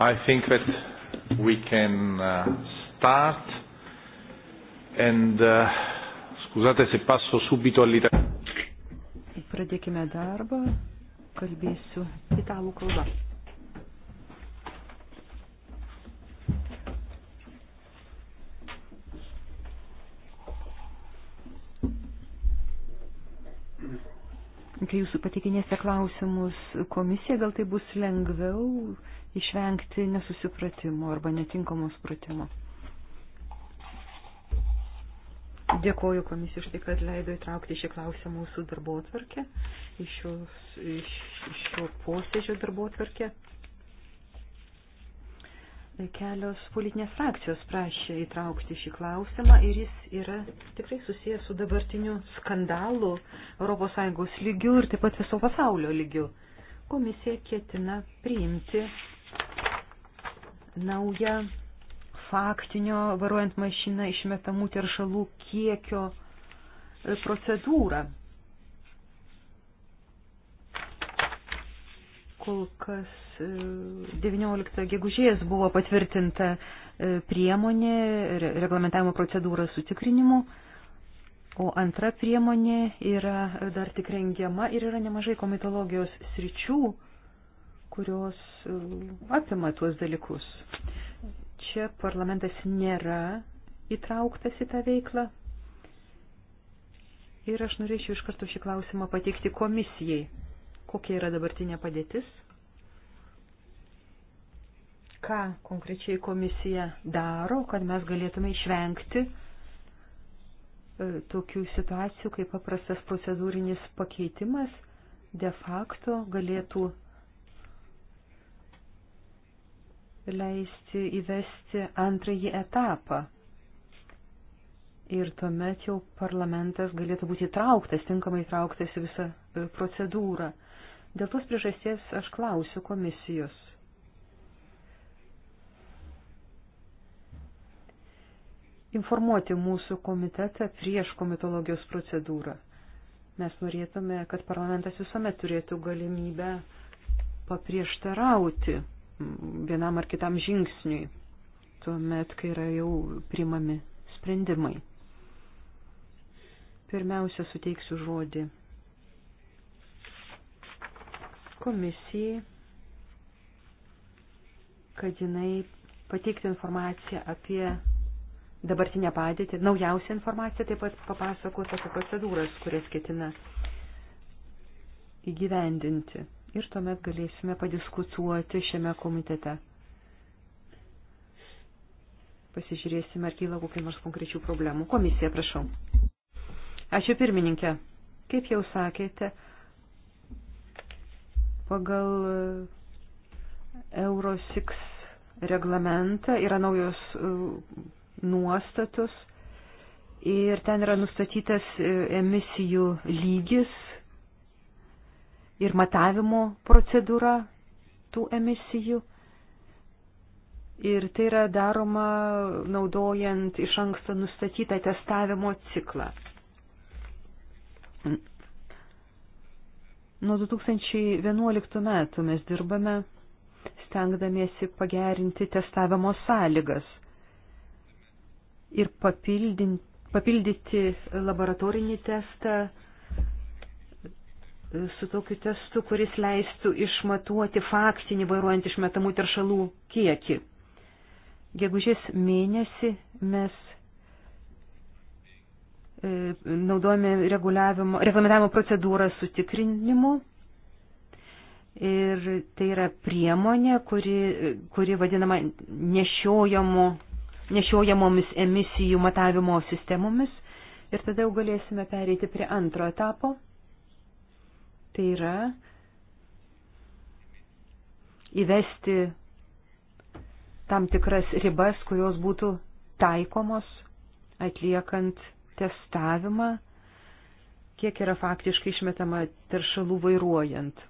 I think that we can uh, start and uh, scusate se passo subito all'italiano. Pradėkime darbą, kalbėsiu italų kalba. atitikinėse klausimus komisija, gal tai bus lengviau išvengti nesusipratimo arba netinkamo supratimo. Dėkoju komisijai už tai, kad leido įtraukti šį klausimą mūsų darbo atvarkę, iš, šios, iš, iš šio posėdžio darbo atvarkę. Kelios politinės frakcijos prašė įtraukti šį klausimą ir jis yra tikrai susijęs su dabartiniu skandalu ES lygiu ir taip pat viso pasaulio lygiu. Komisija ketina priimti naują faktinio varuojant mašiną išmetamų teršalų kiekio e, procedūrą. Kol kas 19 gegužės buvo patvirtinta e, priemonė reglamentavimo procedūros sutikrinimu, o antra priemonė yra dar tik rengiama ir yra nemažai komitologijos sričių, kurios e, apima tuos dalykus. Čia parlamentas nėra įtrauktas į tą veiklą. Ir aš norėčiau iš karto šį klausimą pateikti komisijai. Kokia yra dabartinė padėtis? ką konkrečiai komisija daro, kad mes galėtume išvengti e, tokių situacijų, kai paprastas procedūrinis pakeitimas de facto galėtų leisti įvesti antrąjį etapą. Ir tuomet jau parlamentas galėtų būti įtrauktas, tinkamai įtrauktas į visą e, procedūrą. Dėl tos priežasties aš klausiu komisijos informuoti mūsų komitetą prieš komitologijos procedūrą. Mes norėtume, kad parlamentas visuomet turėtų galimybę paprieštarauti vienam ar kitam žingsniui, tuomet, kai yra jau primami sprendimai. Pirmiausia, suteiksiu žodį komisijai, kad jinai pateikti informaciją apie dabartinę padėtį, naujausią informaciją taip pat papasakos apie procedūras, kurias ketina įgyvendinti. Ir tuomet galėsime padiskutuoti šiame komitete. Pasižiūrėsime, ar kyla kokių nors konkrečių problemų. Komisija, prašau. Ačiū pirmininkė. Kaip jau sakėte, pagal e, Euro 6 reglamentą yra naujos e, nuostatus ir ten yra nustatytas e, emisijų lygis ir matavimo procedūra tų emisijų. Ir tai yra daroma naudojant iš anksto nustatytą testavimo ciklą. Nuo 2011 metų mes dirbame, stengdamiesi pagerinti testavimo sąlygas ir papildyti laboratorinį testą e, su tokiu testu, kuris leistų išmatuoti faktinį vairuojant išmetamų teršalų kiekį. Gegužės mėnesį mes e, naudojame reglamentavimo procedūrą su tikrinimu. Ir tai yra priemonė, kuri, kuri vadinama nešiojamu nešiojamomis emisijų matavimo sistemomis ir tada jau galėsime pereiti prie antro etapo. Tai yra įvesti tam tikras ribas, kurios būtų taikomos atliekant testavimą, kiek yra faktiškai išmetama teršalų vairuojant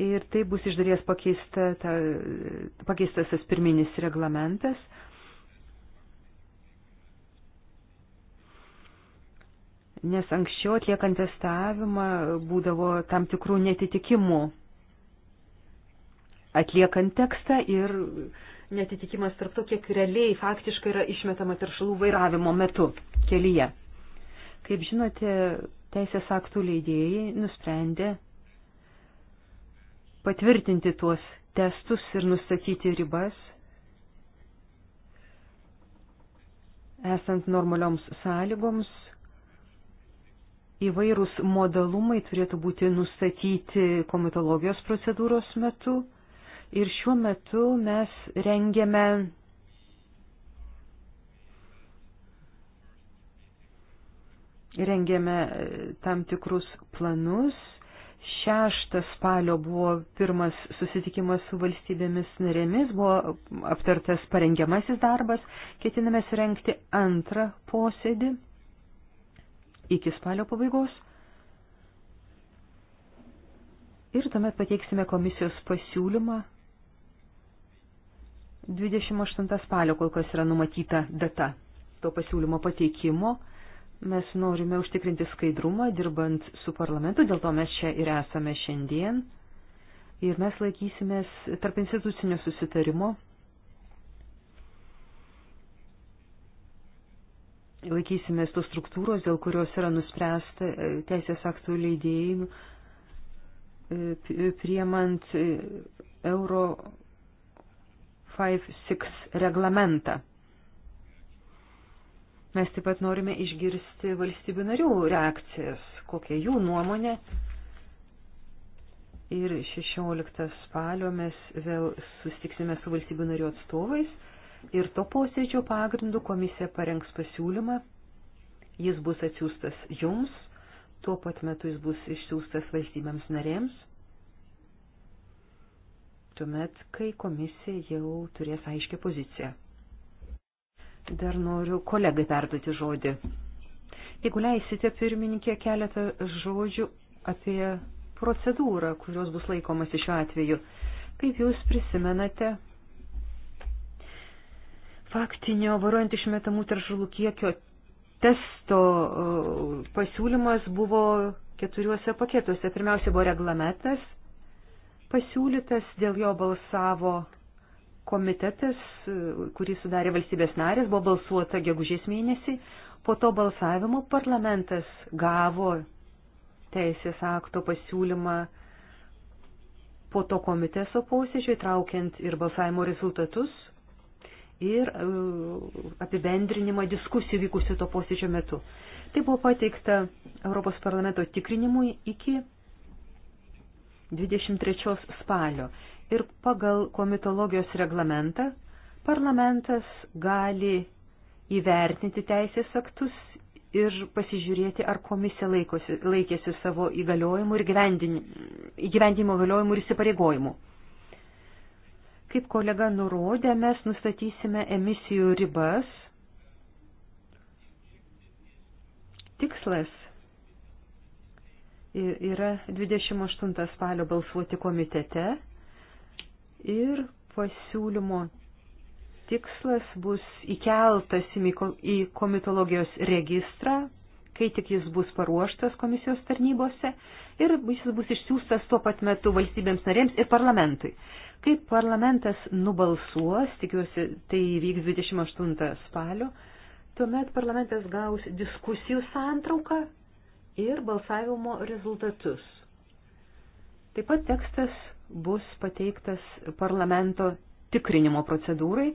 ir tai bus iš dalies pakeista, ta, pakeistas tas pirminis reglamentas. Nes anksčiau atliekant testavimą būdavo tam tikrų netitikimų. Atliekant tekstą ir netitikimas tarp to, kiek realiai faktiškai yra išmetama teršalų vairavimo metu kelyje. Kaip žinote, teisės aktų leidėjai nusprendė patvirtinti tuos testus ir nustatyti ribas, esant normalioms sąlygoms, įvairūs modalumai turėtų būti nustatyti komitologijos procedūros metu. Ir šiuo metu mes rengiame rengiame e, tam tikrus planus 6 spalio buvo pirmas susitikimas su valstybėmis narėmis, buvo aptartas parengiamasis darbas, ketiname surenkti antrą posėdį iki spalio pabaigos. Ir tuomet pateiksime komisijos pasiūlymą. 28 spalio kol kas yra numatyta data to pasiūlymo pateikimo. Mes norime užtikrinti skaidrumą, dirbant su parlamentu, dėl to mes čia ir esame šiandien. Ir mes laikysimės tarp institucinio susitarimo. Laikysimės tos struktūros, dėl kurios yra nuspręsta e, teisės aktų leidėjimų, e, priemant e, Euro 5-6 reglamentą. Mes taip pat norime išgirsti valstybių narių reakcijas, kokia jų nuomonė. Ir 16 spalio mes vėl sustiksime su valstybių narių atstovais ir to posėdžio pagrindu komisija parengs pasiūlymą. Jis bus atsiųstas jums, tuo pat metu jis bus išsiųstas valstybėms narėms. Tuomet, kai komisija jau turės aiškę poziciją. Dar noriu kolegai perduoti žodį. Jeigu leisite, pirmininkė, keletą žodžių apie procedūrą, kurios bus laikomasi šiuo atveju. Kaip jūs prisimenate, faktinio varuojant išmetamų taršalų kiekio testo pasiūlymas buvo keturiuose paketuose. Pirmiausia buvo reglamentas pasiūlytas, dėl jo balsavo komitetas, kurį sudarė valstybės narės, buvo balsuota gegužės mėnesį. Po to balsavimo parlamentas gavo teisės akto pasiūlymą po to komiteto posėdžio, įtraukiant ir balsavimo rezultatus ir e, apibendrinimą diskusijų vykusių to posėdžio metu. Tai buvo pateikta Europos parlamento tikrinimui iki 23 spalio ir pagal komitologijos reglamentą parlamentas gali įvertinti teisės aktus ir pasižiūrėti, ar komisija laikosi, laikėsi savo įgaliojimų ir įgyvendimo įgaliojimų ir įsipareigojimų. Kaip kolega nurodė, mes nustatysime emisijų ribas. Tikslas yra 28 spalio balsuoti komitete ir pasiūlymo tikslas bus įkeltas į komitologijos registrą, kai tik jis bus paruoštas komisijos tarnybose ir jis bus išsiųstas tuo pat metu valstybėms narėms ir parlamentui. Kaip parlamentas nubalsuos, tikiuosi, tai vyks 28 spalio, tuomet parlamentas gaus diskusijų santrauką ir balsavimo rezultatus. Taip pat tekstas bus pateiktas parlamento tikrinimo procedūrai.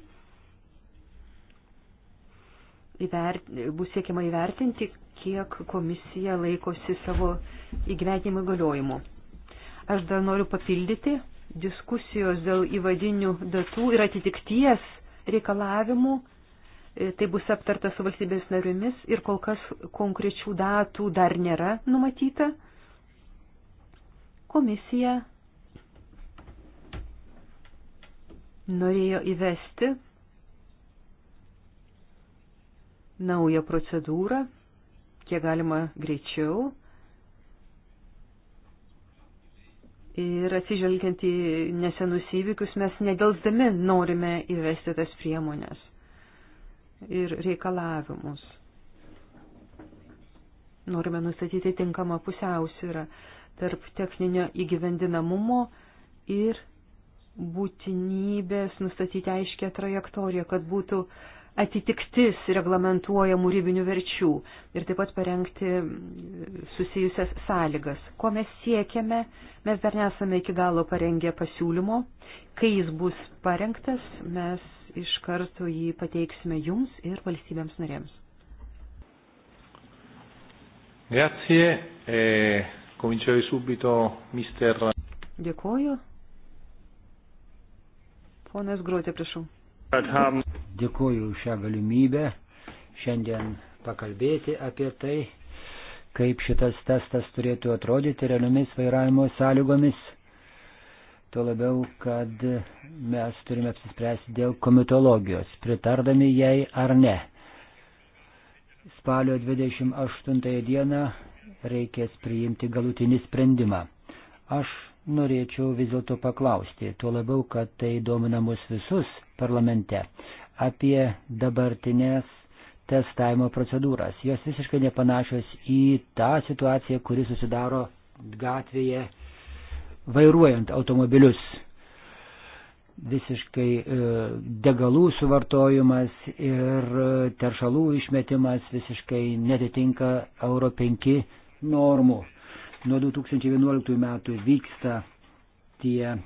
Įvert, bus siekiama įvertinti, kiek komisija laikosi savo įgyvenimo įgaliojimų. Aš dar noriu papildyti diskusijos dėl įvadinių datų ir atitikties reikalavimų. E, tai bus aptarta su valstybės narimis ir kol kas konkrečių datų dar nėra numatyta. Komisija norėjo įvesti naują procedūrą, kiek galima greičiau. Ir atsižvelgiant į nesenus įvykius, mes nedelsdami norime įvesti tas priemonės ir reikalavimus. Norime nustatyti tinkamą pusiausvyrą tarp techninio įgyvendinamumo ir būtinybės nustatyti aiškę trajektoriją, kad būtų atitiktis reglamentuojamų ribinių verčių ir taip pat parengti susijusias sąlygas. Ko mes siekiame, mes dar nesame iki galo parengę pasiūlymo. Kai jis bus parengtas, mes iš karto jį pateiksime jums ir valstybėms narėms. Grazie, eh, comincio subito mister. Dėkuoju. Ponas Gruotė, prašau. Dėkuoju šią galimybę šiandien pakalbėti apie tai, kaip šitas testas turėtų atrodyti realiomis vairavimo sąlygomis. Tuo labiau, kad mes turime apsispręsti dėl komitologijos, pritardami jai ar ne. Spalio 28 dieną reikės priimti galutinį sprendimą. Aš norėčiau vis dėlto paklausti, tuo labiau, kad tai domina mus visus parlamente, apie dabartinės testavimo procedūras. Jos visiškai nepanašios į tą situaciją, kuri susidaro gatvėje vairuojant automobilius. Visiškai e, degalų suvartojimas ir teršalų išmetimas visiškai netitinka Euro 5 normų. Nuo 2011 metų vyksta tie e,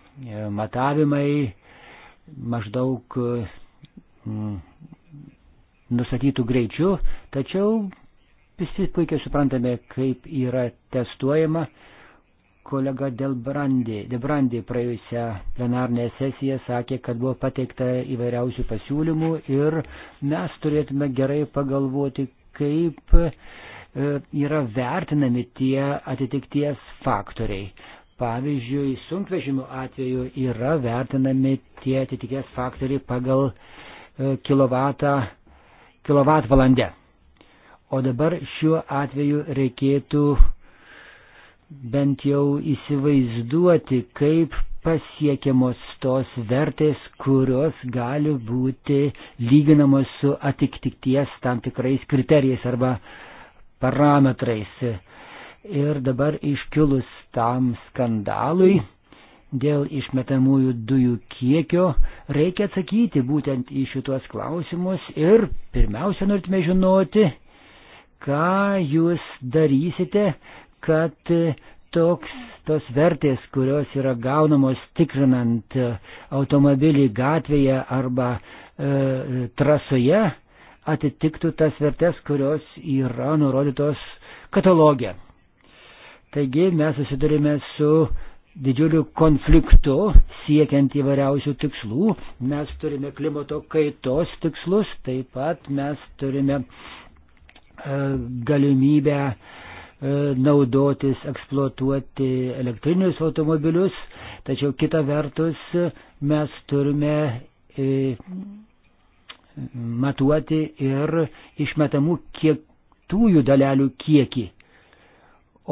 matavimai maždaug mm, nustatytų greičių, tačiau visi puikiai suprantame, kaip yra testuojama. Kolega Delbrandi, Delbrandi praėjusią plenarnę sesiją sakė, kad buvo pateikta įvairiausių pasiūlymų ir mes turėtume gerai pagalvoti, kaip E, yra vertinami tie atitikties faktoriai. Pavyzdžiui, sunkvežimių atveju yra vertinami tie atitikties faktoriai pagal e, kilovatvalandę. O dabar šiuo atveju reikėtų bent jau įsivaizduoti, kaip pasiekiamos tos vertės, kurios gali būti lyginamos su atitikties tam tikrais kriterijais arba uh, parametrais. Ir dabar iškilus tam skandalui dėl išmetamųjų dujų kiekio reikia atsakyti būtent į šitos klausimus ir pirmiausia norėtume žinoti, ką jūs darysite, kad toks, tos vertės, kurios yra gaunamos tikrinant automobilį gatvėje arba e, trasoje, atitiktų tas vertės, kurios yra nurodytos katalogė. Taigi mes susidurime su didžiuliu konfliktu, siekiant įvairiausių tikslų. Mes turime klimato kaitos tikslus, taip pat mes turime e, galimybę e, naudotis, eksploatuoti elektrinius automobilius, tačiau kita vertus mes turime e, matuoti ir išmetamų kietųjų dalelių kiekį.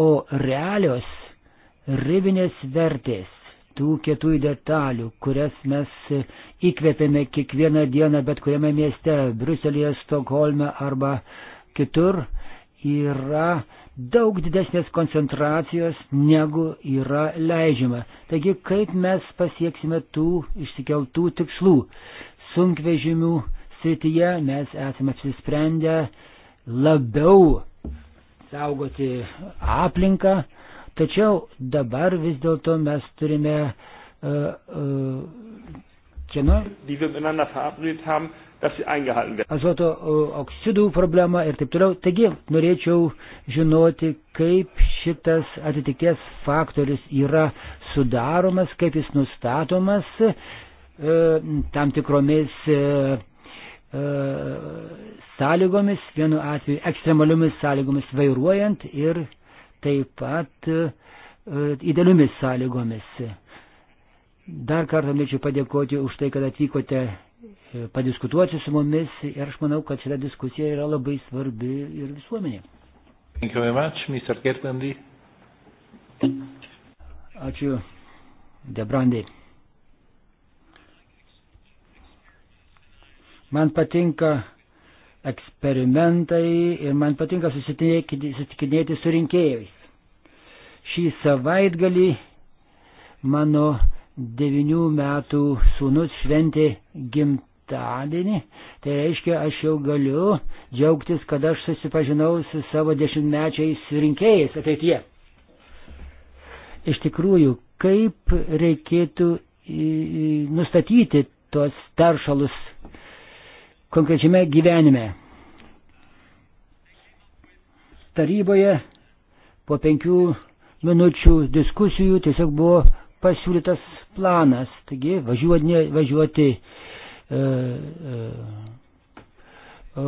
O realios ribinės vertės tų kietųjų detalių, kurias mes įkvėpėme kiekvieną dieną bet kuriame mieste, Bruselėje, Stokholme arba kitur, yra daug didesnės koncentracijos negu yra leidžiama. Taigi, kaip mes pasieksime tų išsikeltų tikslų? Sunkvežimių srityje mes esame apsisprendę labiau saugoti aplinką, tačiau dabar vis dėlto mes turime uh, uh, čia nu, azoto e, oksidų problema ir taip toliau. Taigi norėčiau žinoti, kaip šitas atitikties faktorius yra sudaromas, kaip jis nustatomas e, tam tikromis e, E, sąlygomis, vienu atveju ekstremaliomis sąlygomis vairuojant ir taip pat e, idealiomis sąlygomis. Dar kartą norėčiau padėkoti už tai, kad atvykote e, padiskutuoti su mumis ir aš manau, kad šita diskusija yra labai svarbi ir visuomenė. Ačiū, Debrandai. Man patinka eksperimentai ir man patinka susitikinėti su rinkėjais. Šį savaitgalį mano devinių metų sūnus šventė gimtadienį. Tai reiškia, aš jau galiu džiaugtis, kad aš susipažinau su savo dešimtmečiais rinkėjais ateityje. Iš tikrųjų, kaip reikėtų nustatyti tos taršalus konkrečiame gyvenime. Taryboje po penkių minučių diskusijų tiesiog buvo pasiūlytas planas, taigi važiuoti, važiuoti e, e, e,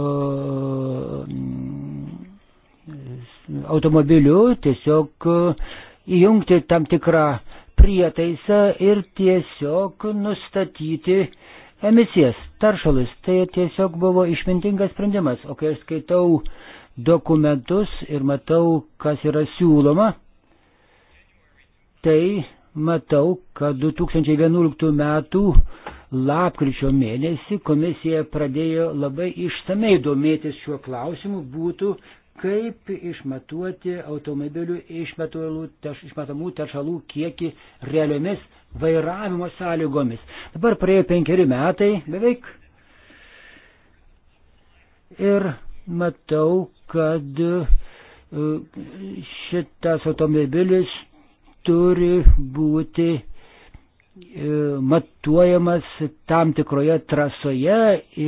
automobiliu, tiesiog e, įjungti tam tikrą prietaisą ir tiesiog nustatyti emisijas, taršalus. Tai tiesiog buvo išmintingas sprendimas. O kai aš skaitau dokumentus ir matau, kas yra siūloma, tai matau, kad 2011 metų lapkričio mėnesį komisija pradėjo labai išsamei domėtis šiuo klausimu, būtų kaip išmatuoti automobilių išmetalų, terš, išmetamų teršalų kiekį realiomis vairavimo sąlygomis. Dabar praėjo penkeri metai beveik ir matau, kad e, šitas automobilis turi būti e, matuojamas tam tikroje trasoje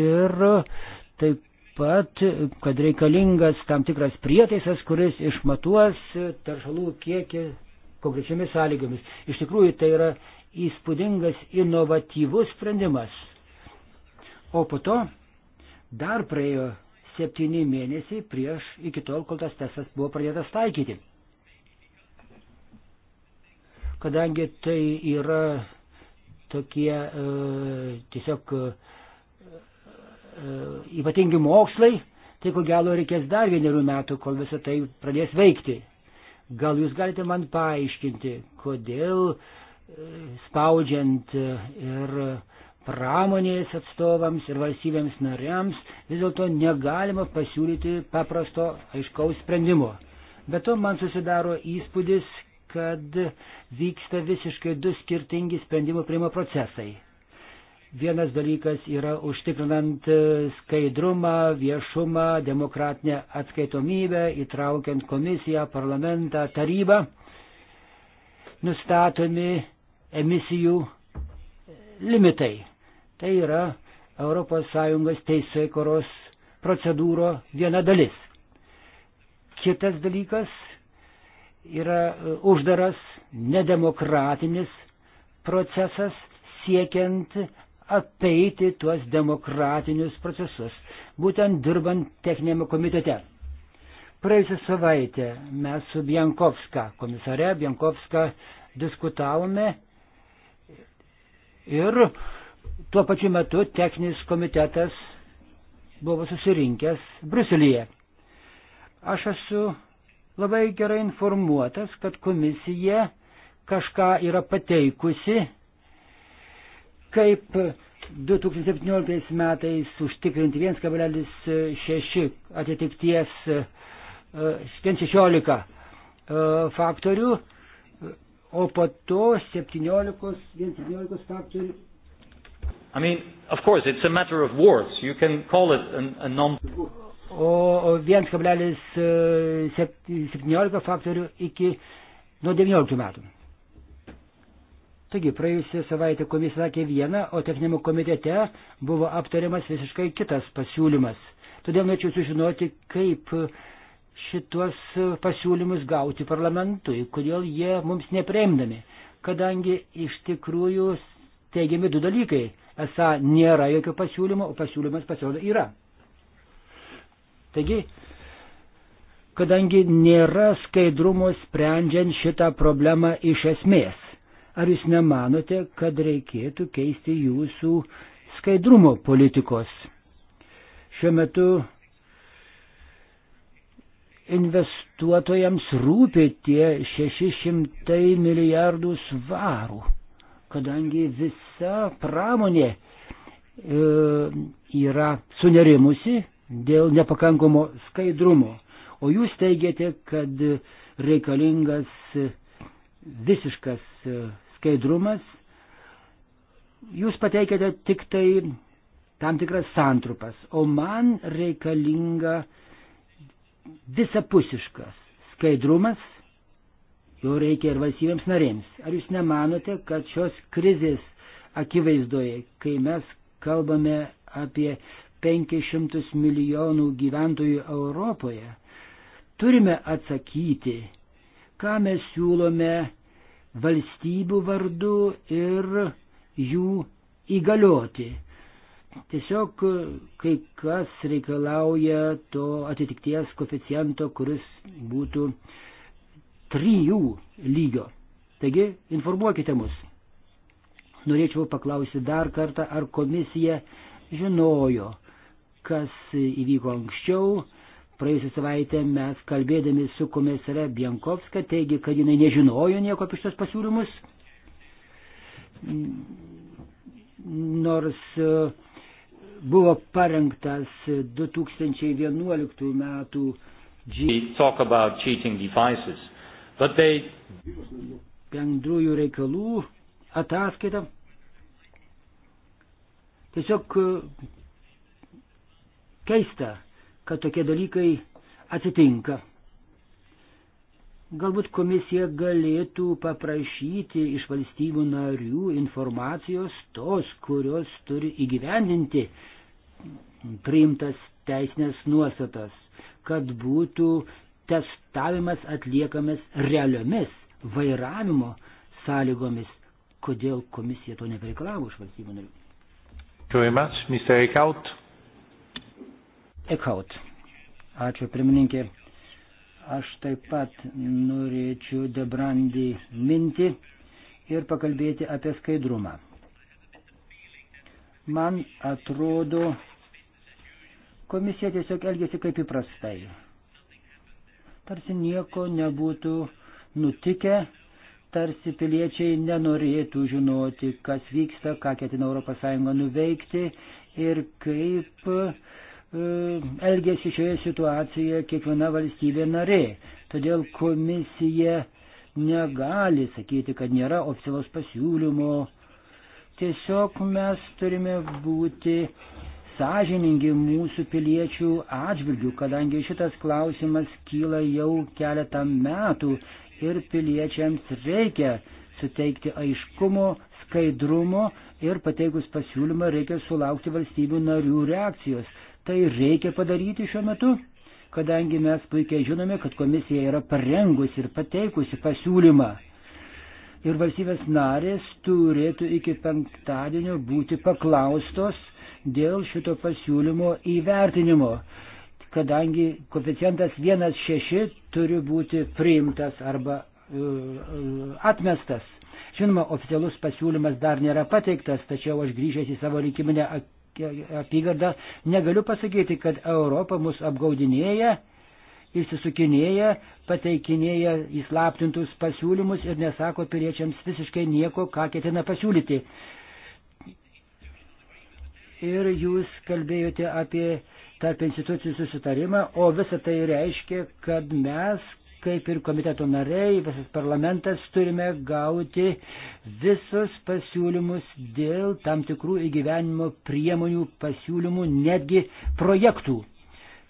ir taip pat, kad reikalingas tam tikras prietaisas, kuris išmatuos taršalų kiekį konkrečiamis sąlygomis. Iš tikrųjų, tai yra įspūdingas, inovatyvus sprendimas. O po to dar praėjo septyni mėnesiai prieš iki tol, kol tas testas buvo pradėtas taikyti. Kadangi tai yra tokie e, tiesiog e, e ypatingi mokslai, tai ko gero reikės dar vienerių metų, kol visą tai pradės veikti. Gal jūs galite man paaiškinti, kodėl e, spaudžiant e, ir pramonės atstovams ir valstybėms nariams vis dėlto negalima pasiūlyti paprasto aiškaus sprendimo. Be to man susidaro įspūdis, kad vyksta visiškai du skirtingi sprendimų prieimo procesai. Vienas dalykas yra užtikrinant skaidrumą, viešumą, demokratinę atskaitomybę, įtraukiant komisiją, parlamentą, tarybą, nustatomi emisijų limitai. Tai yra ES teisėkoros procedūro viena dalis. Kitas dalykas yra e, uždaras, nedemokratinis procesas siekiant apeiti tuos demokratinius procesus, būtent dirbant techninėme komitete. Praėjusią savaitę mes su Biankovska, komisare Biankovska, diskutavome ir tuo pačiu metu techninis komitetas buvo susirinkęs Bruselėje. Aš esu labai gerai informuotas, kad komisija kažką yra pateikusi kaip 2017 metais užtikrinti 1,6 atitikties 16 e, e, faktorių, o po to 17, 17 faktorių. I mean, of course, it's a matter of words. You can call it an, a non. O 1,17 e, faktorių iki nuo 19 metų. Taigi praėjusią savaitę komisija sakė vieną, o techninėme komitete buvo aptariamas visiškai kitas pasiūlymas. Todėl norėčiau sužinoti, kaip šitos pasiūlymus gauti parlamentui, kodėl jie mums nepreimdami, kadangi iš tikrųjų teigiami du dalykai. Esą nėra jokio pasiūlymo, o pasiūlymas pasirodo yra. Taigi, kadangi nėra skaidrumo sprendžiant šitą problemą iš esmės. Ar jūs nemanote, kad reikėtų keisti jūsų skaidrumo politikos? Šiuo metu investuotojams rūpi tie 600 milijardų svarų, kadangi visa pramonė e, yra sunerimusi dėl nepakankamo skaidrumo. O jūs teigiate, kad reikalingas e, visiškas e, skaidrumas, jūs pateikėte tik tai tam tikras santrupas, o man reikalinga visapusiškas skaidrumas, jo reikia ir valstybėms narėms. Ar jūs nemanote, kad šios krizės akivaizdoje, kai mes kalbame apie 500 milijonų gyventojų Europoje, turime atsakyti, ką mes siūlome valstybių vardu ir jų įgalioti. Tiesiog kai kas reikalauja to atitikties koficiento, kuris būtų trijų lygio. Taigi informuokite mus. Norėčiau paklausyti dar kartą, ar komisija žinojo, kas įvyko anksčiau, Praėjusią savaitę mes kalbėdami su komisare Bienkovska teigi, kad jinai nežinojo nieko apie šios pasiūlymus. Nors e, buvo parengtas 2011 metų bendrųjų reikalų ataskaita. Tiesiog e, keista, kad tokie dalykai atsitinka. Galbūt komisija galėtų paprašyti iš valstybių narių informacijos tos, kurios turi įgyvendinti priimtas teisinės nuostatas, kad būtų testavimas atliekamas realiomis vairavimo sąlygomis. Kodėl komisija to nepareikalavo iš valstybių narių? Much, Mr. Eichhout. Ekaut. Ačiū, pirmininkė. Aš taip pat norėčiau Debrandį minti ir pakalbėti apie skaidrumą. Man atrodo, komisija tiesiog elgėsi kaip įprastai. Tarsi nieko nebūtų nutikę, tarsi piliečiai nenorėtų žinoti, kas vyksta, ką ketina ES nuveikti ir kaip E, elgėsi šioje situacijoje kiekviena valstybė narė. Todėl komisija negali sakyti, kad nėra oficialos pasiūlymo. Tiesiog mes turime būti sąžiningi mūsų piliečių atžvilgių, kadangi šitas klausimas kyla jau keletą metų ir piliečiams reikia suteikti aiškumo, skaidrumo ir pateikus pasiūlymą reikia sulaukti valstybių narių reakcijos. Tai reikia padaryti šiuo metu, kadangi mes puikiai žinome, kad komisija yra parengusi ir pateikusi pasiūlymą. Ir valstybės narės turėtų iki penktadienio būti paklaustos dėl šito pasiūlymo įvertinimo kadangi koeficientas 1,6 turi būti priimtas arba uh, atmestas. Žinoma, oficialus pasiūlymas dar nėra pateiktas, tačiau aš grįžęs į savo rinkiminę apygardą, negaliu pasakyti, kad Europa mus apgaudinėja, įsisukinėja, pateikinėja įslaptintus pasiūlymus ir nesako piliečiams visiškai nieko, ką ketina pasiūlyti. Ir jūs kalbėjote apie tarp institucijų susitarimą, o visa tai reiškia, kad mes kaip ir komiteto nariai, visas parlamentas turime gauti visus pasiūlymus dėl tam tikrų įgyvenimo priemonių pasiūlymų, netgi projektų.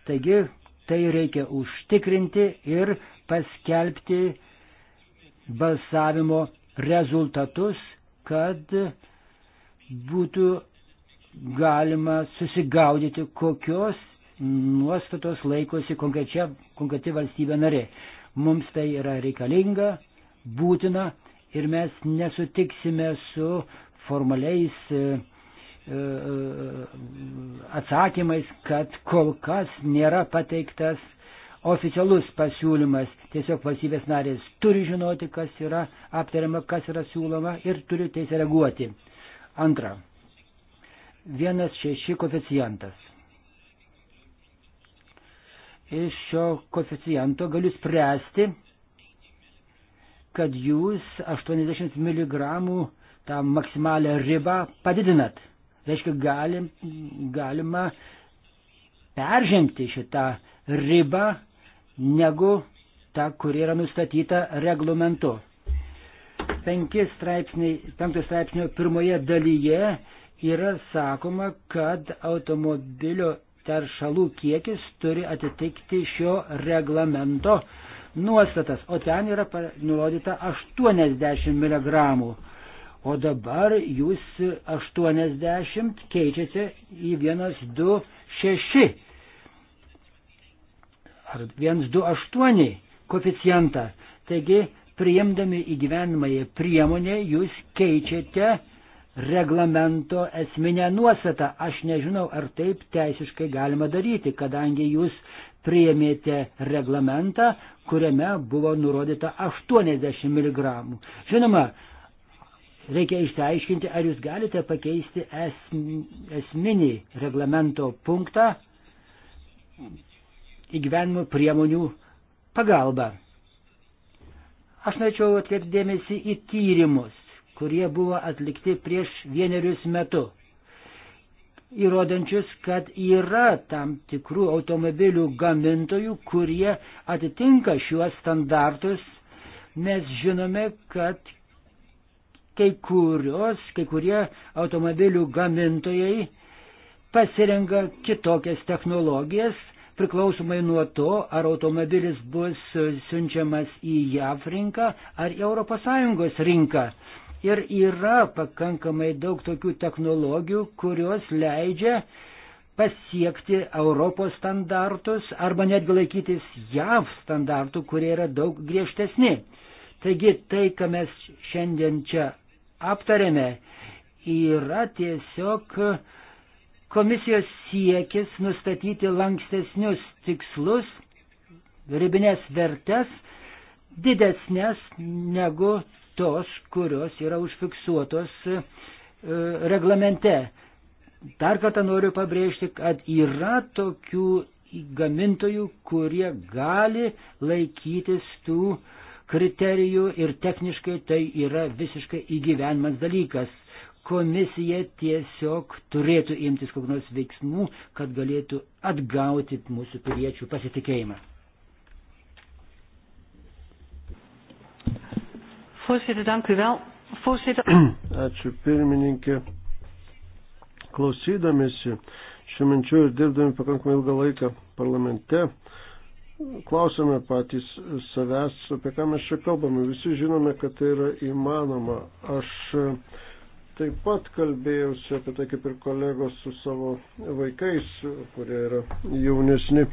Taigi tai reikia užtikrinti ir paskelbti balsavimo rezultatus, kad būtų galima susigaudyti, kokios nuostatos laikosi konkrečia, konkreti valstybė narė. Mums tai yra reikalinga, būtina ir mes nesutiksime su formaliais e, e, e, atsakymais, kad kol kas nėra pateiktas oficialus pasiūlymas. Tiesiog valstybės narės turi žinoti, kas yra aptariama, kas yra siūloma ir turi teisę reaguoti. Antra. Vienas šeši koficijantas iš šio koeficiento galiu spręsti, kad jūs 80 mg tą maksimalę ribą padidinat. Reiškia, galim, galima peržengti šitą ribą negu ta, kuri yra nustatyta reglamentu. 5 straipsnio pirmoje dalyje yra sakoma, kad automobilio teršalų kiekis turi atitikti šio reglamento nuostatas, o ten yra nurodyta 80 mg. O dabar jūs 80 keičiate į 126 ar 128 koeficientą. Taigi, priimdami įgyvenimąją priemonę, jūs keičiate reglamento esminę nuostatą. Aš nežinau, ar taip teisiškai galima daryti, kadangi jūs priėmėte reglamentą, kuriame buvo nurodyta 80 mg. Žinoma, reikia išsiaiškinti, ar jūs galite pakeisti esminį reglamento punktą įgyvenimo priemonių pagalba. Aš norėčiau atkreipti dėmesį į tyrimus kurie buvo atlikti prieš vienerius metus, įrodančius, kad yra tam tikrų automobilių gamintojų, kurie atitinka šiuos standartus. Mes žinome, kad kai, kurios, kai kurie automobilių gamintojai pasirenka kitokias technologijas, priklausomai nuo to, ar automobilis bus siunčiamas į JAV rinką ar ES rinką ir yra pakankamai daug tokių technologijų, kurios leidžia pasiekti Europos standartus arba netgi laikytis JAV standartų, kurie yra daug griežtesni. Taigi tai, ką mes šiandien čia aptarėme, yra tiesiog komisijos siekis nustatyti lankstesnius tikslus, ribinės vertes, didesnės negu tos, kurios yra užfiksuotos e, reglamente. Dar kartą noriu pabrėžti, kad yra tokių gamintojų, kurie gali laikytis tų kriterijų ir techniškai tai yra visiškai įgyvenimas dalykas. Komisija tiesiog turėtų imtis kokios veiksmų, kad galėtų atgauti mūsų piliečių pasitikėjimą. Voorzitter, dank u wel. Voorzitter. Ačiū pirmininkė. Klausydamėsi šių minčių ir dirbdami pakankamai ilgą laiką parlamente, klausome patys savęs, apie ką mes čia kalbame. Visi žinome, kad tai yra įmanoma. Aš taip pat kalbėjausi apie tai kaip ir kolegos su savo vaikais, kurie yra jaunesni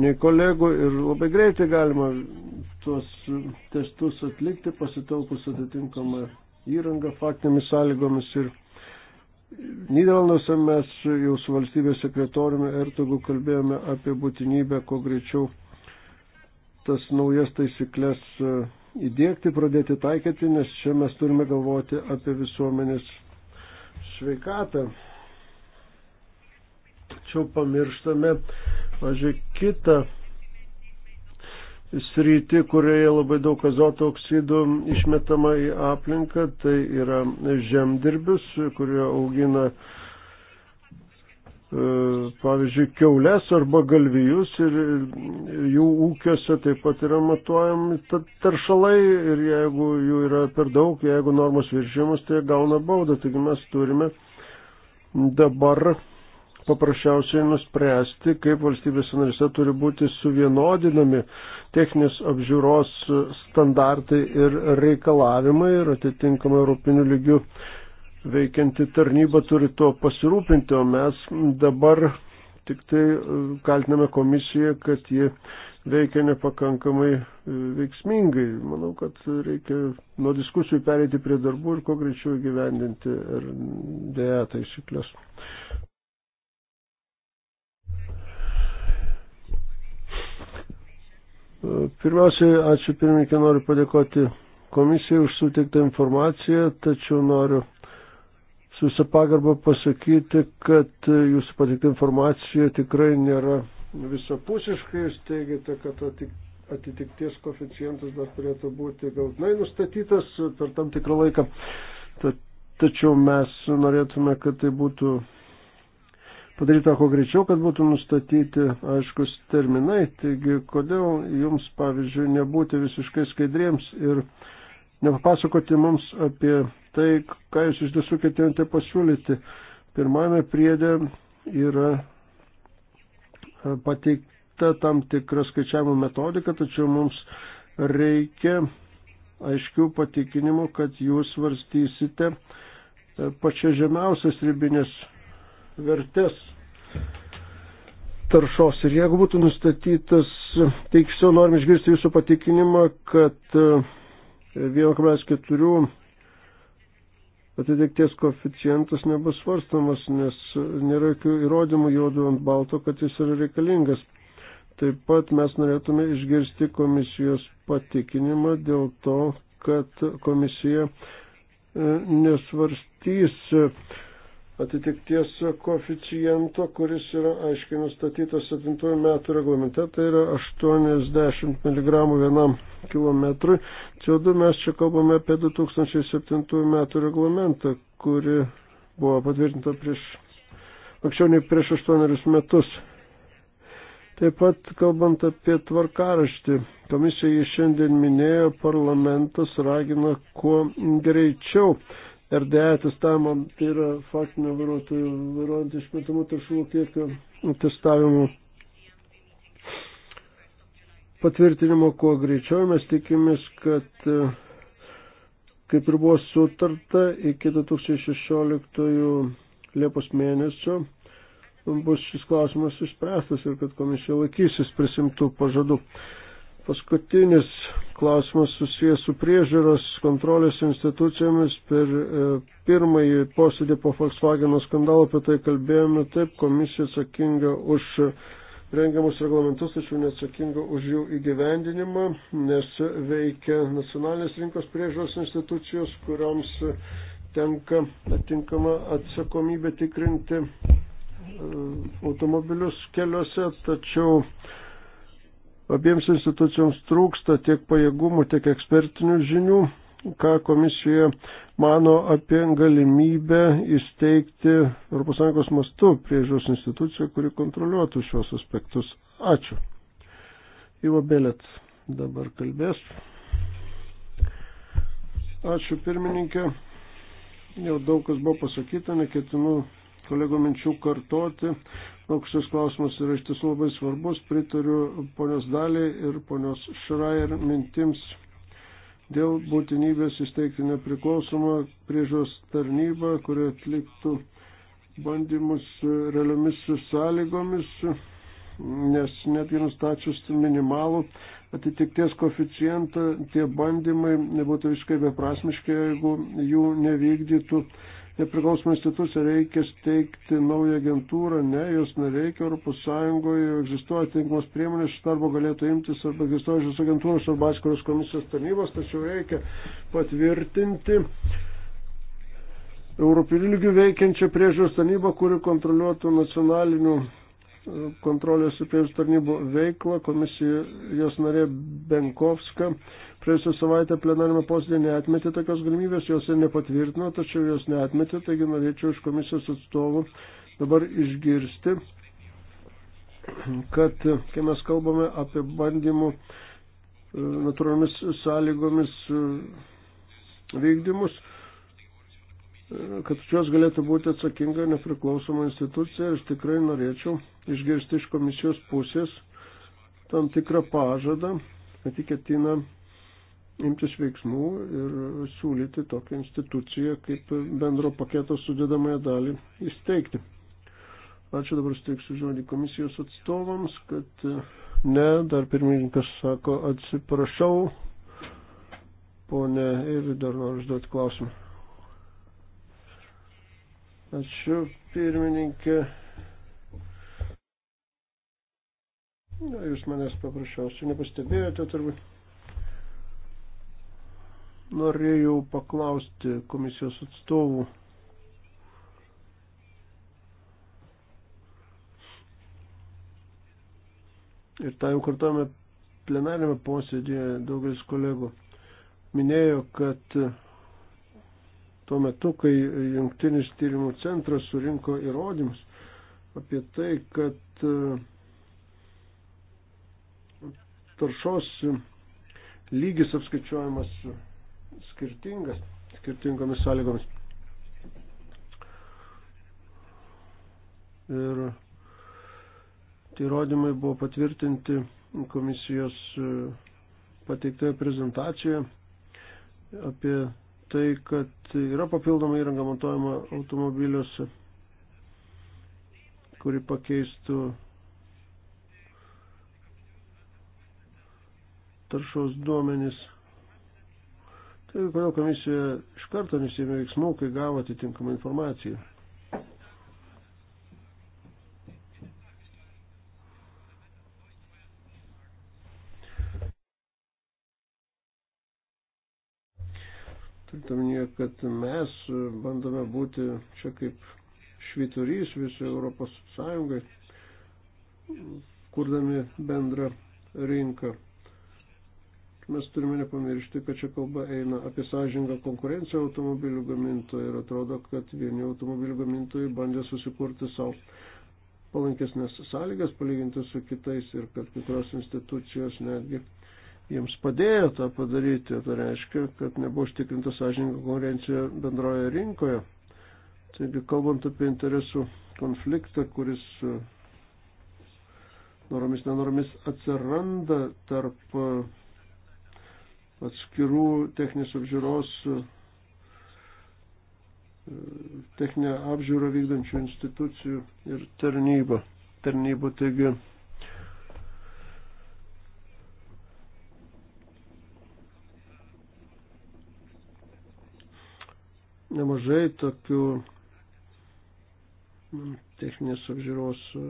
nei kolegų ir labai greitai galima tuos testus atlikti, pasitelkus atitinkamą įrangą faktinėmis sąlygomis ir Niderlanduose mes jau su valstybės sekretoriumi Ertogu kalbėjome apie būtinybę, kuo greičiau tas naujas taisyklės e, įdėkti, pradėti taikyti, nes čia mes turime galvoti apie visuomenės sveikatą. Tačiau pamirštame Pavyzdžiui, kitą sritį, kurioje labai daug azoto oksidų išmetama į aplinką, tai yra žemdirbis, kurio augina e, pavyzdžiui, keulės arba galvijus ir jų ūkiuose taip pat yra matuojami taršalai ir jeigu jų yra per daug, jeigu normos viršymus, tai gauna baudą. Taigi mes turime dabar paprasčiausiai nuspręsti, kaip valstybės narise turi būti suvienodinami techninės apžiūros standartai ir reikalavimai ir atitinkamai europinių lygių veikianti tarnyba turi tuo pasirūpinti, o mes dabar tik tai e, kaltiname komisiją, kad ji veikia nepakankamai e, veiksmingai. Manau, kad reikia nuo diskusijų pereiti prie darbų ir kuo greičiau gyvendinti ir dėja taisyklės. Pirmiausiai, ačiū pirmininkė, noriu padėkoti komisijai už suteiktą informaciją, tačiau noriu su visą pagarbą pasakyti, kad jūsų pateikta informacija tikrai nėra visapusiškai. Jūs teigiate, kad atitikties koficijantas dar turėtų būti galtinai nustatytas per tam tikrą laiką. Tačiau mes norėtume, kad tai būtų padaryta kuo greičiau, kad būtų nustatyti aiškus terminai. Taigi, kodėl jums, pavyzdžiui, nebūti visiškai skaidriems ir nepapasakoti mums apie tai, ką jūs iš tiesų ketinate pasiūlyti. Pirmame priedė yra pateikta tam tikra skaičiavimo metodika, tačiau mums reikia aiškių patikinimų, kad jūs svarstysite pačias žemiausias ribinės vertės taršos. Ir jeigu būtų nustatytas, tai tiksliau norim išgirsti jūsų patikinimą, kad 1,4 e, atitikties koficijantas nebus svarstamas, nes nėra jokių įrodymų juodų ant balto, kad jis yra reikalingas. Taip pat mes norėtume išgirsti komisijos patikinimą dėl to, kad komisija e, nesvarstys atitikties koficijento, kuris yra aiškiai nustatytas 7 metų reglamente, tai yra 80 mg vienam kilometrui. CO2 mes čia kalbame apie 2007 metų reglamentą, kuri buvo patvirtinta prieš, anksčiau nei prieš 8 metus. Taip pat, kalbant apie tvarkaraštį, komisija jį šiandien minėjo, parlamentas ragina kuo greičiau RDE testavimo, tai yra faktinio vairuotojų vairuojant išmetamų taršų kiekio testavimo patvirtinimo kuo greičiau. Mes tikimės, kad kaip ir buvo sutarta iki 2016 Liepos mėnesio bus šis klausimas išspręstas ir kad komisija laikysis prisimtų pažadų. Paskutinis klausimas susijęs su priežiūros kontrolės institucijomis. Per e, pirmąjį posėdį po Volkswagen skandalo apie tai kalbėjome. Taip, komisija atsakinga už rengiamus reglamentus, tačiau neatsakinga už jų įgyvendinimą, nes veikia nacionalinės rinkos priežiūros institucijos, kurioms tenka atinkama atsakomybė tikrinti e, automobilius keliuose, tačiau Abiems institucijoms trūksta tiek pajėgumų, tiek ekspertinių žinių, ką komisija mano apie galimybę įsteigti ES mastu priežiūros instituciją, kuri kontroliuotų šios aspektus. Ačiū. Ivo Belėt dabar kalbės. Ačiū pirmininkė. Jau daug kas buvo pasakyta, neketinu kolegų minčių kartoti. Koks šis klausimas yra iš tiesų labai svarbus, pritariu ponios daliai ir ponios Šrajer mintims dėl būtinybės įsteigti nepriklausomą priežos tarnybą, kuri atliktų bandymus realiomis sąlygomis, nes netgi nustačius minimalų atitikties koficijantą, tie bandymai nebūtų visiškai beprasmiški, jeigu jų nevykdytų nepriklausomą instituciją, reikia steigti naują agentūrą, ne, jos nereikia, Europos Sąjungoje egzistuoja tinkamos priemonės, šis darbo galėtų imtis arba egzistuojančios agentūros arba atskiros komisijos tarnybos, tačiau reikia patvirtinti. Europinių lygių veikiančią priežiūros tarnybą, kuri kontroliuotų nacionalinių e, kontrolės ir priežiūros tarnybų veiklą. Komisija jos narė Benkovska Praėjusią savaitę plenarime posėdė neatmetė tokios galimybės, jos ir nepatvirtino, tačiau jos neatmetė, taigi norėčiau iš komisijos atstovų dabar išgirsti, kad kai mes kalbame apie bandymų e, natūromis sąlygomis e, vykdymus, e, kad šios galėtų būti atsakinga nepriklausoma institucija ir tikrai norėčiau išgirsti iš komisijos pusės tam tikrą pažadą, kad ketina imtis veiksmų ir siūlyti tokią instituciją kaip bendro paketo sudėdamąją dalį įsteigti. Ačiū dabar steiksiu žodį komisijos atstovams, kad ne, dar pirmininkas sako atsiprašau, ponė ir dar noriu užduoti klausimą. Ačiū pirmininkė. Na, jūs manęs paprasčiausiai nepastebėjote turbūt norėjau paklausti komisijos atstovų. Ir tą jau kartuojame plenarėme posėdėje daugelis kolegų minėjo, kad tuo metu, kai jungtinis tyrimų centras surinko įrodymus apie tai, kad e, taršos lygis apskaičiuojamas skirtingas skirtingomis sąlygomis. Ir tie įrodymai buvo patvirtinti komisijos e, pateiktoje prezentacijoje apie tai, kad yra papildoma įranga montuojama automobiliuose, kuri pakeistų taršos duomenis Tai kodėl komisija iš karto nesėmė veiksmų, kai gavo atitinkamą informaciją. Turint omenyje, kad mes bandome būti čia kaip švyturys visai Europos Sąjungai, kurdami bendrą rinką. Mes turime nepamiršti, kad čia kalba eina apie sąžingą konkurenciją automobilių gamintojų ir atrodo, kad vieni automobilių gamintojai bandė susikurti savo palankesnės sąlygas palyginti su kitais ir kad kitos institucijos netgi jiems padėjo tą padaryti. Tai reiškia, kad nebuvo užtikrinta sąžininga konkurencija bendroje rinkoje. Taigi, kalbant apie interesų konfliktą, kuris e, noromis nenoromis atsiranda tarp e, atskirų techninės apžiūros, techninę apžiūrą vykdančių institucijų ir tarnybą. Tarnybų taigi nemažai tokių nu, techninės apžiūros e,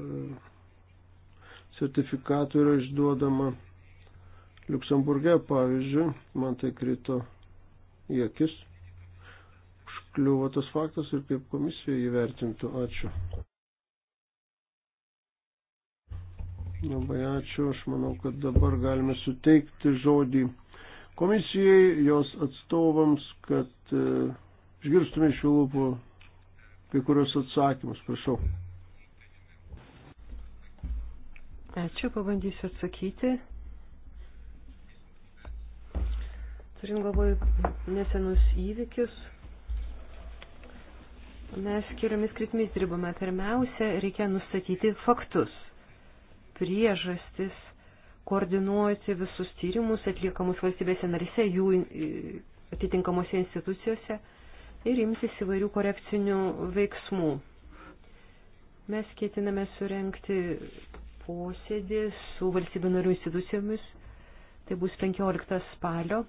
sertifikatų yra išduodama Liuksemburge, pavyzdžiui, man tai krito į akis, užkliuvo tas faktas ir kaip komisija įvertintų. Ačiū. Labai ačiū, aš manau, kad dabar galime suteikti žodį komisijai, jos atstovams, kad e, išgirstume iš jų lūpų kai kurios atsakymus. Prašau. Ačiū, pabandysiu atsakyti. turint galvoj nesenus įvykius, mes keliomis kritimis dirbame. Pirmiausia, reikia nustatyti faktus, priežastis, koordinuoti visus tyrimus atliekamus valstybėse narise, jų e, atitinkamose institucijose ir imtis įvairių korekcinių veiksmų. Mes ketiname surenkti posėdį su valstybių narių institucijomis. Tai bus 15 spalio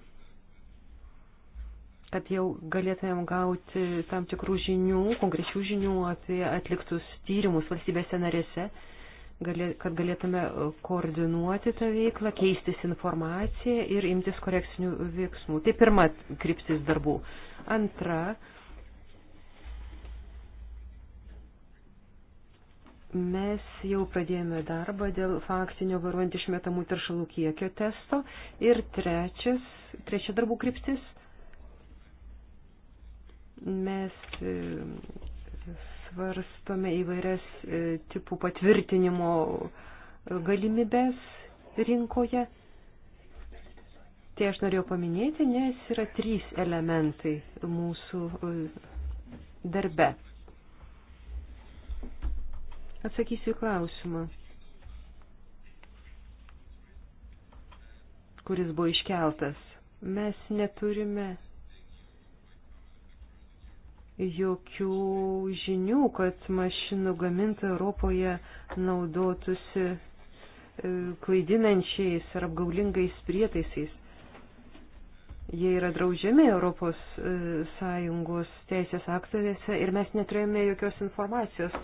kad jau galėtumėm gauti tam tikrų žinių, konkrečių žinių apie atliktus tyrimus valstybėse narėse, kad galėtume koordinuoti tą veiklą, keistis informaciją ir imtis korekcinių veiksmų. Tai pirma kryptis darbų. Antra, mes jau pradėjome darbą dėl faktinio varuojant išmetamų teršalų kiekio testo. Ir trečias, trečia darbų kryptis Mes e, svarstome įvairias e, tipų patvirtinimo galimybės rinkoje. Tai aš norėjau paminėti, nes yra trys elementai mūsų e, darbe. Atsakysiu į klausimą, kuris buvo iškeltas. Mes neturime jokių žinių, kad mašinų gamintojai Europoje naudotųsi e, klaidinančiais ar apgaulingais prietaisais. Jie yra draudžiami Europos e, Sąjungos teisės aktorėse ir mes neturėjome jokios informacijos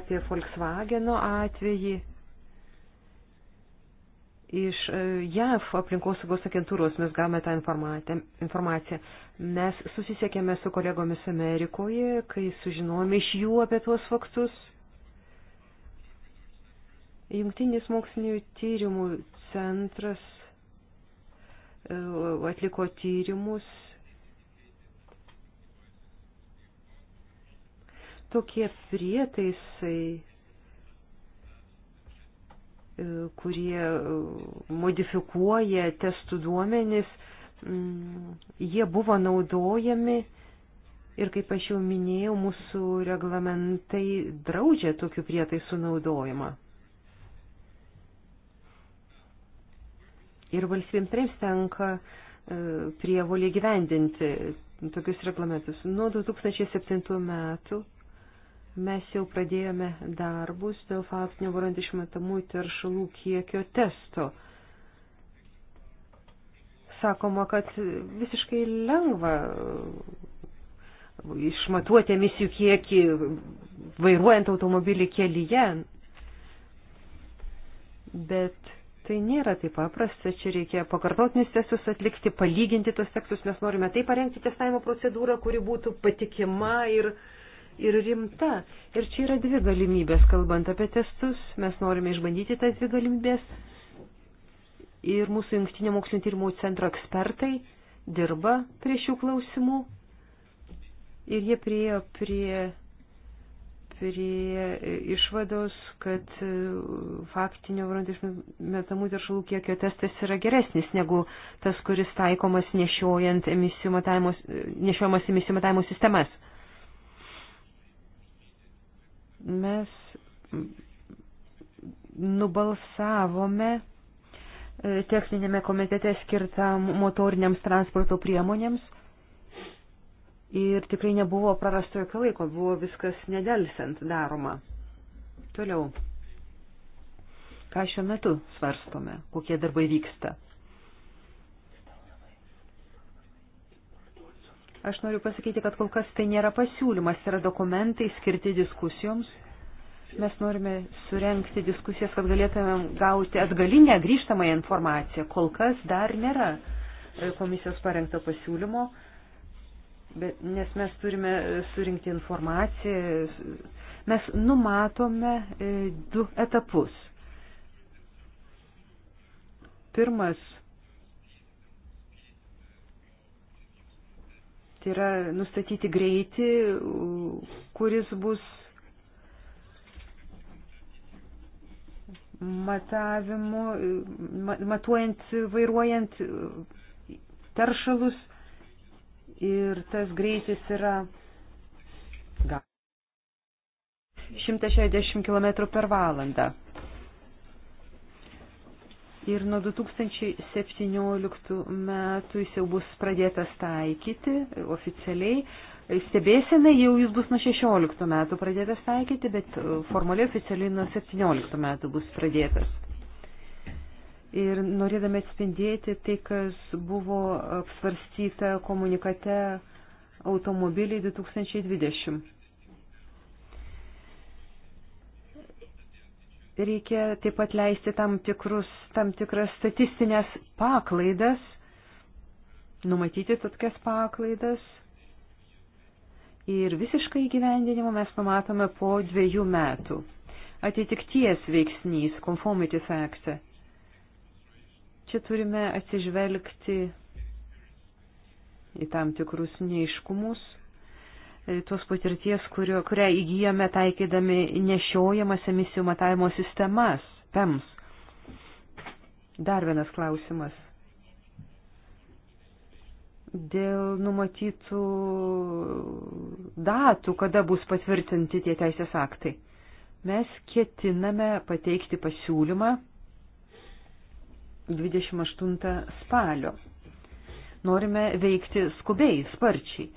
apie Volkswageno atvejį, Iš e, JAV aplinkosaugos agentūros mes gavome tą informaciją. Mes susisiekėme su kolegomis Amerikoje, kai sužinojome iš jų apie tuos faktus. Jungtinis mokslinių tyrimų centras e, atliko tyrimus. Tokie prietaisai kurie e, modifikuoja testų duomenis, mm, jie buvo naudojami ir, kaip aš jau minėjau, mūsų reglamentai draudžia tokių prietaisų naudojimą. Ir valstybėms trims tenka e, prievolį gyvendinti tokius reglamentus. Nuo 2007 metų Mes jau pradėjome darbus dėl faktinio varant išmetamų teršalų kiekio testo. Sakoma, kad visiškai lengva išmatuoti emisijų kiekį vairuojant automobilį kelyje, bet tai nėra taip paprasta, čia reikia pakartotinis testus atlikti, palyginti tos tekstus, mes norime taip parengti testavimo procedūrą, kuri būtų patikima ir uh, ir rimta. Ir čia yra dvi galimybės, kalbant apie testus. Mes norime išbandyti tas dvi galimybės. Ir mūsų jungtinio mokslinio tyrimų centro ekspertai dirba prie šių klausimų. Ir jie priejo prie, prie išvados, kad faktinio varant išmetamų teršalų kiekio testas yra geresnis negu tas, kuris taikomas nešiojant emisijų nešiojamas emisijų matavimo sistemas mes nubalsavome e, techninėme komitete skirtam motoriniams transporto priemonėms ir tikrai nebuvo prarasto jokio laiko, buvo viskas nedelsiant daroma. Toliau. Ką šiuo metu svarstome, kokie darbai vyksta? Aš noriu pasakyti, kad kol kas tai nėra pasiūlymas, yra dokumentai skirti diskusijoms. Mes norime surenkti diskusijas, kad galėtumėm gauti atgalinę grįžtamąją informaciją. Kol kas dar nėra komisijos parengto pasiūlymo, bet, nes mes turime surinkti informaciją. Mes numatome e, du etapus. Pirmas Tai yra nustatyti greitį, kuris bus matavimu, matuojant, vairuojant taršalus ir tas greitis yra 160 km per valandą ir nuo 2017 metų jis jau bus pradėtas taikyti oficialiai. Stebėsena jau jis bus nuo 16 metų pradėtas taikyti, bet formaliai oficialiai nuo 17 metų bus pradėtas. Ir norėdami atspindėti tai, kas buvo apsvarstyta komunikate automobiliai 2020. Reikia taip pat leisti tam, tikrus, tam tikras statistinės paklaidas, numatyti tokias paklaidas. Ir visiškai gyvendinimo mes pamatome po dviejų metų. Atitikties veiksnys, conformity factor. Čia turime atsižvelgti į tam tikrus neiškumus E, tos patirties, kurio, kurią įgyjame taikydami nešiojamas emisijų matavimo sistemas, PEMS. Dar vienas klausimas. Dėl numatytų datų, kada bus patvirtinti tie teisės aktai. Mes ketiname pateikti pasiūlymą 28 spalio. Norime veikti skubiai, sparčiai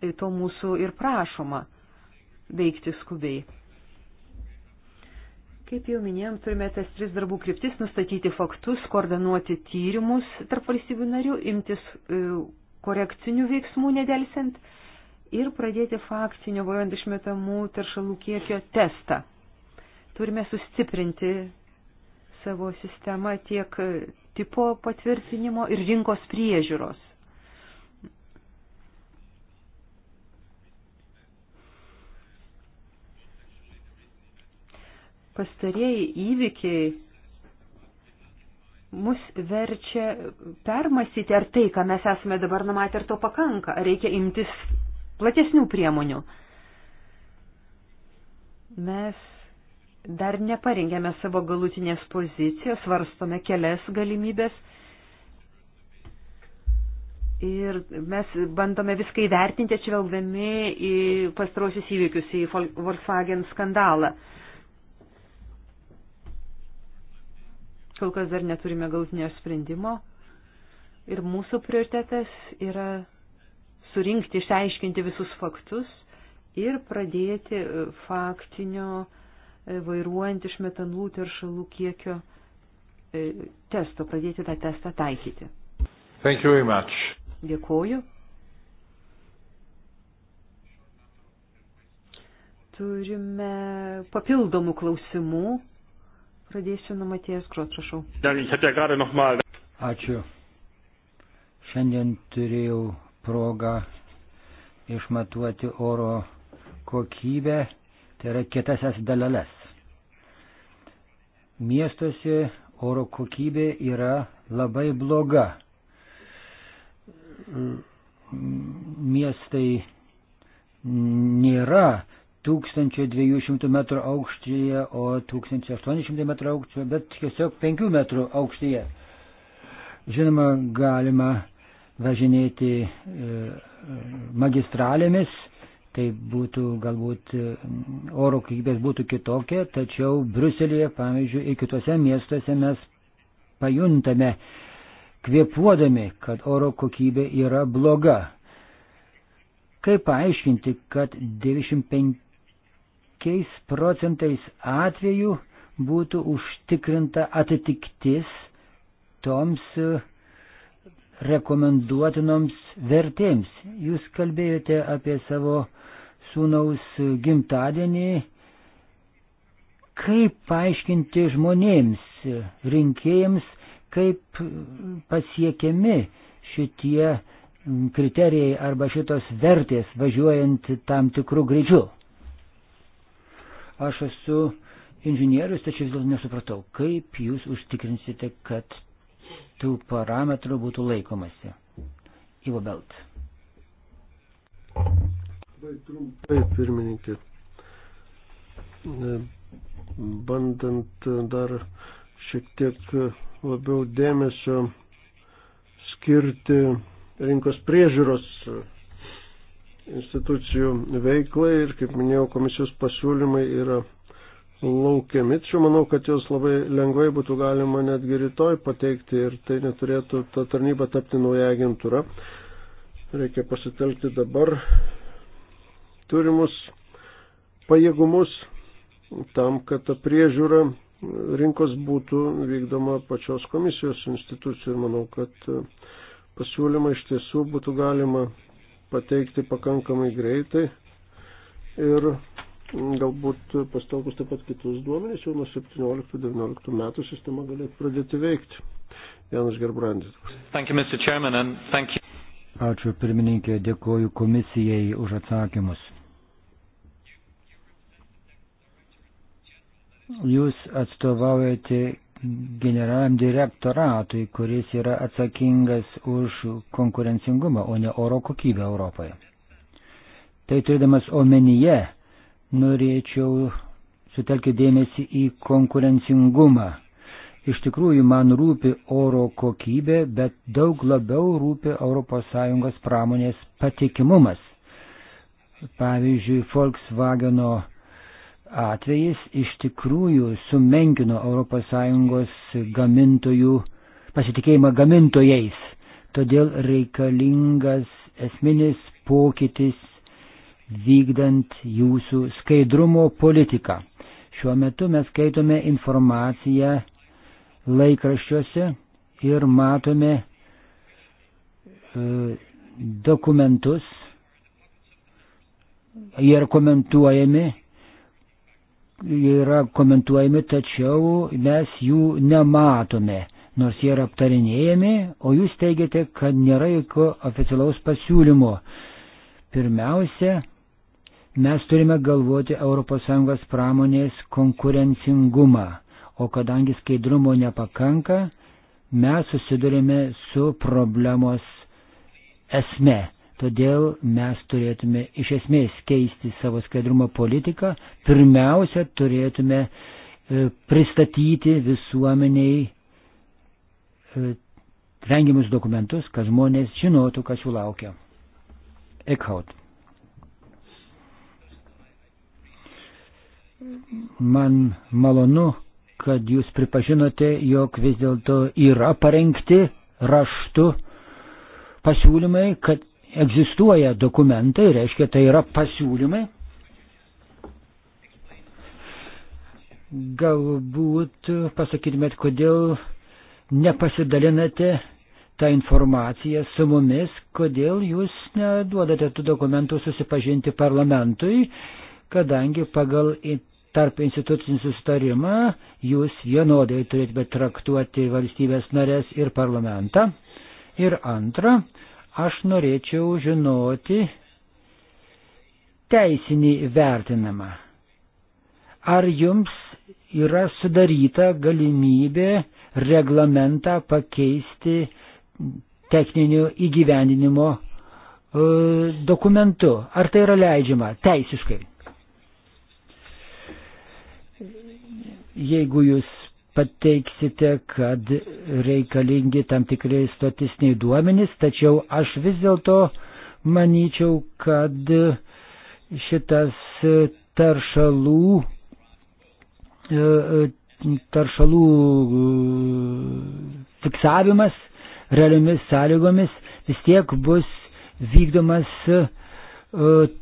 Tai to mūsų ir prašoma veikti skubiai. Kaip jau minėjom, turime tas tris darbų kryptis - nustatyti faktus, koordinuoti tyrimus tarp valstybių narių, imtis e, korekcinių veiksmų nedelsiant ir pradėti faktinio vojant išmetamų teršalų kiekio testą. Turime sustiprinti savo sistemą tiek tipo patvirtinimo ir rinkos priežiūros pastarieji įvykiai mus verčia permasyti, ar tai, ką mes esame dabar numatę, ar to pakanka, ar reikia imtis platesnių priemonių. Mes dar neparengėme savo galutinės pozicijos, svarstome kelias galimybės ir mes bandome viską įvertinti, atšvelgdami į pastrosius įvykius, į Volkswagen skandalą. Kol kas dar neturime galutinio sprendimo. Ir mūsų prioritetas yra surinkti, išsiaiškinti visus faktus ir pradėti e, faktinio e, vairuojant iš metanų teršalų kiekio e, testo, pradėti tą testą taikyti. Dėkuoju. Turime papildomų klausimų. Pradėsiu nuo Matėjos Kros, prašau. Ačiū. Šiandien turėjau progą išmatuoti oro kokybę, tai yra kietasias daleles. Miestuose oro kokybė yra labai bloga. Miestai nėra 1200 m aukštyje, o 1800 m aukštyje, bet tiesiog 5 m aukštyje. Žinoma, galima važinėti e, magistralėmis, tai būtų galbūt e, oro kokybės būtų kitokia, tačiau Bruselėje, pavyzdžiui, ir kitose miestuose mes pajuntame, kvėpuodami, kad oro kokybė yra bloga. Kaip paaiškinti, kad 95 kokiais procentais atveju būtų užtikrinta atitiktis toms e, rekomenduotinoms vertėms. Jūs kalbėjote apie savo sūnaus gimtadienį. Kaip paaiškinti žmonėms, rinkėjams, kaip pasiekiami šitie kriterijai arba šitos vertės važiuojant tam tikrų greičių? Aš esu inžinierius, tačiau vis dėlto nesupratau, kaip jūs užtikrinsite, kad tų parametrų būtų laikomasi. Ivo Belt. Trumpai, pirmininkė. Bandant dar šiek tiek labiau dėmesio skirti rinkos priežiūros institucijų veiklai ir, kaip minėjau, komisijos pasiūlymai yra laukiami. Tačiau manau, kad jos labai lengvai būtų galima netgi rytoj pateikti ir tai neturėtų ta tarnyba tapti nauja agentūra. Reikia pasitelkti dabar turimus pajėgumus tam, kad ta priežiūra rinkos būtų vykdoma pačios komisijos institucijų. Manau, kad e, pasiūlymą iš tiesų būtų galima pateikti pakankamai greitai ir galbūt pastelkus taip pat kitus duomenys jau nuo 17-19 metų sistema galėtų pradėti veikti. Janas Gerbrandis. Ačiū pirmininkė, dėkoju komisijai už atsakymus. Jūs atstovaujate generaliniam direktoratui, kuris yra atsakingas už konkurencingumą, o ne oro kokybę Europoje. Tai turėdamas omenyje, norėčiau sutelkti dėmesį į konkurencingumą. Iš tikrųjų, man rūpi oro kokybė, bet daug labiau rūpi ES pramonės patikimumas. Pavyzdžiui, Volkswageno atvejis iš tikrųjų sumenkino ES gamintojų pasitikėjimą gamintojais. Todėl reikalingas esminis pokytis vykdant jūsų skaidrumo politiką. Šiuo metu mes skaitome informaciją laikraščiuose ir matome e, dokumentus, jie yra komentuojami jie yra komentuojami, tačiau mes jų nematome, nors jie yra aptarinėjami, o jūs teigiate, kad nėra jokio oficialaus pasiūlymo. Pirmiausia, mes turime galvoti ES pramonės konkurencingumą, o kadangi skaidrumo nepakanka, mes susidurime su problemos esme. Todėl mes turėtume iš esmės keisti savo skaidrumo politiką. Pirmiausia, turėtume e, pristatyti visuomeniai e, rengiamus dokumentus, kad žmonės žinotų, kas jų laukia. Eckhout. Man malonu, kad jūs pripažinote, jog vis dėlto yra parengti raštu pasiūlymai, kad egzistuoja dokumentai, reiškia, tai yra pasiūlymai. Galbūt pasakytumėt, kodėl nepasidalinate tą informaciją su mumis, kodėl jūs neduodate tų dokumentų susipažinti parlamentui, kadangi pagal tarp institucinį sustarimą jūs vienodai turėtumėte traktuoti valstybės narės ir parlamentą. Ir antra, Aš norėčiau žinoti teisinį vertinimą. Ar jums yra sudaryta galimybė reglamentą pakeisti techninio įgyvendinimo e, dokumentu? Ar tai yra leidžiama teisiškai? Jeigu jūs pateiksite, kad reikalingi tam tikrai statistiniai duomenys, tačiau aš vis dėlto manyčiau, kad šitas taršalų, e, e, taršalų e, fiksavimas realiomis sąlygomis vis tiek bus vykdomas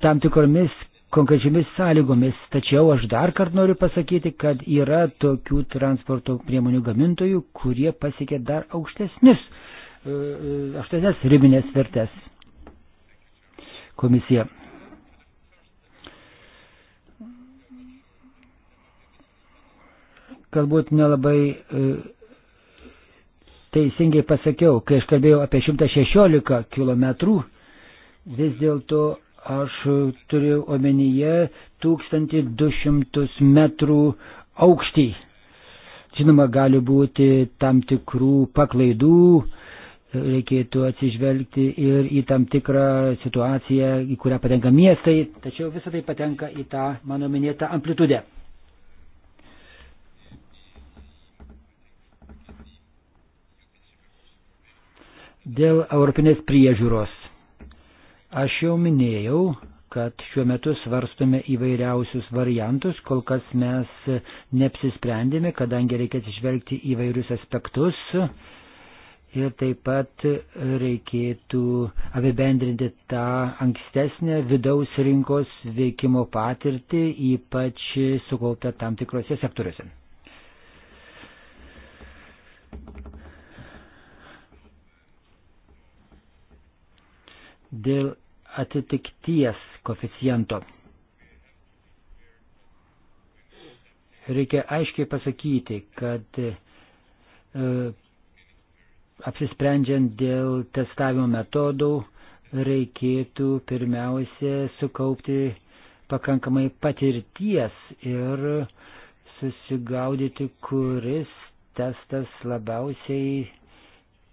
tam tikromis konkrečiamis sąlygomis. Tačiau aš dar kart noriu pasakyti, kad yra tokių transporto priemonių gamintojų, kurie pasiekė dar aukštesnius, e, e, aukštesnės ribinės vertės. Komisija. Galbūt nelabai e, teisingai pasakiau, kai aš kalbėjau apie 116 km, vis dėlto Aš turiu omenyje 1200 metrų aukštį. Žinoma, gali būti tam tikrų paklaidų, reikėtų atsižvelgti ir į tam tikrą situaciją, į kurią patenka miestai, tačiau visą tai patenka į tą mano minėtą amplitudę. Dėl europinės priežiūros. Aš jau minėjau, kad šiuo metu svarstome įvairiausius variantus, kol kas mes neapsisprendėme, kadangi reikia atsižvelgti įvairius aspektus ir taip pat reikėtų apibendrinti tą ankstesnę vidaus rinkos veikimo patirtį, ypač sukauptą tam tikrose sektoriuose. Dėl atitikties koficijanto. Reikia aiškiai pasakyti, kad e, apsisprendžiant dėl testavimo metodų reikėtų pirmiausia sukaupti pakankamai patirties ir susigaudyti, kuris testas labiausiai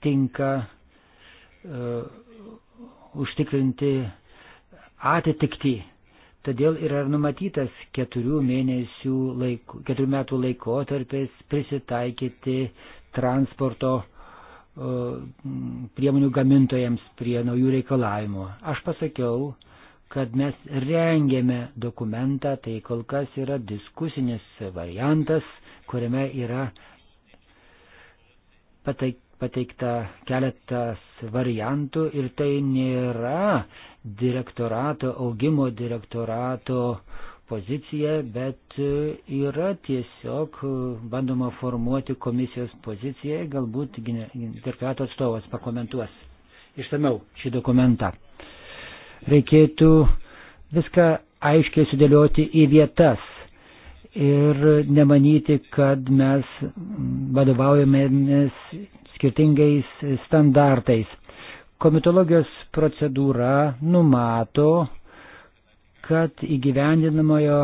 tinka uh, užtikrinti atitikti. Todėl yra numatytas keturių mėnesių laikų, keturių metų laikotarpis prisitaikyti transporto uh, priemonių gamintojams prie naujų reikalavimų. Aš pasakiau, kad mes rengėme dokumentą, tai kol kas yra diskusinis variantas, kuriame yra patai, pateikta keletas variantų ir tai nėra direktorato, augimo direktorato pozicija, bet yra tiesiog bandoma formuoti komisijos poziciją, galbūt direktorato atstovas pakomentuos išsameu šį dokumentą. Reikėtų viską aiškiai sudėlioti į vietas ir nemanyti, kad mes vadovaujamės skirtingais standartais. Komitologijos procedūra numato, kad įgyvendinamojo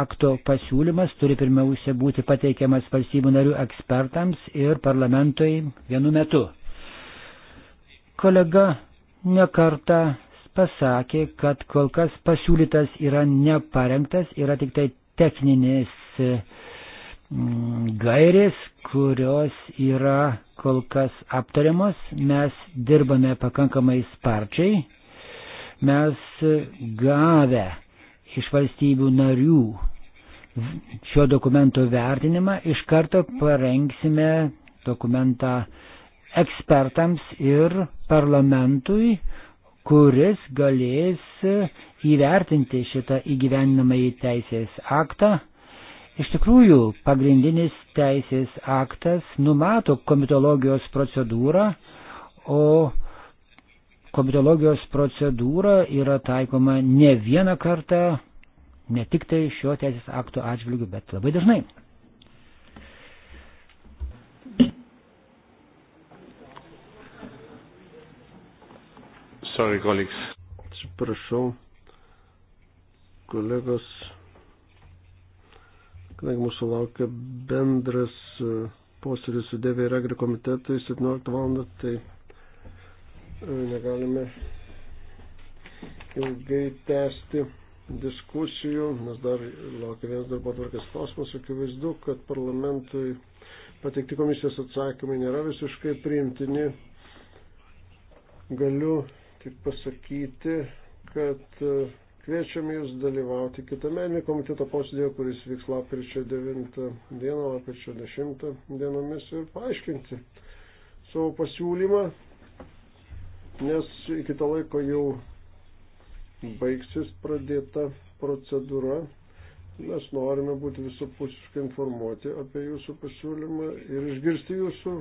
akto pasiūlymas turi pirmiausia būti pateikiamas valstybių narių ekspertams ir parlamentui vienu metu. Kolega nekarta pasakė, kad kol kas pasiūlytas yra neparengtas, yra tik tai techninis uh, Mm, gairės, kurios yra kol kas aptariamos. Mes dirbame pakankamai sparčiai. Mes gavę iš valstybių narių šio dokumento vertinimą iš karto parengsime dokumentą ekspertams ir parlamentui, kuris galės įvertinti šitą įgyvendinamąjį teisės aktą Iš tikrųjų, pagrindinis teisės aktas numato komitologijos procedūrą, o komitologijos procedūra yra taikoma ne vieną kartą, ne tik tai šio teisės akto atžvilgiu, bet labai dažnai. Sorry, colleagues. Atsiprašau, kolegos kadangi mūsų laukia bendras e, posėdis su DV ir Agri komitetui 17 val. tai e, negalime ilgai tęsti diskusijų, nes dar laukia vienas darbo tvarkės klausimas, akivaizdu, kad parlamentui pateikti komisijos atsakymai nėra visiškai priimtini. Galiu tik pasakyti, kad uh, Kviečiame Jūs dalyvauti kitame Envi komiteto posėdėje, kuris vyks lapkričio 9 dieną, lapkričio 10 dienomis ir paaiškinti savo pasiūlymą, nes iki to laiko jau baigsis pradėta procedūra. Mes norime būti visapusiškai informuoti apie jūsų pasiūlymą ir išgirsti jūsų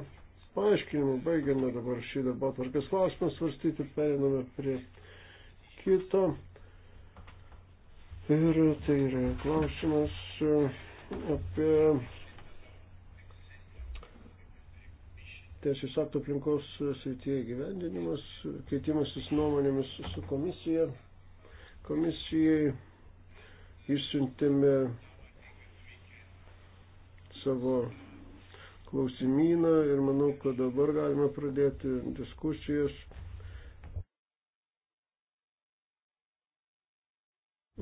paaiškinimą. Baigiame dabar šį dabar tvarkės klausimą svarstyti, periname prie kito. Ir tai yra klausimas e, apie teisės aktų aplinkos srityje gyvendinimas, keitimasis nuomonėmis su komisija. Komisijai išsiuntėme savo klausimyną ir manau, kad dabar galime pradėti diskusijas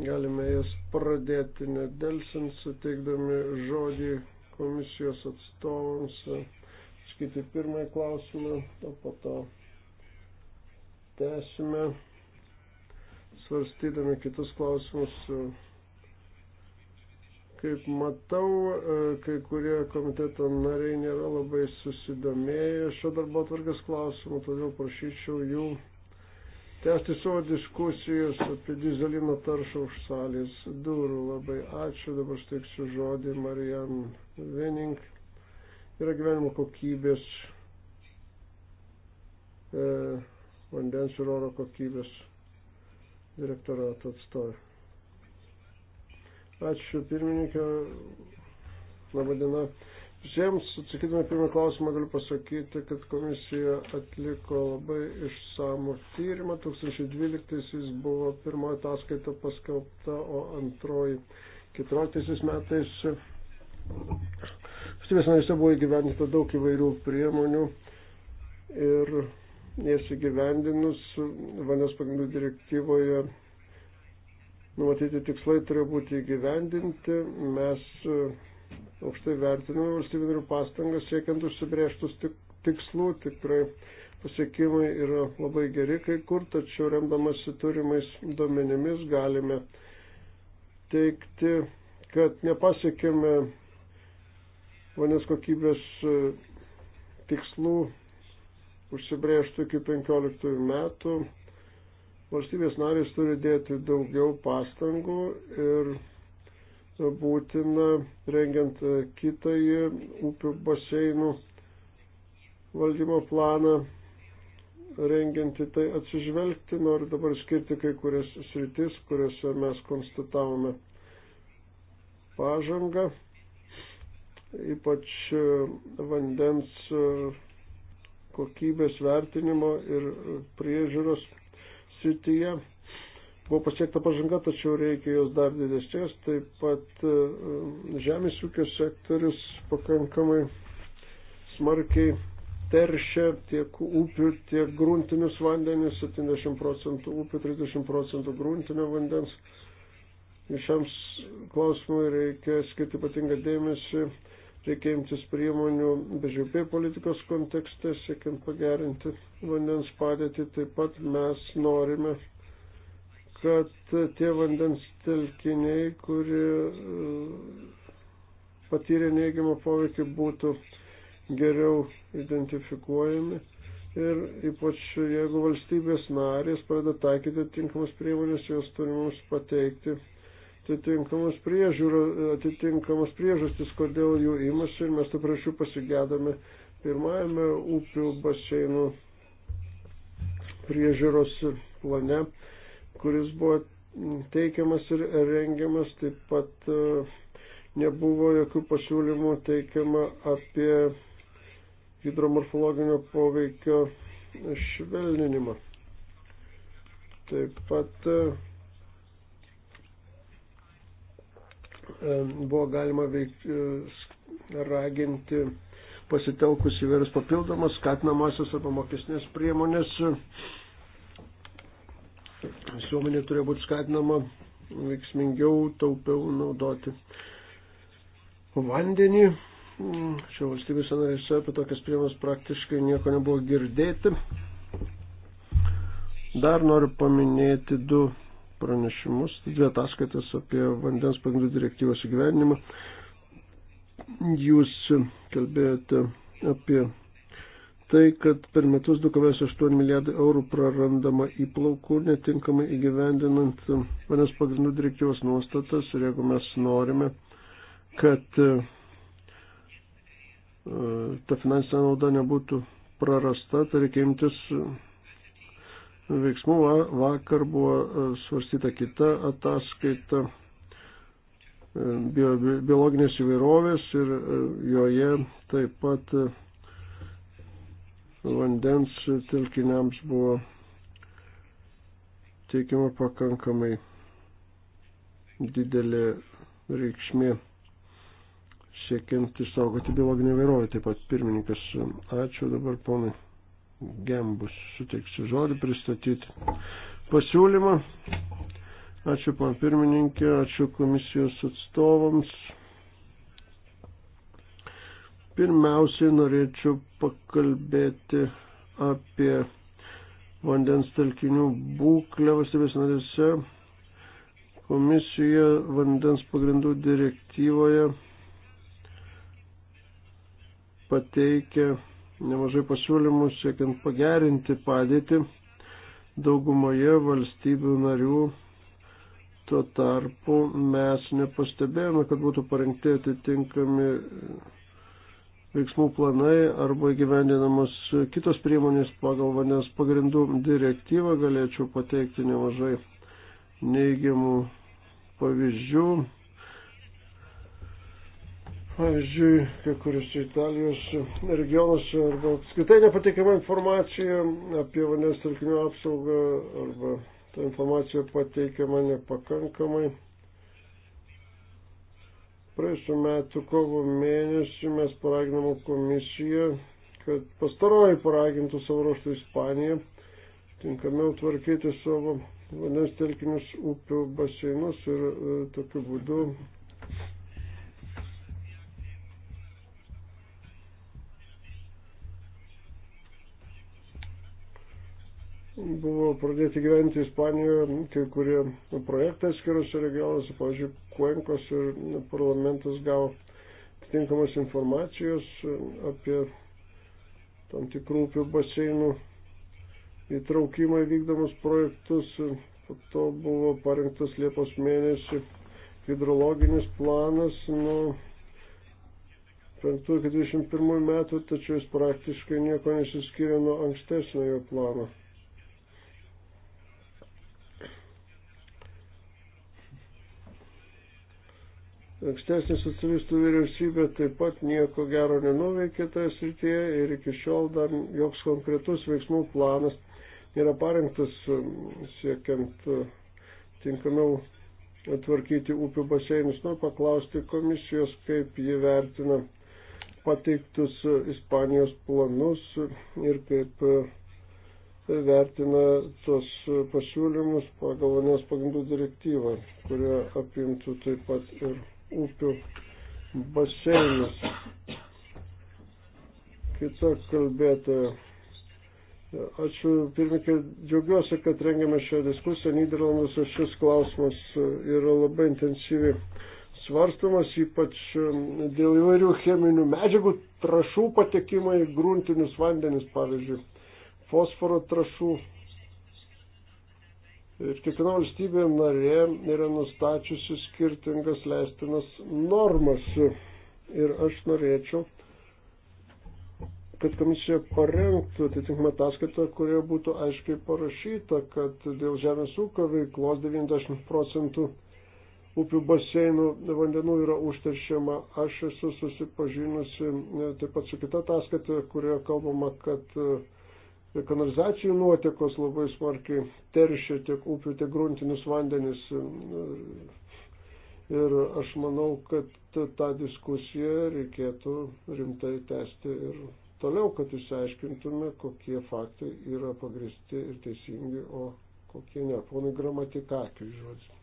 Galime jas pradėti nedelsint, suteikdami žodį komisijos atstovams. Skaiti e, pirmąjį klausimą, o po to tęsime, svarstydami kitus klausimus. E, kaip matau, e, kai kurie komiteto nariai nėra labai susidomėję šio darbo tvarkės klausimų, todėl prašyčiau jų tęsti savo diskusijas apie dizelino taršą už salės durų. Labai ačiū, dabar steiksiu žodį Marijan Vening. Yra gyvenimo kokybės, e, vandens ir oro kokybės direktorato atstovė. Ačiū pirmininkė, laba diena. Visiems atsakydami pirmą klausimą galiu pasakyti, kad komisija atliko labai išsamų tyrimą. 2012 jis buvo pirmoji ataskaita paskelbta, o antroji 2014 metais. Valstybės narėse buvo įgyvendinta daug įvairių priemonių ir jas įgyvendinus vandens pagrindų direktyvoje numatyti tikslai turėjo būti įgyvendinti. Mes aukštai vertiname valstybinių pastangas siekiant užsibrėžtus tik, tikslų, tikrai pasiekimai yra labai geri kai kur, tačiau remdamasi turimais duomenimis galime teikti, kad nepasiekėme vandens kokybės e, tikslų užsibrėžtų iki 15 metų. Valstybės narės turi dėti daugiau pastangų ir būtina rengiant e, kitąjį upių baseinų valdymo planą, rengianti tai atsižvelgti, noriu dabar skirti kai kurias sritis, kuriuose mes konstatavome pažangą, ypač e, vandens e, kokybės vertinimo ir priežiūros srityje. Buvo pasiekta pažanga, tačiau reikia jos dar didesnės. Taip pat e, e, žemės ūkio sektorius pakankamai smarkiai teršia tiek upių, tiek gruntinius vandenis, 70 procentų upių, 30 procentų gruntinio vandens. Ir šiam klausimui reikia skirti ypatingą dėmesį, reikia imtis priemonių bežiūpė politikos kontekste, siekiant pagerinti vandens padėtį. Taip pat mes norime kad tie vandens telkiniai, kurie e, patyrė neigiamą poveikį, būtų geriau identifikuojami. Ir ypač jeigu valstybės narės pradeda taikyti tinkamas priemonės, jos turi mums pateikti atitinkamas atitinkamas priežastis, kodėl jų imasi ir mes tų prašių pasigėdame pirmajame upių baseinų priežiūros plane kuris buvo teikiamas ir rengiamas, taip pat e, nebuvo jokių pasiūlymų teikiama apie hidromorfologinio poveikio švelninimą. Taip pat e, e, buvo galima veikti, raginti pasitelkus įvairias papildomas skatinamasias arba mokesnės priemonės Visuomenė turėjo būti skatinama veiksmingiau, taupiau naudoti vandenį. Šio valstybės narėse apie tokias priemas praktiškai nieko nebuvo girdėti. Dar noriu paminėti du pranešimus, dvi ataskaitas apie vandens pagrindų direktyvos įgyvenimą. Jūs kalbėjote apie tai, kad per metus 2,8 milijardai eurų prarandama įplaukų netinkamai įgyvendinant vandens pagrindų direktyvos nuostatas ir jeigu mes norime, kad e, ta finansinė nauda nebūtų prarasta, tai reikia imtis veiksmų. Vakar buvo e, svarstyta kita ataskaita e, biologinės įvairovės ir joje taip pat vandens telkiniams buvo teikiama pakankamai didelė reikšmė siekiant išsaugoti biologinį vairovę. Taip pat pirmininkas, ačiū dabar ponai Gembus, suteiksiu žodį pristatyti pasiūlymą. Ačiū pan pirmininkė, ačiū komisijos atstovams. Pirmiausiai norėčiau pakalbėti apie vandens telkinių būklę valstybės narėse. Komisija vandens pagrindų direktyvoje pateikė nemažai pasiūlymų siekiant pagerinti padėtį daugumoje valstybių narių. Tuo tarpu mes nepastebėjome, kad būtų parengti atitinkami veiksmų planai arba įgyvendinamos kitos priemonės pagal vandens pagrindų direktyvą galėčiau pateikti nemažai neigiamų pavyzdžių. Pavyzdžiui, kai kuriuose Italijos regionuose arba apskritai nepatikima informacija apie vandens telkinių apsaugą arba ta informacija pateikiama nepakankamai Praėjusiu metu kovo mėnesį mes paraginom komisiją, kad pastaroji paragintų savo ruoštų Ispaniją tinkamiau tvarkyti savo vandens telkinius upių baseinus ir e, tokiu būdu buvo pradėti gyventi Ispanijoje kai kurie projektai atskirose regionuose, pavyzdžiui, Kuenkos ir parlamentas gavo atitinkamas informacijos apie tam tikrų upių baseinų įtraukimą į vykdomus projektus. Po to buvo parengtas Liepos mėnesį hidrologinis planas nuo 5 iki 21 metų, tačiau jis praktiškai nieko nesiskiria nuo ankstesniojo plano. Ankstesnė socialistų vyriausybė taip pat nieko gero nenuveikė toje srityje ir iki šiol dar joks konkretus veiksmų planas nėra parengtas um, siekiant uh, tinkamiau tvarkyti upių baseinus. Noriu paklausti komisijos, kaip jie vertina pateiktus uh, Ispanijos planus ir kaip uh, vertina tos pasiūlymus pagal vienos pagrindų direktyvą, kurie apimtų taip pat ir upių baseinus. Kita kalbėtoja. Ačiū pirmininkai, džiaugiuosi, kad rengiame šią diskusiją. Niderlanduose šis klausimas yra labai intensyviai svarstamas, ypač um, dėl įvairių cheminių medžiagų, trašų patekimai, gruntinius vandenis, pavyzdžiui, fosforo trašų Ir kiekviena valstybė narė yra nustačiusi skirtingas leistinas normas. Ir aš norėčiau, kad komisija parengtų atitinkamą ataskaitą, kurioje būtų aiškiai parašyta, kad dėl žemės ūkio veiklos 90 procentų upių baseinų vandenų yra užteršiama. Aš esu susipažinusi e, taip pat su kita ataskaita, kurioje kalbama, kad e, kanalizacijų nuotekos labai smarkiai teršia tiek upių, tiek gruntinius vandenis. Ir aš manau, kad tą diskusiją reikėtų rimtai tęsti ir toliau, kad išsiaiškintume, kokie faktai yra pagristi ir teisingi, o kokie ne. Ponai gramatikakių žodžiu.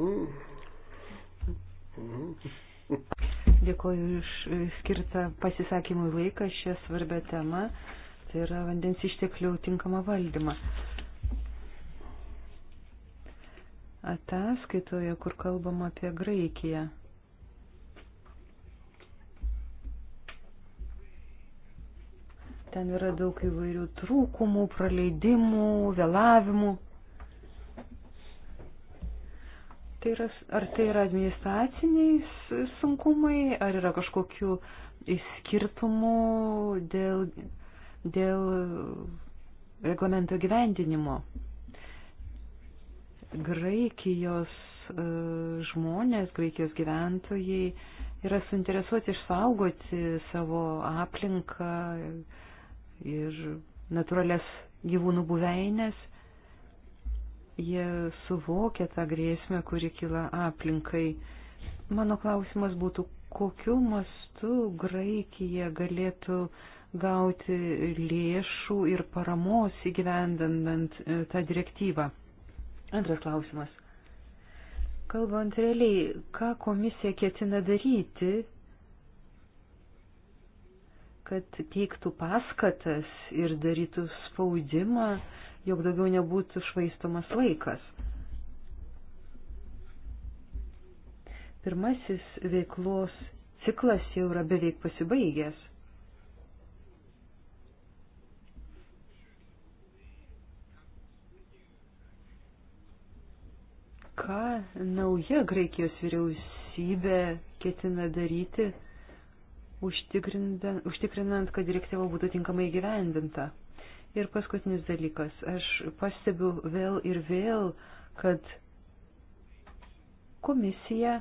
Mm. Mhm. Dėkuoju už skirtą pasisakymui laiką šią svarbę temą, tai yra vandens išteklių tinkamą valdymą. Ataskaitoje, kur kalbama apie Graikiją. Ten yra daug įvairių trūkumų, praleidimų, vėlavimų. Tai yra, ar tai yra administraciniai sunkumai, ar yra kažkokių skirtumų dėl, dėl reglamento gyvendinimo? Graikijos e, žmonės, Graikijos gyventojai yra suinteresuoti išsaugoti savo aplinką ir natūrales gyvūnų buveinės Jie suvokia tą grėsmę, kuri kyla aplinkai. Mano klausimas būtų, kokiu mastu Graikija galėtų gauti lėšų ir paramos įgyvendinant e, tą direktyvą. Antras klausimas. Kalbant realiai, ką komisija ketina daryti, kad teiktų paskatas ir darytų spaudimą jog daugiau nebūtų švaistomas laikas. Pirmasis veiklos ciklas jau yra beveik pasibaigęs. Ką nauja Graikijos vyriausybė ketina daryti, užtikrinant, kad direktyva būtų tinkamai gyvendinta? Ir paskutinis dalykas, aš pastebiu vėl ir vėl, kad komisija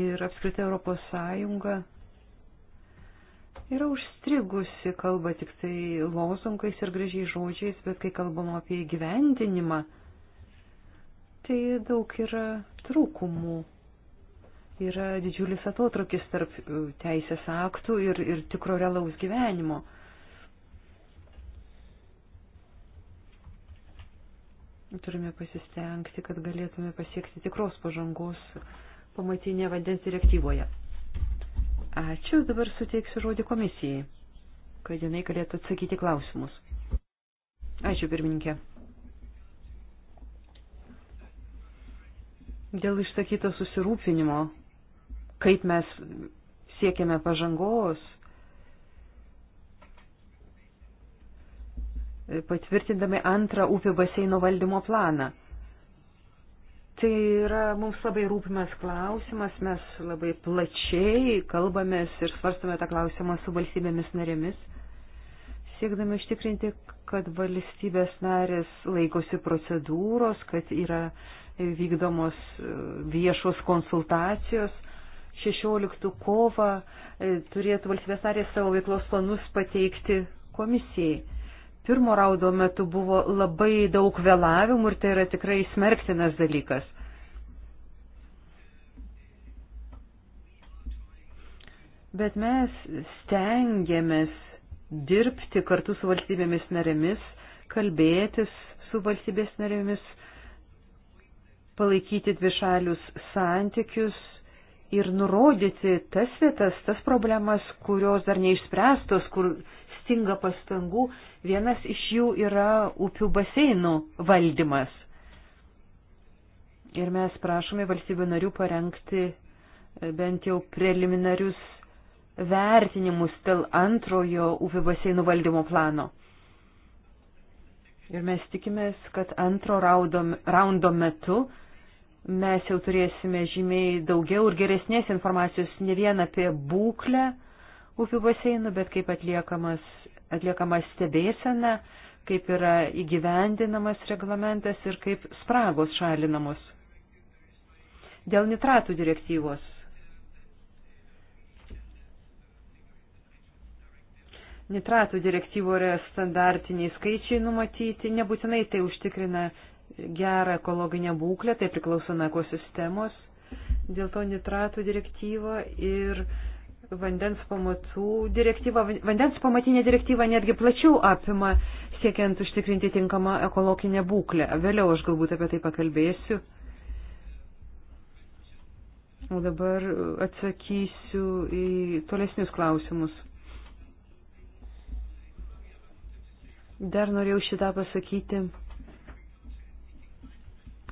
ir apskritai Europos Sąjunga yra užstrigusi, kalba tik tai lozungais ir gražiai žodžiais, bet kai kalbam apie įgyvendinimą, tai daug yra trūkumų. Yra didžiulis atotrukis tarp teisės aktų ir, ir tikro realaus gyvenimo. Turime pasistengti, kad galėtume pasiekti tikros pažangos pamatinė vandens direktyvoje. Ačiū, dabar suteiksiu žodį komisijai, kad jinai galėtų atsakyti klausimus. Ačiū, pirmininkė. Dėl išsakyto susirūpinimo, kaip mes siekiame pažangos, patvirtindami antrą upių baseino valdymo planą. Tai yra mums labai rūpimas klausimas, mes labai plačiai kalbamės ir svarstame tą klausimą su valstybėmis narėmis, siekdami ištikrinti, kad valstybės narės laikosi procedūros, kad yra vykdomos e, viešos konsultacijos. 16 kovą e, turėtų valstybės narės savo veiklos planus pateikti komisijai pirmo raudo metu buvo labai daug vėlavimų ir tai yra tikrai smerktinas dalykas. Bet mes stengiamės dirbti kartu su valstybėmis narėmis, kalbėtis su valstybės narėmis, palaikyti dvišalius santykius ir nurodyti tas vietas, tas problemas, kurios dar neišspręstos, kur stinga pastangų. Vienas iš jų yra upių baseinų valdymas. Ir mes prašome valstybių narių parengti e, bent jau preliminarius vertinimus dėl antrojo upių baseinų valdymo plano. Ir mes tikimės, kad antro raundo metu mes jau turėsime žymiai daugiau ir geresnės informacijos ne vien apie būklę, upių baseinų, bet kaip atliekama stebėsena, kaip yra įgyvendinamas reglamentas ir kaip spragos šalinamos. Dėl nitratų direktyvos. Nitratų direktyvo yra standartiniai skaičiai numatyti, nebūtinai tai užtikrina gerą ekologinę būklę, tai priklauso nuo ekosistemos. Dėl to nitratų direktyva ir uh, vandens pamatų direktyva, vandens pamatinė direktyva netgi plačiau apima, siekiant užtikrinti tinkamą ekologinę būklę. Vėliau aš galbūt apie tai pakalbėsiu. O dabar atsakysiu į tolesnius klausimus. Dar norėjau šitą pasakyti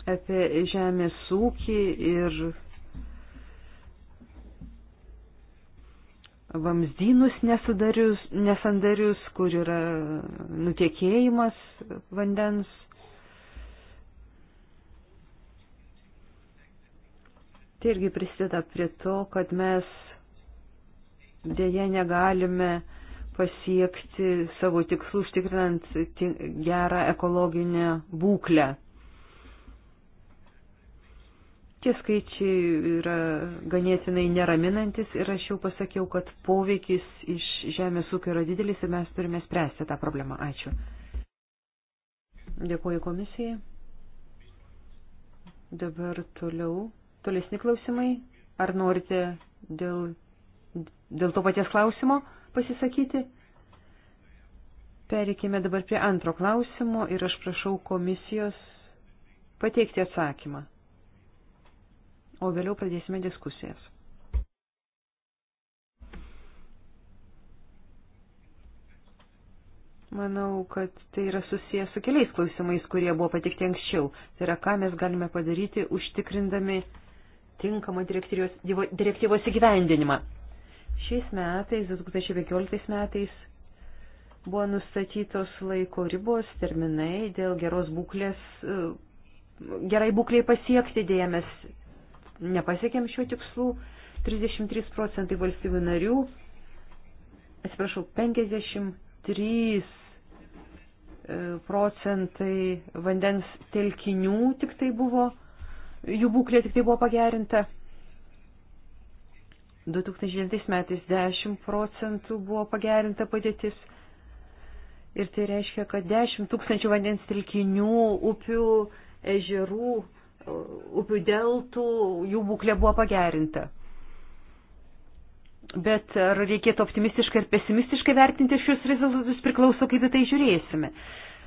apie žemės ūkį ir vamzdynus nesandarius, kur yra nutiekėjimas vandens. Tai irgi prisideda prie to, kad mes dėje negalime pasiekti savo tikslų užtikrinant gerą ekologinę būklę. Tie skaičiai yra ganėtinai neraminantis ir aš jau pasakiau, kad poveikis iš žemės ūkio yra didelis ir mes turime spręsti tą problemą. Ačiū. Dėkuoju komisijai. Dabar toliau. Tolesni klausimai. Ar norite dėl, dėl to paties klausimo pasisakyti? Pereikime dabar prie antro klausimo ir aš prašau komisijos pateikti atsakymą o vėliau pradėsime diskusijas. Manau, kad tai yra susijęs su keliais klausimais, kurie buvo patikti anksčiau. Tai yra, ką mes galime padaryti, užtikrindami tinkamą direktyvos įgyvendinimą. Šiais metais, 2015 metais, buvo nustatytos laiko ribos, terminai dėl geros būklės, e, gerai būklei pasiekti dėmesį nepasiekėm šių tikslų, 33 procentai valstybių narių, atsiprašau, 53 e, procentai vandens telkinių tik tai buvo, jų būklė tik tai buvo pagerinta. 2009 metais 10 procentų buvo pagerinta padėtis. Ir tai reiškia, kad 10 tūkstančių vandens telkinių, upių, ežerų upių deltų, jų būklė buvo pagerinta. Bet ar reikėtų optimistiškai ir pesimistiškai vertinti šios rezultatus priklauso, kaip į tai žiūrėsime.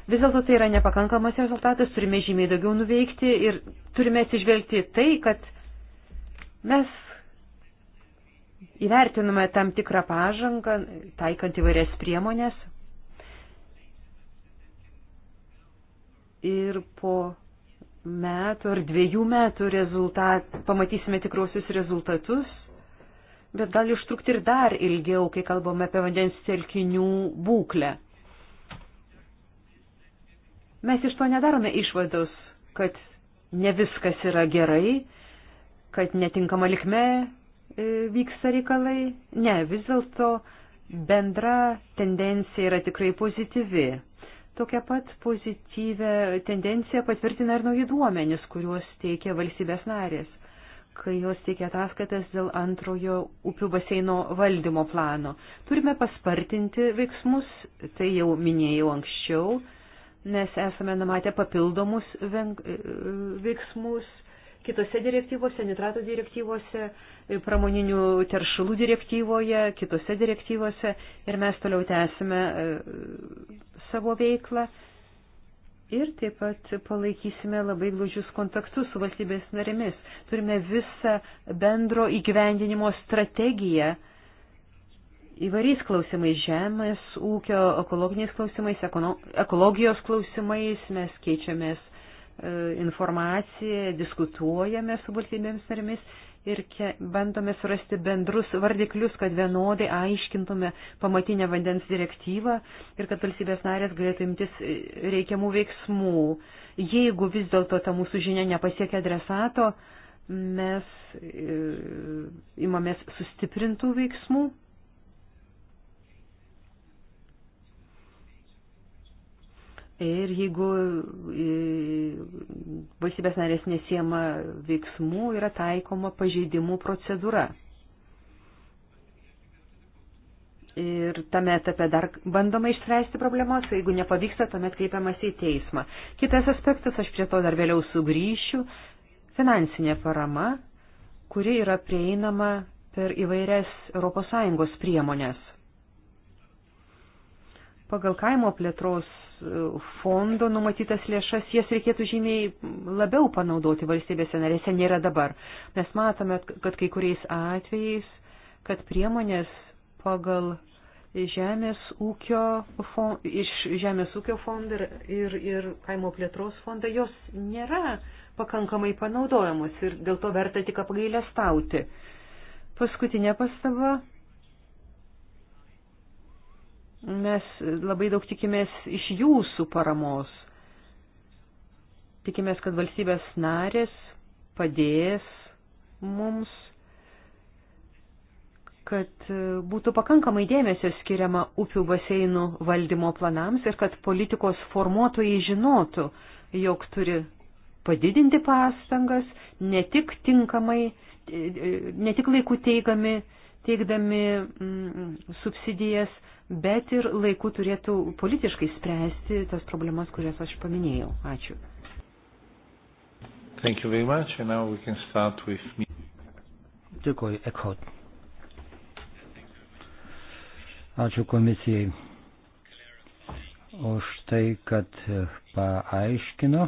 Vis dėlto tai yra nepakankamas rezultatas, turime žymiai daugiau nuveikti ir turime atsižvelgti tai, kad mes įvertinome tam tikrą pažangą, taikant įvairias priemonės. Ir po metų ar dviejų metų rezultat, pamatysime tikruosius rezultatus, bet gali užtrukti ir dar ilgiau, kai kalbame apie vandens telkinių būklę. Mes iš to nedarome išvados, kad ne viskas yra gerai, kad netinkama likme e, vyksta reikalai. Ne, vis dėlto bendra tendencija yra tikrai pozityvi. Tokią pat pozityvę tendenciją patvirtina ir nauji duomenys, kuriuos teikia valstybės narės, kai jos teikia ataskaitas dėl antrojo upių baseino valdymo plano. Turime paspartinti veiksmus, tai jau minėjau anksčiau, nes esame numatę papildomus e, veiksmus kitose direktyvose, nitrato direktyvose, pramoninių teršalų direktyvoje, kitose direktyvose ir mes toliau tęsime e, savo veiklą ir taip pat palaikysime labai glaudžius kontaktus su valstybės narėmis. Turime visą bendro įgyvendinimo strategiją įvairiais klausimais - žemės, ūkio, ekologiniais klausimais, ekologijos klausimais, mes keičiamės e, informaciją, diskutuojame su valstybėms narimis ir bandome surasti bendrus vardiklius, kad vienodai aiškintume pamatinę vandens direktyvą ir kad valstybės narės galėtų imtis e, reikiamų veiksmų. Jeigu vis dėlto ta mūsų žinia nepasiekia adresato, mes e, imamės sustiprintų veiksmų Ir jeigu e, valstybės narės nesiema veiksmų, yra taikoma pažeidimų procedūra. Ir tame etape dar bandoma išspręsti problemas, jeigu nepavyksta, tuomet kreipiamasi į teismą. Kitas aspektas, aš prie to dar vėliau sugrįšiu, finansinė parama, kuri yra prieinama per įvairias ES priemonės. Pagal kaimo plėtros fondo numatytas lėšas, jas reikėtų žymiai labiau panaudoti valstybėse narėse, nėra dabar. Mes matome, kad kai kuriais atvejais, kad priemonės pagal žemės ūkio fond, iš žemės ūkio fondą ir, ir, ir kaimo plėtros fondą, jos nėra pakankamai panaudojamos ir dėl to verta tik apgailę stauti. Paskutinė pastaba Mes labai daug tikimės iš jūsų paramos. Tikimės, kad valstybės narės padės mums, kad būtų pakankamai dėmesio skiriama upių baseinų valdymo planams ir kad politikos formuotojai žinotų, jog turi padidinti pastangas, ne tik tinkamai, ne tik laiku teigami, teikdami mm, subsidijas, bet ir laiku turėtų politiškai spręsti tas problemas, kurias aš paminėjau. Ačiū. Thank you very much, and now we can start with me. Dėkuoju, Ekhod. Ačiū komisijai už tai, kad e, paaiškino e,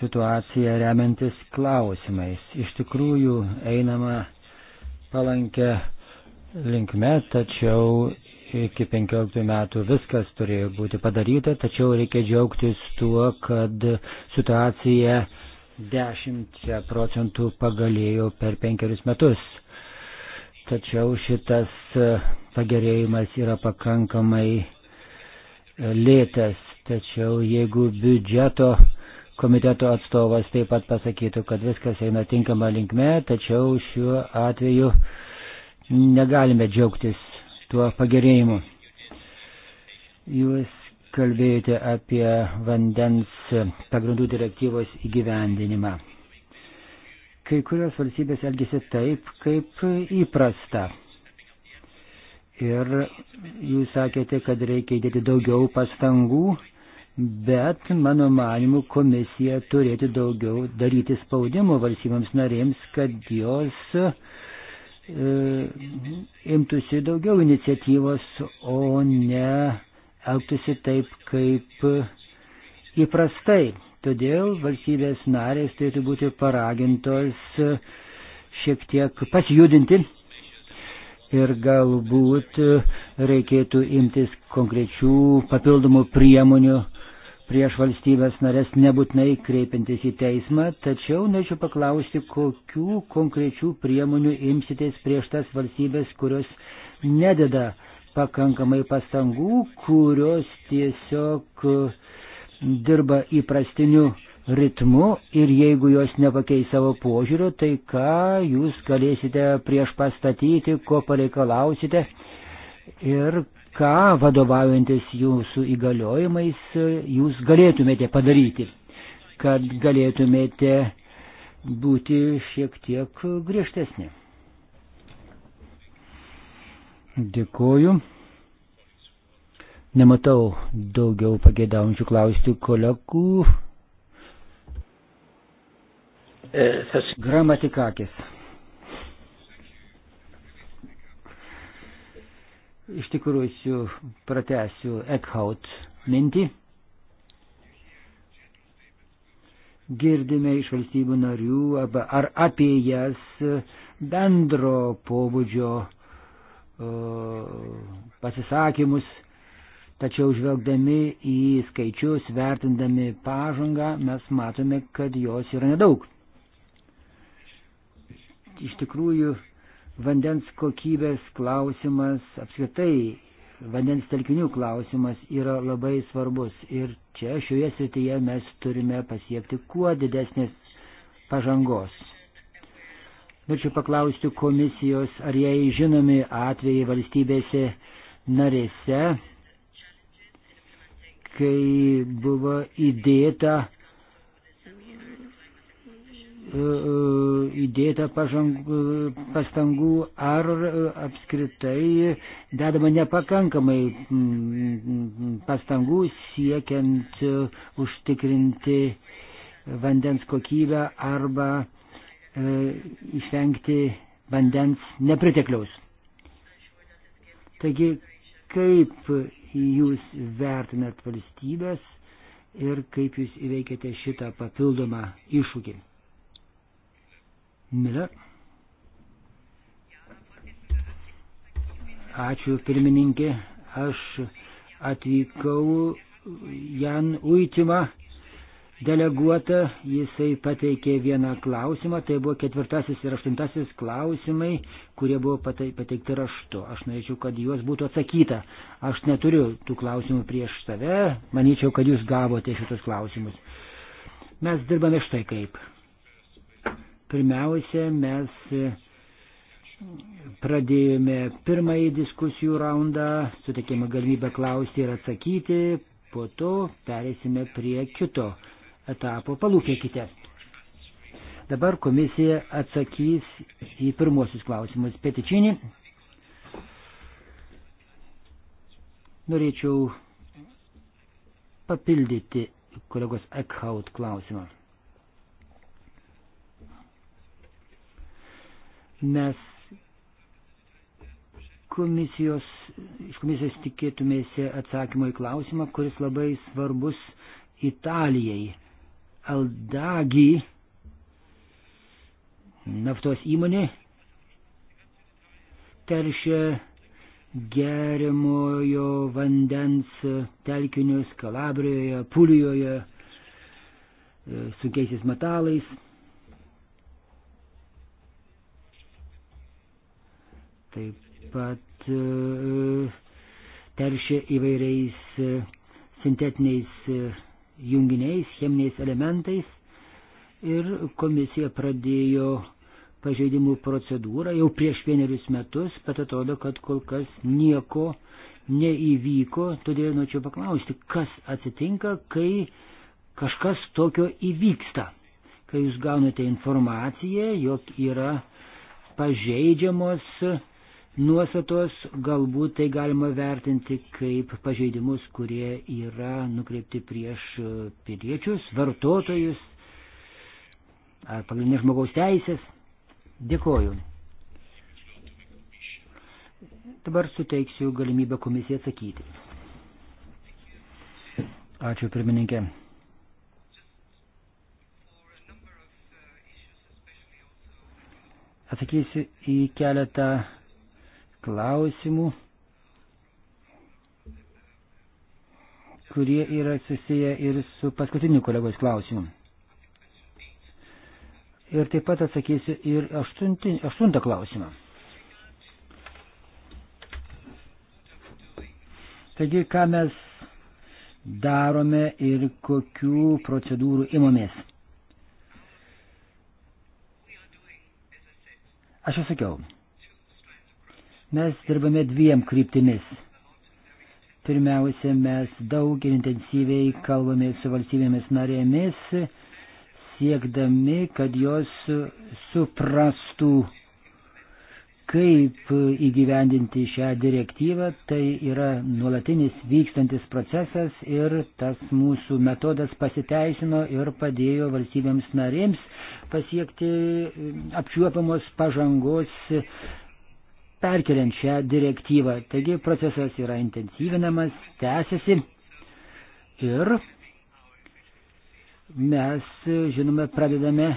situaciją remiantis klausimais. Iš tikrųjų einama palankę linkme, tačiau iki 15 metų viskas turėjo būti padaryta, tačiau reikia džiaugtis tuo, kad situacija 10 procentų pagalėjo per penkerius metus. Tačiau šitas pagerėjimas yra pakankamai lėtas. Tačiau jeigu biudžeto komiteto atstovas taip pat pasakytų, kad viskas eina tinkama linkme, tačiau šiuo atveju uh, negalime džiaugtis tuo pagerėjimu. Jūs kalbėjote apie vandens pagrindų direktyvos įgyvendinimą. Kai kurios valstybės elgėsi taip, kaip įprasta. Ir jūs sakėte, kad reikia įdėti daugiau pastangų, bet mano manimu komisija turėtų daugiau daryti spaudimo valstybėms narėms, kad jos uh, E, imtųsi daugiau iniciatyvos, o ne elgtųsi taip, kaip įprastai. Todėl valstybės narės turėtų būti paragintos šiek tiek pasijudinti ir galbūt reikėtų imtis konkrečių papildomų priemonių prieš valstybės narės nebūtinai kreipiantis į teismą, tačiau norėčiau paklausti, kokių konkrečių priemonių imsitės prieš tas valstybės, kurios nededa pakankamai pastangų, kurios tiesiog e, dirba įprastiniu ritmu ir jeigu jos nepakeis savo požiūrio, tai ką jūs galėsite prieš pastatyti, ko pareikalausite ir ką vadovaujantis jūsų įgaliojimais e, jūs galėtumėte padaryti, kad galėtumėte būti šiek tiek griežtesnė. Dėkuoju. Nematau daugiau pagėdaujančių klausti kolegų. E, Gramatikakis. Iš tikrųjų, pratęsiu Eckhout mintį. Girdime iš valstybių narių arba ar apie jas bendro pobūdžio uh, pasisakymus, Tačiau žvelgdami į skaičius, vertindami pažangą, mes matome, kad jos yra nedaug. Iš tikrųjų, vandens kokybės klausimas, apskritai vandens telkinių klausimas yra labai svarbus. Ir čia šioje srityje mes turime pasiekti kuo didesnės pažangos. Norėčiau paklausti komisijos, ar jai žinomi atvejai valstybėse narėse, kai buvo įdėta E, e, įdėta pažang, e, pastangų ar apskritai dedama nepakankamai pastangų siekiant užtikrinti vandens kokybę arba išvengti vandens nepritekliaus. Taigi, kaip jūs vertinat valstybės ir kaip jūs įveikėte šitą papildomą iššūkį? Miller. Ačiū pirmininkė, aš atvykau Jan Uitimą deleguotą, jisai pateikė vieną klausimą, tai buvo ketvirtasis ir aštuntasis klausimai, kurie buvo pateikti raštu. Aš norėčiau, kad juos būtų atsakyta. Aš neturiu tų klausimų prieš save, manyčiau, kad jūs gavote šitus klausimus. Mes dirbame štai kaip. Pirmiausia, mes e, pradėjome pirmąjį diskusijų raundą, sutikėme galimybę klausti ir atsakyti, po to perėsime prie kito etapo. Palūkėkite. Dabar komisija atsakys į pirmosius klausimus. Petičinį. Norėčiau papildyti kolegos Eckhout klausimą. mes komisijos, iš komisijos tikėtumėsi atsakymo į klausimą, kuris labai svarbus Italijai. Aldagi naftos įmonė teršia geriamojo vandens telkinius Kalabrijoje, Pulijoje, e, sunkiaisiais metalais. taip pat e, teršia įvairiais e, sintetiniais e, junginiais, cheminiais elementais ir komisija pradėjo pažeidimų procedūrą jau prieš vienerius metus, bet atrodo, kad kol kas nieko neįvyko, todėl norėčiau paklausti, kas atsitinka, kai kažkas tokio įvyksta, kai jūs gaunate informaciją, jog yra pažeidžiamos nuostatos, galbūt tai galima vertinti kaip pažeidimus, kurie yra nukreipti prieš e, piliečius, vartotojus ar pagrindinės žmogaus teisės. Dėkoju. Dabar suteiksiu galimybę komisijai atsakyti. Ačiū pirmininkė. Atsakysiu į keletą klausimų, kurie yra susiję ir su paskutiniu kolegos klausimu. Ir taip pat atsakysiu ir aštunti, aštuntą klausimą. Taigi, ką mes darome ir kokių procedūrų imamės. Aš jau sakiau, Mes dirbame dviem kryptimis. Pirmiausia, mes daug ir intensyviai kalbame su valstybėmis narėmis, siekdami, kad jos suprastų, kaip įgyvendinti šią direktyvą. Tai yra nuolatinis vykstantis procesas ir tas mūsų metodas pasiteisino ir padėjo valstybėms narėms pasiekti apčiuopamos pažangos perkeliant šią direktyvą. Taigi procesas yra intensyvinamas, tęsiasi ir mes, žinome, pradedame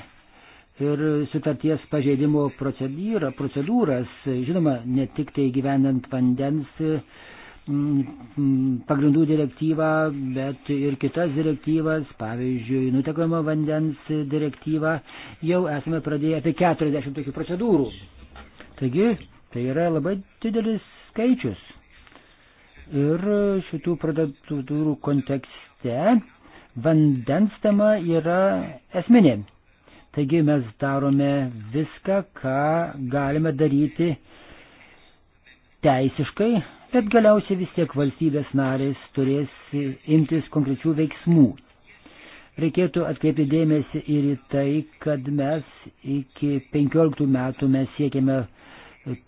ir sutarties pažeidimo procedūrą, procedūras, žinoma, ne tik tai gyvenant vandens mm, mm, pagrindų direktyvą, bet ir kitas direktyvas, pavyzdžiui, nutekamo vandens direktyvą, jau esame pradėję apie 40 tokių procedūrų. Taigi, Tai yra labai didelis skaičius. Ir šitų procedūrų kontekste vandens tema yra esminė. Taigi mes darome viską, ką galime daryti teisiškai, bet galiausiai vis tiek valstybės narės turės imtis konkrečių veiksmų. Reikėtų atkreipti dėmesį ir į tai, kad mes iki 15 metų mes siekiame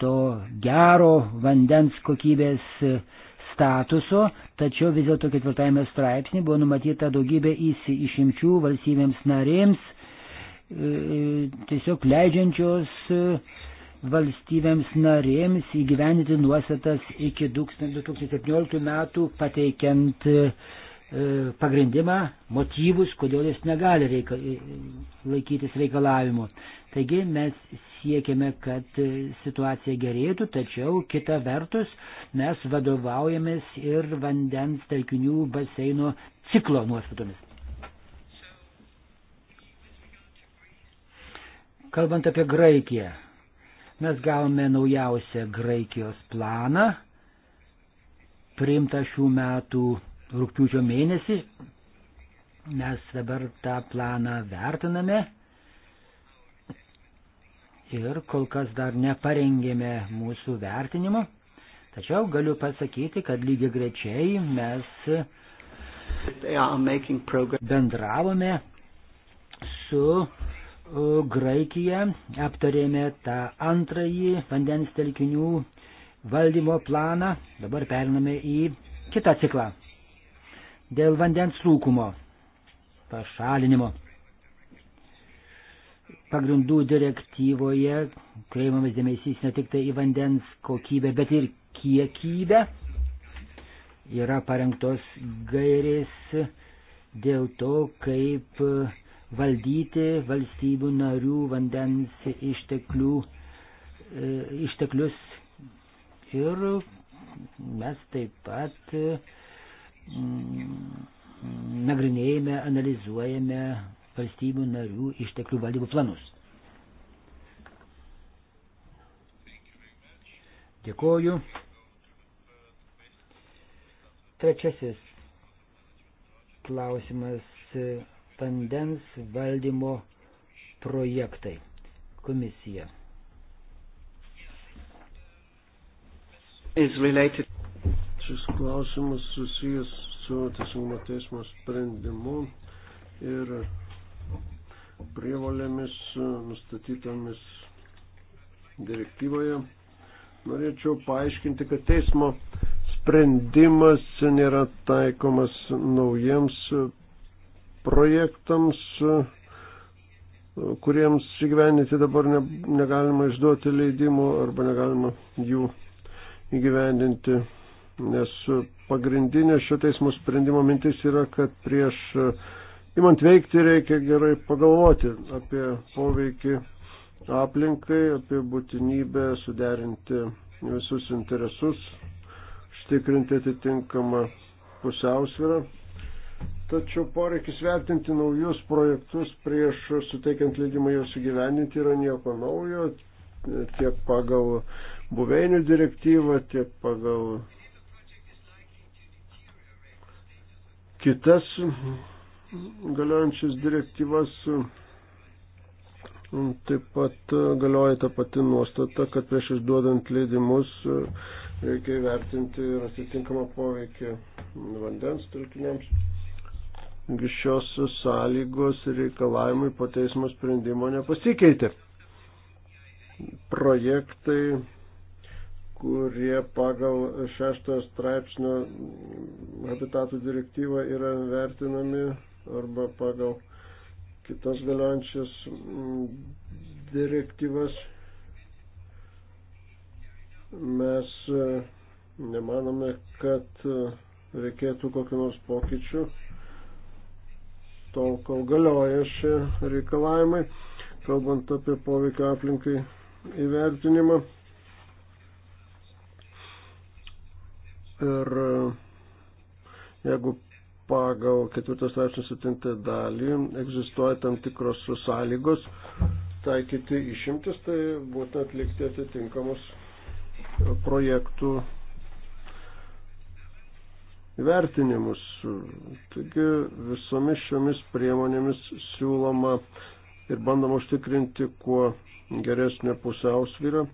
to gero vandens kokybės statuso, tačiau vis dėlto ketvirtajame straipsnė buvo numatyta daugybė išimčių valstybėms narėms, e, tiesiog leidžiančios e, valstybėms narėms įgyveninti nuostatas iki 2017 metų pateikiant uh, E, pagrindimą, motyvus, kodėl jis negali reika, e, laikytis reikalavimo. Taigi mes siekiame, kad situacija gerėtų, tačiau kita vertus mes vadovaujamės ir vandens telkinių baseino ciklo nuostatomis. Kalbant apie Graikiją, mes gavome naujausią Graikijos planą, priimtą šių metų rūpiučio mėnesį. Mes dabar tą planą vertiname ir kol kas dar neparengėme mūsų vertinimo. Tačiau galiu pasakyti, kad lygiai grečiai mes bendravome su e, Graikija, aptarėme tą antrąjį vandens telkinių valdymo planą, dabar periname į kitą ciklą dėl vandens trūkumo pašalinimo. Pagrindų direktyvoje kreipiamas dėmesys ne tik tai į vandens kokybę, bet ir kiekybę. Yra parengtos gairės dėl to, kaip valdyti valstybių narių vandens išteklių, e, išteklius ir mes taip pat Mm, nagrinėjame, analizuojame valstybių narių išteklių valdybų planus. Dėkoju. Trečiasis klausimas - vandens valdymo projektai. Komisija. Is related šis klausimas susijęs su teisingumo teismo sprendimu ir prievolėmis nustatytomis direktyvoje. Norėčiau paaiškinti, kad teismo sprendimas nėra taikomas naujiems projektams, kuriems įgyveninti dabar ne, negalima išduoti leidimų arba negalima jų įgyvendinti nes pagrindinė šio teismo sprendimo mintis yra, kad prieš e, imant veikti reikia gerai pagalvoti apie poveikį aplinkai, apie būtinybę suderinti visus interesus, štikrinti atitinkamą pusiausvyrą. Tačiau poreikis vertinti naujus projektus prieš suteikiant leidimą juos įgyveninti yra nieko naujo, tiek pagal buveinių direktyvą, tiek pagal kitas galiojančias direktyvas. Taip pat galioja ta pati nuostata, kad prieš išduodant leidimus reikia įvertinti ir atitinkamą poveikį vandens telkiniams. Šios sąlygos reikalavimai po teismo sprendimo nepasikeitė. Projektai kurie pagal šešto straipsnio habitatų direktyvą yra vertinami arba pagal kitas galiojančias mm, direktyvas. Mes e, nemanome, kad e, reikėtų kokiu nors pokyčiu tol, kol galioja šie reikalavimai, kalbant apie poveikio aplinkai įvertinimą. Ir e, jeigu pagal ketvirtos straipsnio septintą dalį egzistuoja tam tikros sąlygos taikyti išimtis, tai būtent atlikti atitinkamus projektų vertinimus. Taigi visomis šiomis priemonėmis siūloma ir bandoma užtikrinti kuo geresnę pusiausvyrą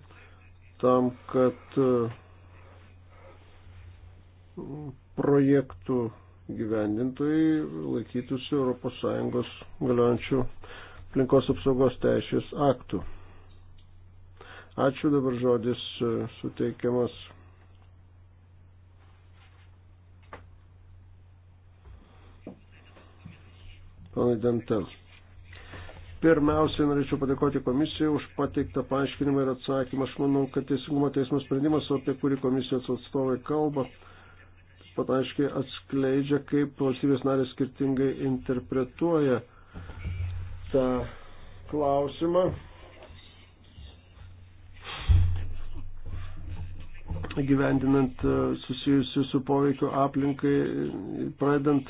tam, kad uh, projektų gyvendintojai laikytųsi ES galiojančių aplinkos apsaugos teisės aktų. Ačiū dabar žodis e, suteikiamas. Panai Dantel. Pirmiausiai norėčiau padėkoti komisijai už pateiktą paaiškinimą ir atsakymą. Aš manau, kad Teisingumo teismo sprendimas, apie kurį komisijos atstovai kalba, pat aiškiai atskleidžia, kaip valstybės narės skirtingai interpretuoja tą klausimą. gyvendinant e, susijusiu su poveikiu aplinkai, pradant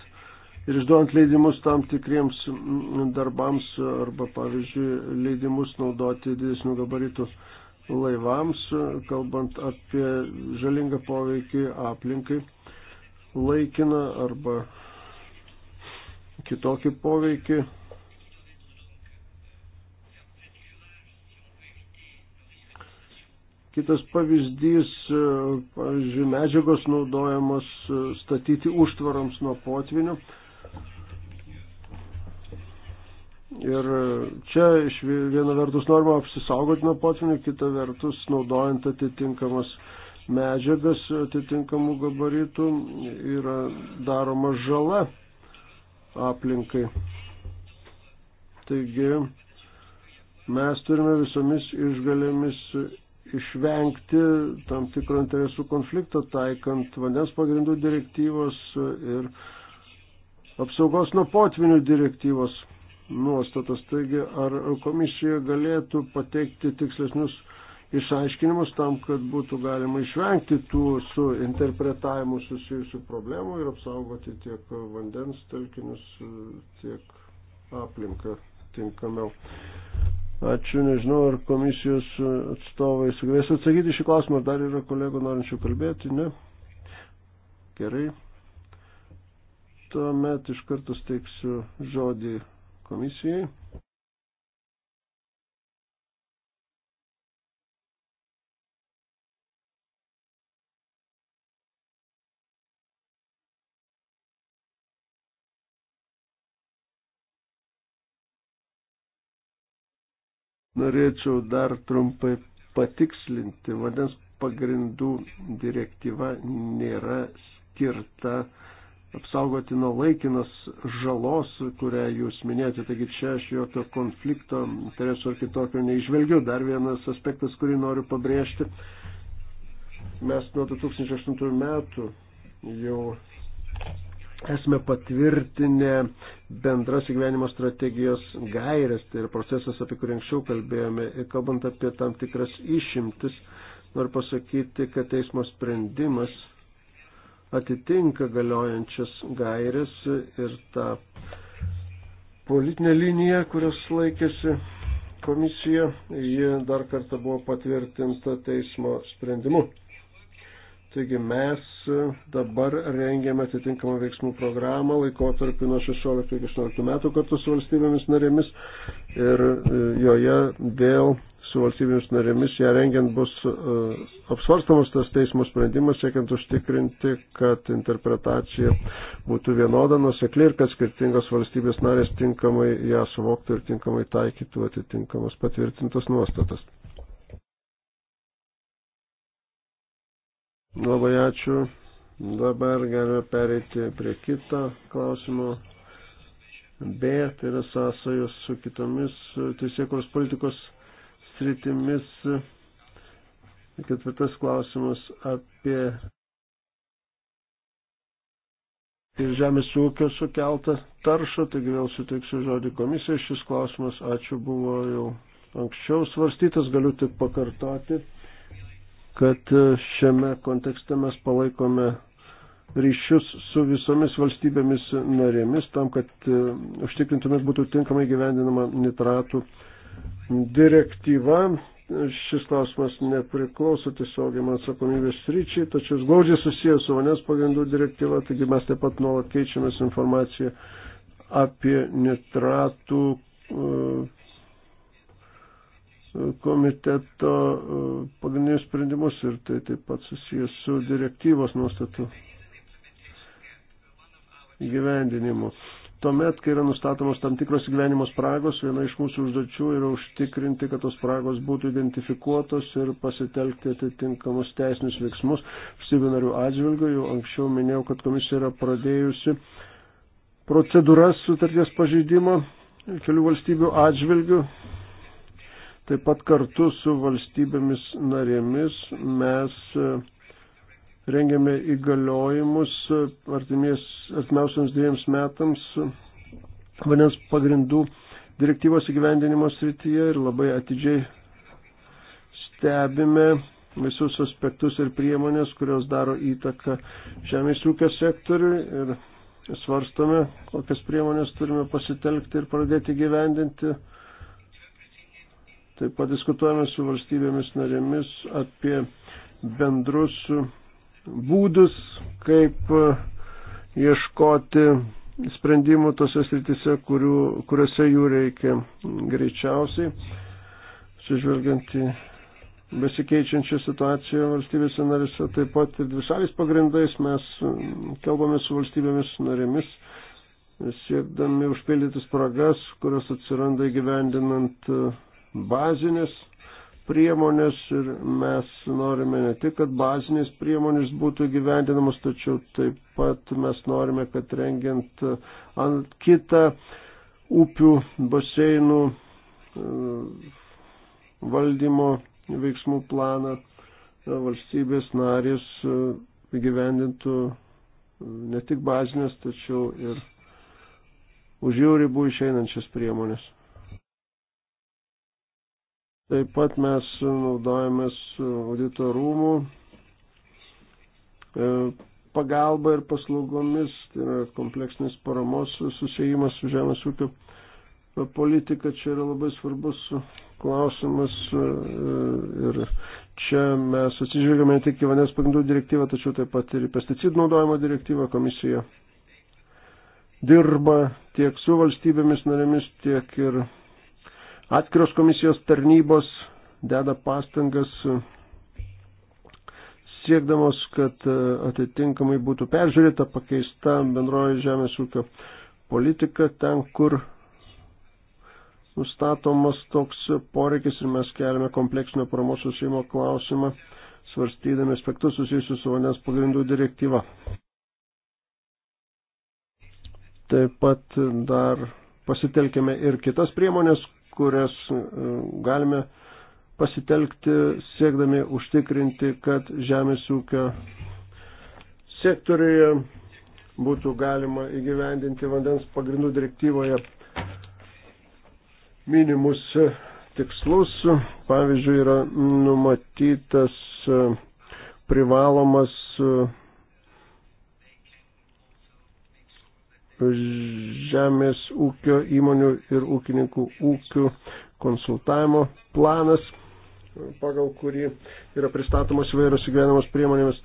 ir išduodant leidimus tam tikriems darbams arba, pavyzdžiui, leidimus naudoti didesnių gabaritų laivams, kalbant apie žalingą poveikį aplinkai laikiną arba kitokį poveikį. Kitas pavyzdys, pavyzdžiui, medžiagos naudojamos statyti užtvarams nuo potvinių. Ir čia iš viena vertus norima apsisaugoti nuo potvinių, kita vertus naudojant atitinkamas uh, medžiagas atitinkamų gabaritų yra daroma žala aplinkai. Taigi mes turime visomis išgalėmis išvengti tam tikro interesų konflikto taikant vandens pagrindų direktyvos ir apsaugos nuo potvinių direktyvos nuostatas. Taigi ar komisija galėtų pateikti tikslesnius išaiškinimus tam, kad būtų galima išvengti tų su interpretavimu susijusių problemų ir apsaugoti tiek vandens telkinius, tiek aplinką tinkamiau. Ačiū, nežinau, ar komisijos atstovai sugebės atsakyti šį klausimą, ar dar yra kolegų norinčių kalbėti, ne? Gerai. Tuomet iš karto steiksiu žodį komisijai. norėčiau dar trumpai patikslinti. Vandens pagrindų direktyva nėra skirta apsaugoti nuo laikinos žalos, kurią jūs minėjote. Taigi čia aš jokio konflikto, interesų ar kitokio neižvelgiu. Dar vienas aspektas, kurį noriu pabrėžti. Mes nuo 2008 metų jau esame patvirtinę bendras gyvenimo strategijos gairias, tai yra procesas, apie kurį anksčiau kalbėjome, ir kalbant apie tam tikras išimtis, noriu pasakyti, kad teismo sprendimas atitinka galiojančias gairias ir tą politinę liniją, kurios laikėsi komisija, ji dar kartą buvo patvirtinta teismo sprendimu. Taigi mes e, dabar rengiame atitinkamą veiksmų programą laikotarpį nuo 16 iki 18 metų kartu su valstybėmis narėmis ir e, joje vėl su valstybėmis narėmis ją rengiant bus e, apsvarstamas tas teismo sprendimas, siekiant užtikrinti, kad interpretacija būtų vienoda, nusekli ir kad skirtingos valstybės narės tinkamai ją suvoktų ir tinkamai taikytų atitinkamas patvirtintas nuostatas. Labai ačiū. Dabar galime pereiti prie kito klausimo. B, tai yra sąsajos su kitomis teisėkuros politikos sritimis. Ketvirtas klausimas apie ir žemės ūkio sukeltą taršą, taigi vėl suteiksiu žodį komisijai. Šis klausimas, ačiū, buvo jau anksčiau svarstytas, galiu tik pakartoti kad e, šiame kontekste mes palaikome ryšius su visomis valstybėmis narėmis tam, kad e, užtikrintumės būtų tinkamai gyvendinama nitratų direktyva. Šis klausimas nepriklauso tiesiogiai man atsakomybės ryčiai, tačiau jis glaudžiai susijęs su vandens pagrindų direktyva, taigi mes taip pat nuolat keičiamės informaciją apie nitratų uh, komiteto e, pagrindinius sprendimus ir tai taip pat susijęs su direktyvos nuostatų įgyvendinimu. Tuomet, kai yra nustatomos tam tikros gyvenimo spragos, viena iš mūsų užduočių yra užtikrinti, kad tos spragos būtų identifikuotos ir pasitelkti atitinkamus teisinius veiksmus. Valstybių narių atžvilgių jau anksčiau minėjau, kad komisija yra pradėjusi procedūras sutarties pažeidimo kelių valstybių atžvilgių Taip pat kartu su valstybėmis narėmis mes e, rengiame įgaliojimus e, artimiausiams dviems metams e, vandens pagrindų direktyvos įgyvendinimo srityje ir labai atidžiai stebime visus aspektus ir priemonės, kurios daro įtaką žemės ūkio sektoriui ir svarstome, kokias priemonės turime pasitelkti ir pradėti gyvendinti Taip pat diskutuojame su valstybėmis narėmis apie bendrus būdus, kaip e, ieškoti sprendimų tose sritise, kurių, kuriuose jų reikia greičiausiai, sužvelgiant į besikeičiančią situaciją valstybėse narėse, taip pat ir dvišaliais pagrindais mes e, kalbame su valstybėmis narėmis, siekdami užpildyti spragas, kurios atsiranda įgyvendinant e, bazinės priemonės ir mes norime ne tik, kad bazinės priemonės būtų gyvendinamos, tačiau taip pat mes norime, kad rengiant ant kitą upių baseinų e, valdymo veiksmų planą e, valstybės narės e, gyvendintų ne tik bazinės, tačiau ir už jų ribų išeinančias priemonės. Taip pat mes naudojamės auditorumų e, pagalba ir paslaugomis, tai yra kompleksinis paramos susijimas su žemės ūkio politika, čia yra labai svarbus klausimas e, ir čia mes atsižvelgiame tik į vandens pagrindų direktyvą, tačiau taip pat ir į pesticidų naudojimo direktyvą komisija dirba tiek su valstybėmis narėmis, tiek ir Atskiros komisijos tarnybos deda pastangas e, siekdamos, kad e, atitinkamai būtų peržiūrėta, pakeista bendroji žemės ūkio politika ten, kur nustatomas toks poreikis ir mes keliame kompleksinio paramos susijimo klausimą, svarstydami aspektus susijusius su vandens pagrindų direktyva. Taip pat dar pasitelkėme ir kitas priemonės, kurias e, galime pasitelkti siekdami užtikrinti, kad žemės ūkio sektoriuje būtų galima įgyvendinti vandens pagrindų direktyvoje minimus e, tikslus. Pavyzdžiui, yra numatytas e, privalomas žemės ūkio įmonių ir ūkininkų ūkių konsultavimo planas, pagal kurį yra pristatomos įvairios įgyvenamos priemonėmis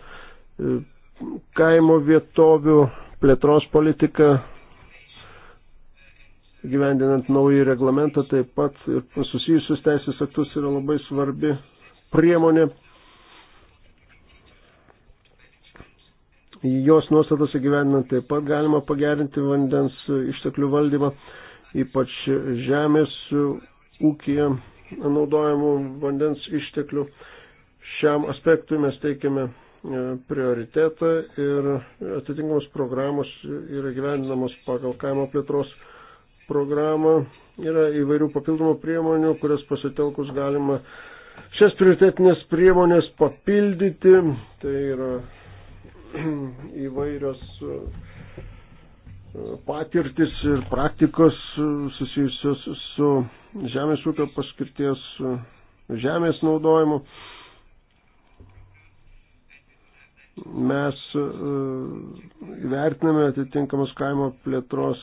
kaimo vietovių plėtros politika, gyvendinant naują reglamentą, taip pat ir susijusius teisės aktus yra labai svarbi priemonė jos nuostatas įgyvendinant taip pat galima pagerinti vandens išteklių valdymą, ypač žemės ūkija naudojamų vandens išteklių. Šiam aspektui mes teikiame e, prioritetą ir atitinkamos programos yra gyvendinamos pagal kaimo plėtros programą. Yra įvairių papildomų priemonių, kurias pasitelkus galima šias prioritetinės priemonės papildyti. Tai yra įvairios e, patirtis ir praktikos e, susijusios su žemės ūkio paskirties e, žemės naudojimu. Mes įvertiname atitinkamus kaimo plėtros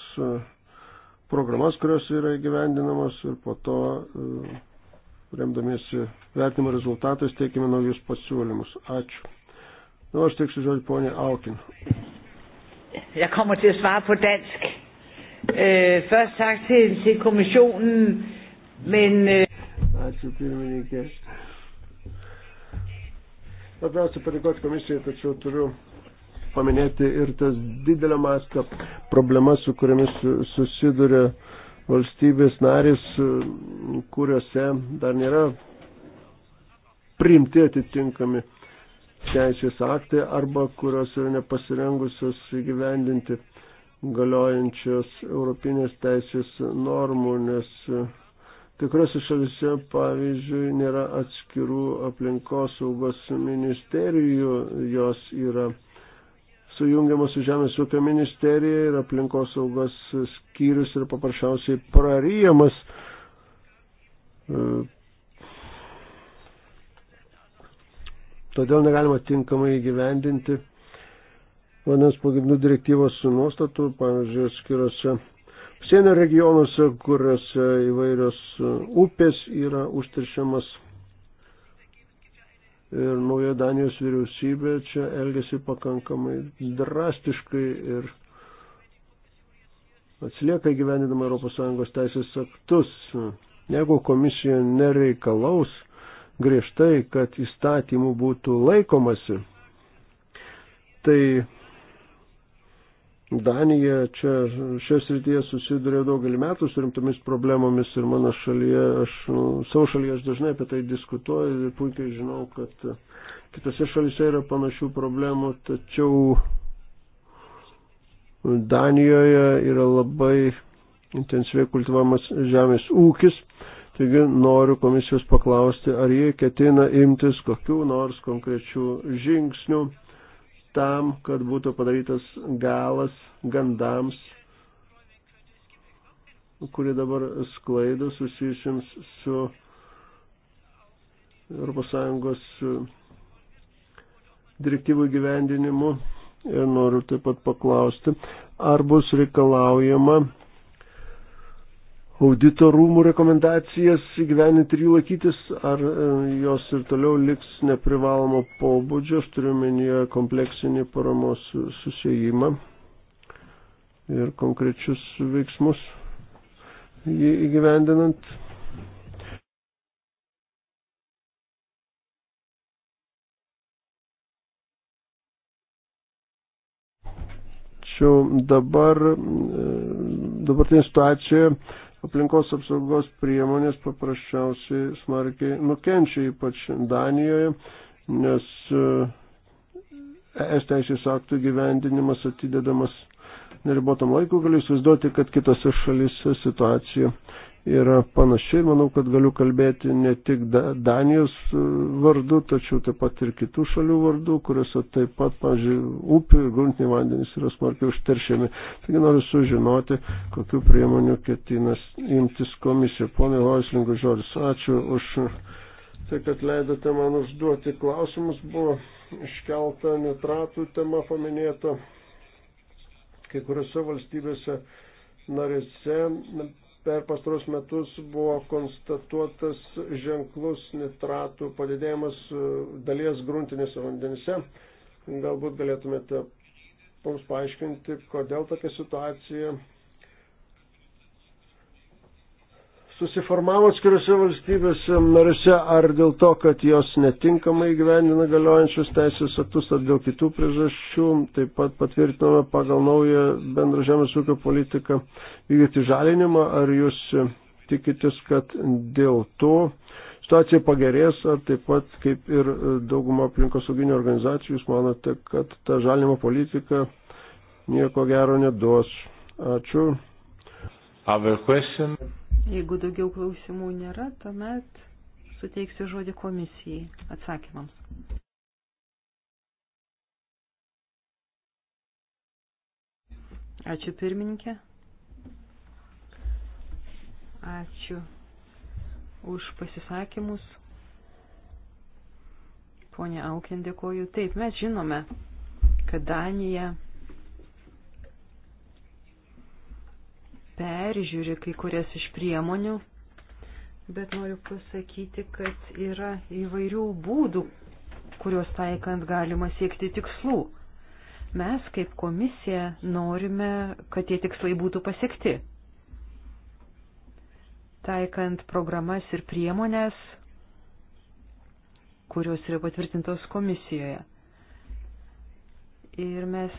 programas, kurios yra įgyvendinamos ir po to remdamiesi vertimo rezultatais teikime naujus pasiūlymus. Ačiū. Nu, aš tik su žodžiu ponė Aukin. Jeg kommer til at svare på dansk. Øh, først tak til, til kommissionen, men... Øh... Ačiū pirmininkė. Labiausiai padėkoti komisijai, tačiau turiu paminėti ir tas didelio masto problemas, su kuriamis susiduria valstybės narės, kuriuose dar nėra priimti atitinkami teisės aktai arba kurios yra nepasirengusios įgyvendinti galiojančios europinės teisės normų, nes kai kuriuose šalise, pavyzdžiui, nėra atskirų aplinkosaugos ministerijų, jos yra sujungiamas su Žemės ūkio ministerija ir aplinkosaugos skyrius yra paprasčiausiai praryjamas todėl negalima tinkamai įgyvendinti vandens pagrindų direktyvos nuostatų, pavyzdžiui, skiriuose sienio regionuose, kuriuose įvairios uh, upės yra užteršiamas. Ir nauja Danijos vyriausybė čia elgesi pakankamai drastiškai ir atsilieka įgyvendinama ES teisės aktus. Jeigu komisija nereikalaus griežtai, kad įstatymų būtų laikomasi. Tai Danija čia šios rytyje susiduria daugelį metų su rimtomis problemomis ir mano šalyje, aš, nu, savo šalyje aš dažnai apie tai diskutuoju ir puikiai žinau, kad kitose šalyse yra panašių problemų, tačiau Danijoje yra labai intensyviai kultivamas žemės ūkis Taigi noriu komisijos paklausti, ar jie ketina imtis kokių nors konkrečių žingsnių tam, kad būtų padarytas galas gandams, kurie dabar sklaido susijusiams su ES e, direktyvų gyvendinimu. Ir noriu taip pat paklausti, ar bus reikalaujama audito rūmų rekomendacijas įgyveninti ir jų laikytis, ar e, jos ir toliau liks neprivalomo pobūdžio, aš turiu menyje kompleksinį paramos susijimą ir konkrečius veiksmus jį įgyvendinant. Tačiau dabar, e, dabartinė situacija aplinkos apsaugos priemonės paprasčiausiai smarkiai nukenčia, ypač Danijoje, nes e, ES teisės aktų gyvendinimas atidedamas neribotam laiku, galiu įsivaizduoti, kad kitose šalise situacija yra panašiai. Manau, kad galiu kalbėti ne tik Danijos e, vardu, tačiau taip pat ir kitų šalių vardu, kuriuose taip pat, pavyzdžiui, upių ir gruntiniai vandenys yra smarkiai užteršiami. Taigi noriu sužinoti, kokiu priemoniu ketinas imtis komisija. Pone Hoislingų žodis, ačiū už tai, kad leidote man užduoti klausimus. Buvo iškelta nitratų tema paminėta kai kuriuose valstybėse narėse per pastaros metus buvo konstatuotas ženklus nitratų padidėjimas e, dalies gruntinėse vandenise. Galbūt galėtumėte mums paaiškinti, kodėl tokia situacija susiformavo atskiriuose valstybėse narėse, ar dėl to, kad jos netinkamai gyvenina galiojančius teisės aktus, ar dėl kitų priežasčių. Taip pat patvirtinome pagal naują bendrą žemės ūkio politiką vykdyti žalinimą, ar jūs tikitės, kad dėl to situacija pagerės, ar taip pat kaip ir dauguma aplinkosauginių organizacijų, jūs manote, kad ta žalinimo politika nieko gero neduos. Ačiū. Other question? Jeigu daugiau klausimų nėra, tuomet suteiksiu žodį komisijai atsakymams. Ačiū pirmininkė. Ačiū už pasisakymus. Pone Aukien dėkoju. Taip, mes žinome, kad Danija peržiūri kai kurias iš priemonių, bet noriu pasakyti, kad yra įvairių būdų, kuriuos taikant galima siekti tikslų. Mes kaip komisija norime, kad tie tikslai būtų pasiekti. Taikant programas ir priemonės, kurios yra patvirtintos komisijoje. Ir mes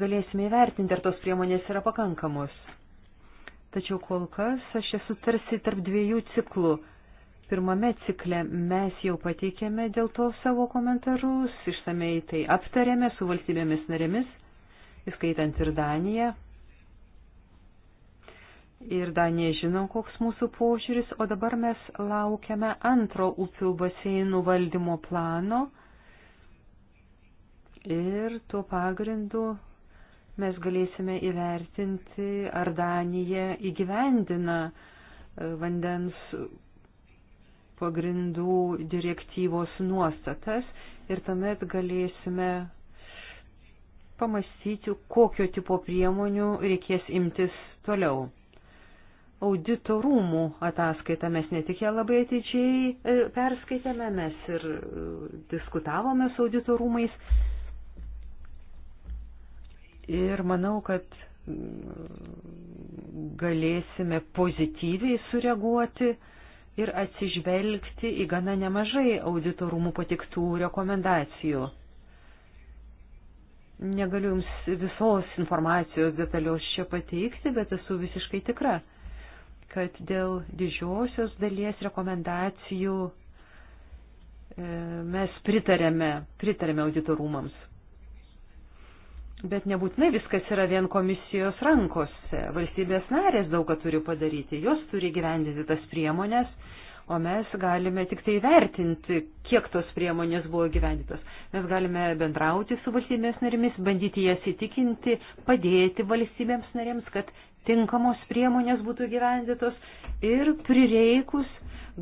galėsime įvertinti, ar tos priemonės yra pakankamos. Tačiau kol kas aš esu tarsi tarp dviejų ciklų. Pirmame cikle mes jau pateikėme dėl to savo komentarus, išsamei tai aptarėme su valstybėmis narėmis, įskaitant ir Daniją. Ir Danija žino, koks mūsų požiūris, o dabar mes laukiame antro upių baseinų valdymo plano ir tuo pagrindu mes galėsime įvertinti, ar Danija įgyvendina e, vandens pagrindų direktyvos nuostatas ir tuomet galėsime pamastyti, kokio tipo priemonių reikės imtis toliau. Audito rūmų ataskaitą mes ne tik ją labai ateičiai e, perskaitėme, mes ir e, diskutavome su audito rūmais Ir manau, kad mm, galėsime pozityviai sureaguoti ir atsižvelgti į gana nemažai auditorumų patiktų rekomendacijų. Negaliu Jums visos informacijos detalios čia pateikti, bet esu visiškai tikra, kad dėl didžiosios dalies rekomendacijų e, mes pritarėme, pritarėme auditorumams. Bet nebūtinai viskas yra vien komisijos rankose. Valstybės narės daug ką turi padaryti, jos turi gyvendinti tas priemonės, o mes galime tik tai vertinti, kiek tos priemonės buvo gyvendytos. Mes galime bendrauti su valstybės narėmis, bandyti jas įtikinti, padėti valstybėms narėms, kad tinkamos priemonės būtų gyvendytos ir prireikus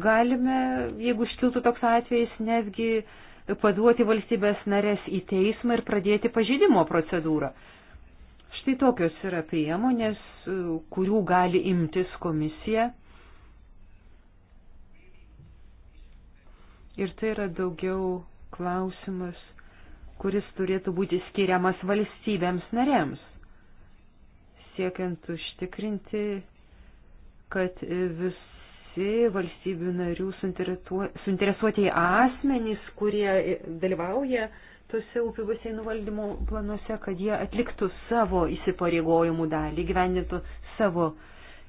galime, jeigu iškiltų toks atvejis, netgi uh, paduoti valstybės narės į teismą ir pradėti pažydimo procedūrą. Štai tokios yra priemonės, kurių gali imtis komisija. Ir tai yra daugiau klausimas, kuris turėtų būti skiriamas valstybėms narėms, siekiant užtikrinti, kad vis visi valstybių narių suinteresuotieji asmenys, kurie dalyvauja tose upių baseinų valdymo planuose, kad jie atliktų savo įsipareigojimų dalį, gyvendintų savo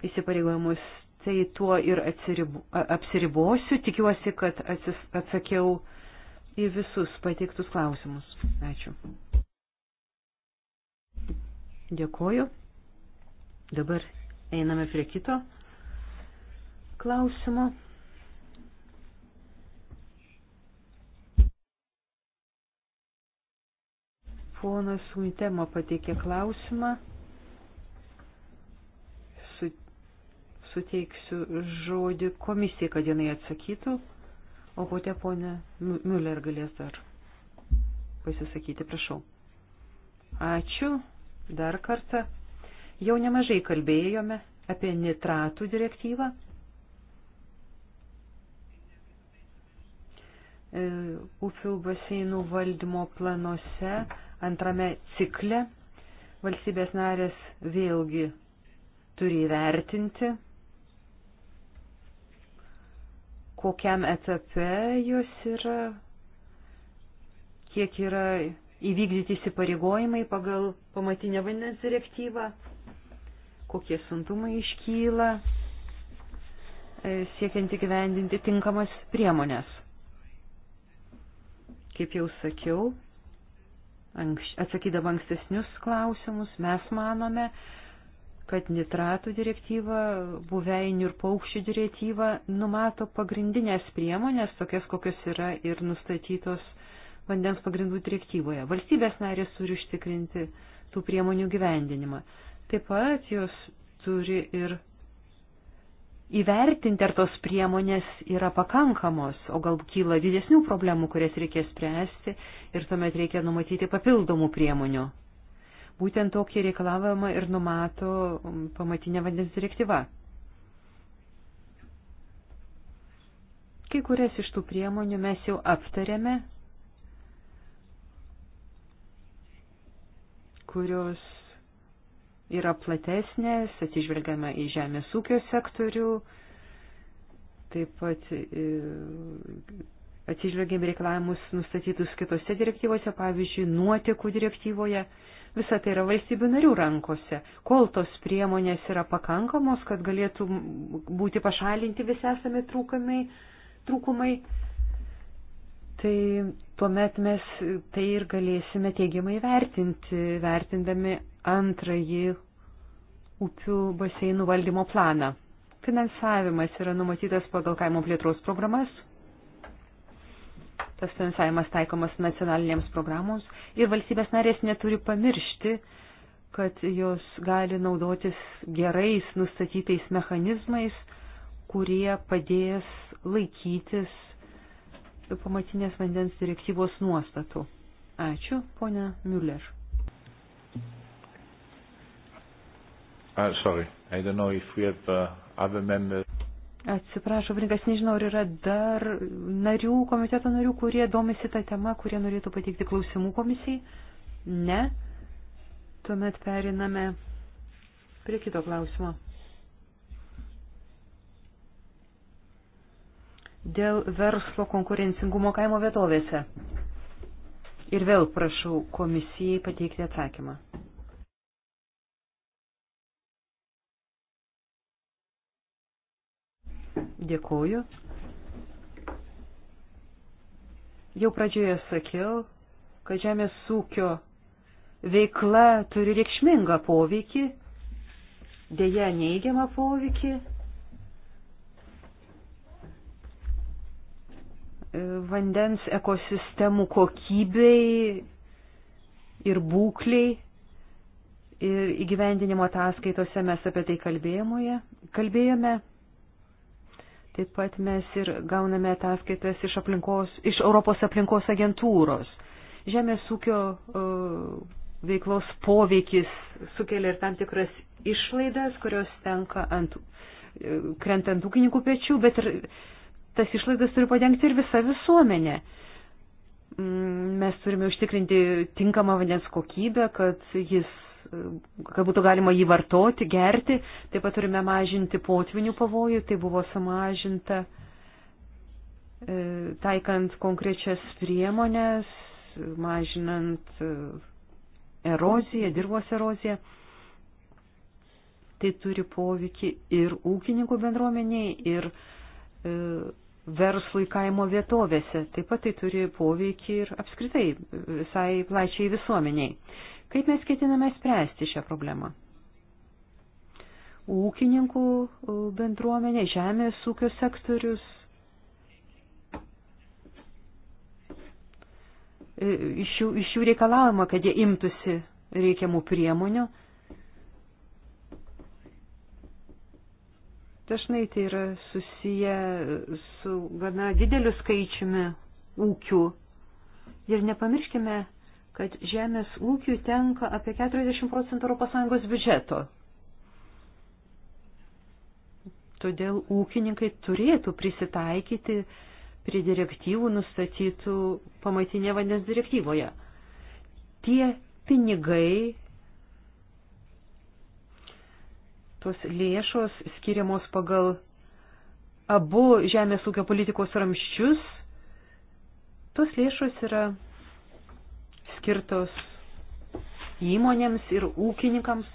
įsipareigojimus. Tai tuo ir atsiribu, apsiribosiu. Tikiuosi, kad atsis, atsakiau į visus pateiktus klausimus. Ačiū. Dėkoju. Dabar einame prie kito klausimo. Ponas Unitemo pateikė klausimą. Suteiksiu žodį komisijai, kad jinai atsakytų, o po te ponė Müller galės dar pasisakyti, prašau. Ačiū dar kartą. Jau nemažai kalbėjome apie nitratų direktyvą E, upių baseinų valdymo planuose antrame cikle valstybės narės vėlgi turi įvertinti, kokiam etape jos yra, kiek yra įvykdyti įsipareigojimai pagal pamatinę vandens direktyvą, kokie suntumai iškyla, e, siekiant įgyvendinti tinkamas priemonės. Kaip jau sakiau, atsakydama ankstesnius klausimus, mes manome, kad nitratų direktyva, buveinių ir paukščių direktyva numato pagrindinės priemonės, tokias kokios yra ir nustatytos vandens pagrindų direktyvoje. Valstybės narės turi užtikrinti tų priemonių gyvendinimą. Taip pat jos turi ir įvertinti, ar tos priemonės yra pakankamos, o gal kyla didesnių problemų, kurias reikės spręsti ir tuomet reikia numatyti papildomų priemonių. Būtent tokį reikalavimą ir numato um, pamatinė vandens direktyva. Kai kurias iš tų priemonių mes jau aptarėme, kurios yra platesnės, atsižvelgiame į žemės ūkio sektorių, taip pat e, atsižvelgiame reikalavimus nustatytus kitose direktyvose, pavyzdžiui, nuotekų direktyvoje. Visa tai yra valstybių narių rankose. Kol tos priemonės yra pakankamos, kad galėtų būti pašalinti visi esami trūkumai, trūkumai tai tuomet mes tai ir galėsime teigiamai vertinti, vertindami antrąjį upių baseinų valdymo planą. Finansavimas yra numatytas pagal kaimo plėtros programas. Tas finansavimas taikomas nacionalinėms programoms ir valstybės narės neturi pamiršti, kad jos gali naudotis gerais nustatytais mechanizmais, kurie padės laikytis pamatinės vandens direktyvos nuostatų. Ačiū, ponia Müller. Uh, sorry, I don't know if we have uh, other members. Atsiprašau, Brinkas, nežinau, ar yra dar narių, komiteto narių, kurie domisi tą temą, kurie norėtų pateikti klausimų komisijai. Ne. Tuomet periname prie kito klausimo. dėl verslo konkurencingumo kaimo vietovėse. Ir vėl prašau komisijai pateikti atsakymą. Dėkuoju. Jau pradžioje sakiau, kad žemės ūkio veikla turi reikšmingą poveikį, dėja neigiamą poveikį E, vandens ekosistemų kokybei ir būkliai. Ir įgyvendinimo ataskaitose mes apie tai kalbėjome. Taip pat mes ir gauname ataskaitas iš, aplinkos, iš Europos aplinkos agentūros. Žemės ūkio e, veiklos poveikis sukelia ir tam tikras išlaidas, kurios tenka ant, e, krenta ant ūkininkų pečių, bet ir tas išlaidas turi padengti ir visa visuomenė. Mm, mes turime užtikrinti tinkamą vandens kokybę, kad jis kad būtų galima jį vartoti, gerti, taip pat turime mažinti potvinių pavojų, tai buvo sumažinta e, taikant konkrečias priemonės, mažinant e, eroziją, dirbos eroziją. Tai turi poveikį ir ūkininkų bendruomeniai, ir e, verslui kaimo vietovėse. Taip pat tai turi poveikį ir apskritai visai plačiai visuomeniai. Kaip mes ketiname spręsti šią problemą? Ūkininkų e, bendruomenė, žemės ūkio sektorius. E, iš jų, iš jų reikalavimo, kad jie imtųsi reikiamų priemonių Dažnai tai yra susiję su gana dideliu skaičiumi ūkių. Ir nepamirškime, kad žemės ūkių tenka apie 40 procentų ES biudžeto. Todėl ūkininkai turėtų prisitaikyti prie direktyvų nustatytų pamatinė vandens direktyvoje. Tie pinigai tos lėšos skiriamos pagal abu žemės ūkio politikos ramščius, tos lėšos yra skirtos įmonėms ir ūkininkams,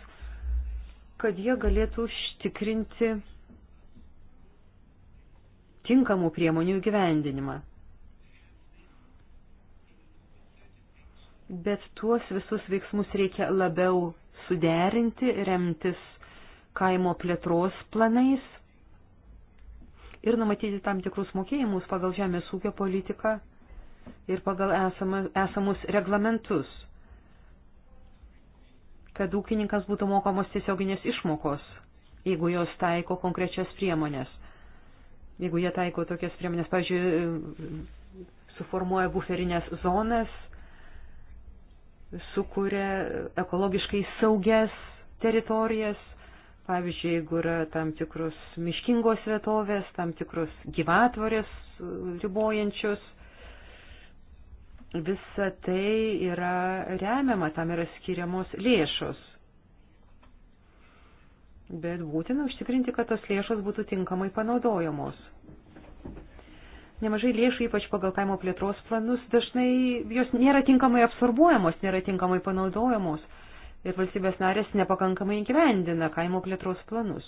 kad jie galėtų užtikrinti tinkamų priemonių įgyvendinimą. Bet tuos visus veiksmus reikia labiau suderinti, remtis kaimo plėtros planais ir numatyti tam tikrus mokėjimus pagal žemės ūkio politiką ir pagal esamus reglamentus, kad ūkininkas būtų mokamos tiesioginės išmokos, jeigu jos taiko konkrečias priemonės. Jeigu jie taiko tokias priemonės, pavyzdžiui, suformuoja buferinės zonas, sukuria ekologiškai saugias teritorijas, Pavyzdžiui, jeigu yra tam tikros miškingos vietovės, tam tikros gyvatvorės ribojančios, visa tai yra remiama, tam yra skiriamos lėšos. Bet būtina užtikrinti, kad tos lėšos būtų tinkamai panaudojamos. Nemažai lėšų, ypač pagal kaimo plėtros planus, dažnai jos nėra tinkamai absorbuojamos, nėra tinkamai panaudojamos ir valstybės narės nepakankamai įgyvendina kaimo plėtros planus.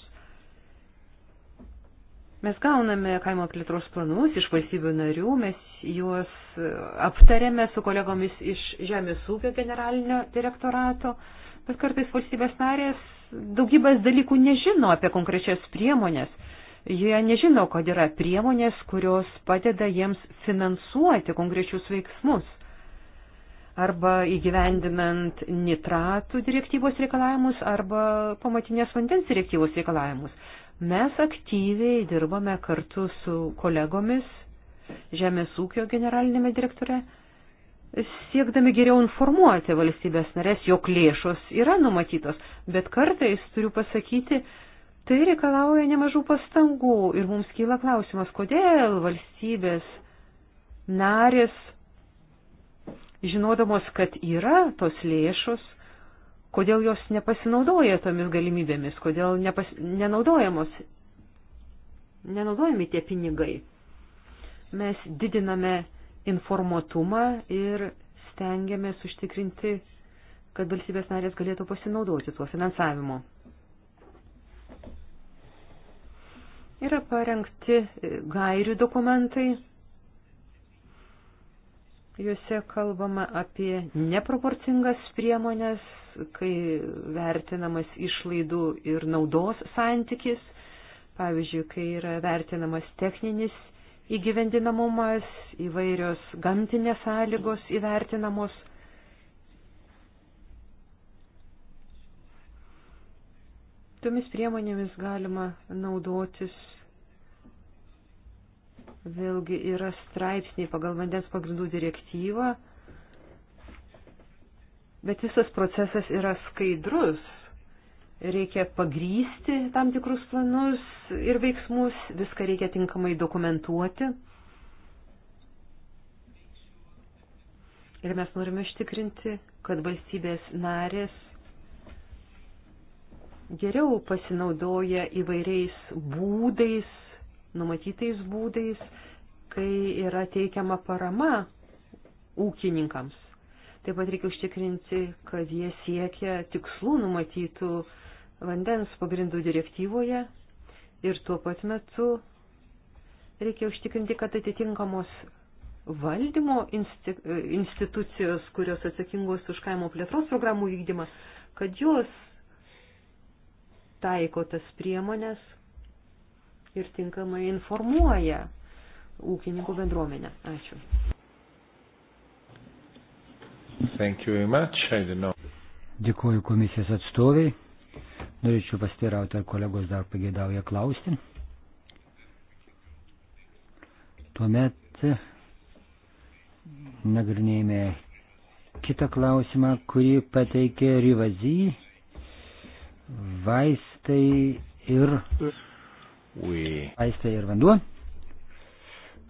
Mes gauname kaimo plėtros planus iš valstybių narių, mes juos aptarėme su kolegomis iš Žemės ūkio generalinio direktorato, bet kartais valstybės narės daugybės dalykų nežino apie konkrečias priemonės. Jie nežino, kad yra priemonės, kurios padeda jiems finansuoti konkrečius veiksmus arba įgyvendinant nitratų direktyvos reikalavimus arba pamatinės vandens direktyvos reikalavimus. Mes aktyviai dirbame kartu su kolegomis Žemės ūkio generalinėme direktore, siekdami geriau informuoti valstybės narės, jog lėšos yra numatytos, bet kartais, turiu pasakyti, tai reikalauja nemažų pastangų ir mums kyla klausimas, kodėl valstybės narės žinodamos, kad yra tos lėšos, kodėl jos nepasinaudoja tomis galimybėmis, kodėl nepas, nenaudojamos, nenaudojami tie pinigai. Mes didiname informuotumą ir stengiamės užtikrinti, kad valstybės narės galėtų pasinaudoti tuo finansavimu. Yra parengti e, gairių dokumentai Juose kalbama apie neproporcingas priemonės, kai vertinamas išlaidų ir naudos santykis, pavyzdžiui, kai yra vertinamas techninis įgyvendinamumas, įvairios gamtinės sąlygos įvertinamos. Tomis priemonėmis galima naudotis Vėlgi yra straipsniai pagal vandens pagrindų direktyvą, bet visas procesas yra skaidrus. Reikia pagrysti tam tikrus planus ir veiksmus, viską reikia tinkamai dokumentuoti. Ir mes norime ištikrinti, kad valstybės narės geriau pasinaudoja įvairiais būdais numatytais būdais, kai yra teikiama parama ūkininkams. Taip pat reikia užtikrinti, kad jie siekia tikslų numatytų vandens pagrindų direktyvoje ir tuo pat metu reikia užtikrinti, kad atitinkamos valdymo institucijos, kurios atsakingos už kaimo plėtros programų vykdymą, kad jos taiko tas priemonės, ir tinkamai informuoja ūkininkų bendruomenę. Ačiū. Dėkuoju komisijos atstoviai. Norėčiau pastirauti, ar kolegos dar pagėdauja klausti. Tuomet nagrinėjame kitą klausimą, kurį pateikė Rivazy. Vaistai ir. Yes We... Vaistai ir vanduo.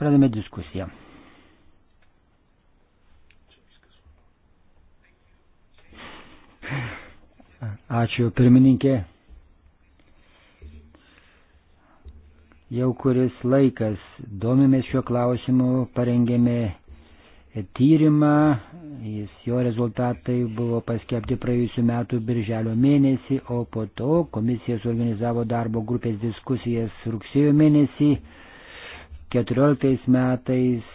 Pradame diskusiją. Ačiū pirmininkė. Jau kuris laikas domimės šiuo klausimu, parengėme tyrimą, jis, jo rezultatai buvo paskelbti praėjusiu metu birželio mėnesį, o po to komisija suorganizavo darbo grupės diskusijas rugsėjo mėnesį. 14 metais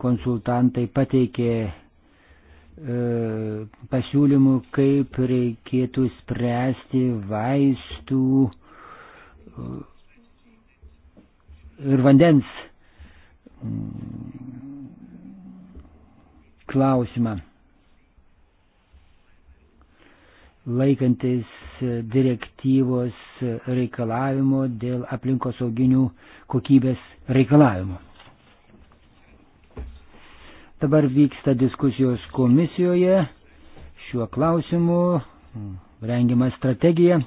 konsultantai pateikė e, pasiūlymų, kaip reikėtų spręsti vaistų e, ir vandens klausimą. Laikantis direktyvos reikalavimo dėl aplinkosauginių kokybės reikalavimo. Dabar vyksta diskusijos komisijoje šiuo klausimu, rengiama strategija.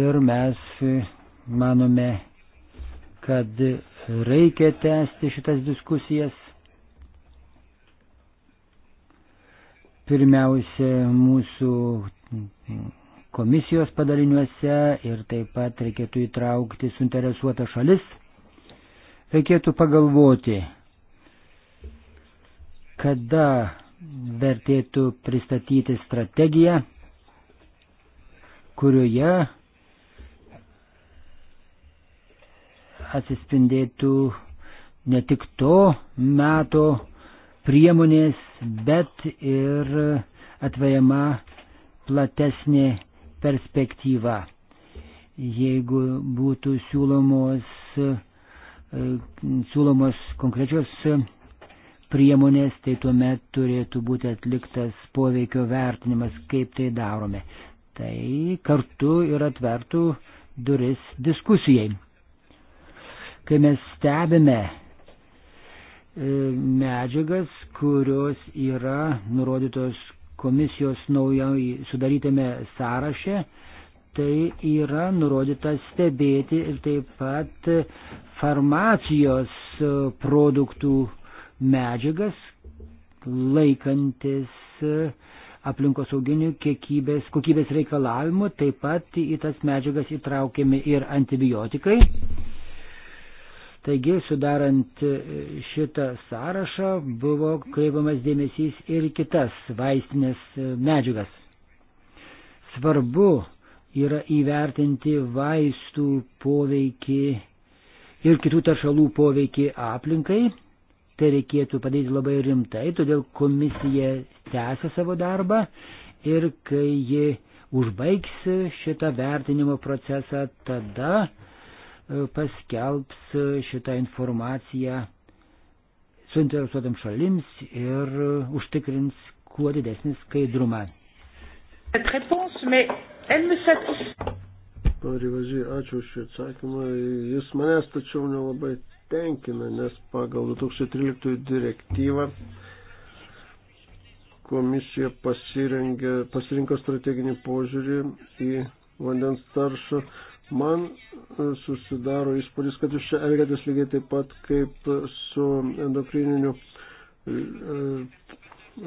ir mes manome kad reikia tęsti šitas diskusijas. Pirmiausia, mūsų komisijos padaliniuose ir taip pat reikėtų įtraukti suinteresuotą šalis. Reikėtų pagalvoti, kada vertėtų pristatyti strategiją, kurioje atsispindėtų ne tik to meto priemonės, bet ir atvejama platesnė perspektyva. Jeigu būtų siūlomos, e, siūlomos konkrečios priemonės, tai tuomet turėtų būti atliktas poveikio vertinimas, kaip tai darome. Tai kartu ir atvertų duris diskusijai kai mes stebime e, medžiagas, kurios yra nurodytos komisijos naujai sudarytame sąraše, tai yra nurodyta stebėti ir taip pat farmacijos produktų medžiagas laikantis aplinkosauginių kiekybės, kokybės reikalavimų, taip pat į tas medžiagas įtraukiami ir antibiotikai. Taigi, sudarant šitą sąrašą, buvo kreipiamas dėmesys ir kitas vaistinės medžiagas. Svarbu yra įvertinti vaistų poveikį ir kitų taršalų poveikį aplinkai. Tai reikėtų padaryti labai rimtai, todėl komisija tęsia savo darbą ir kai ji užbaigs šitą vertinimo procesą, tada paskelbs šitą informaciją suinteresuotam šalims ir užtikrins kuo didesnį skaidrumą. Parivažiai, ačiū už šį atsakymą. Jis manęs tačiau nelabai tenkina, nes pagal 2013 direktyvą komisija pasirinko strateginį požiūrį į vandens taršą Man e, susidaro įspūdis, kad jūs čia elgiatės lygiai taip pat kaip su endokrininiu e,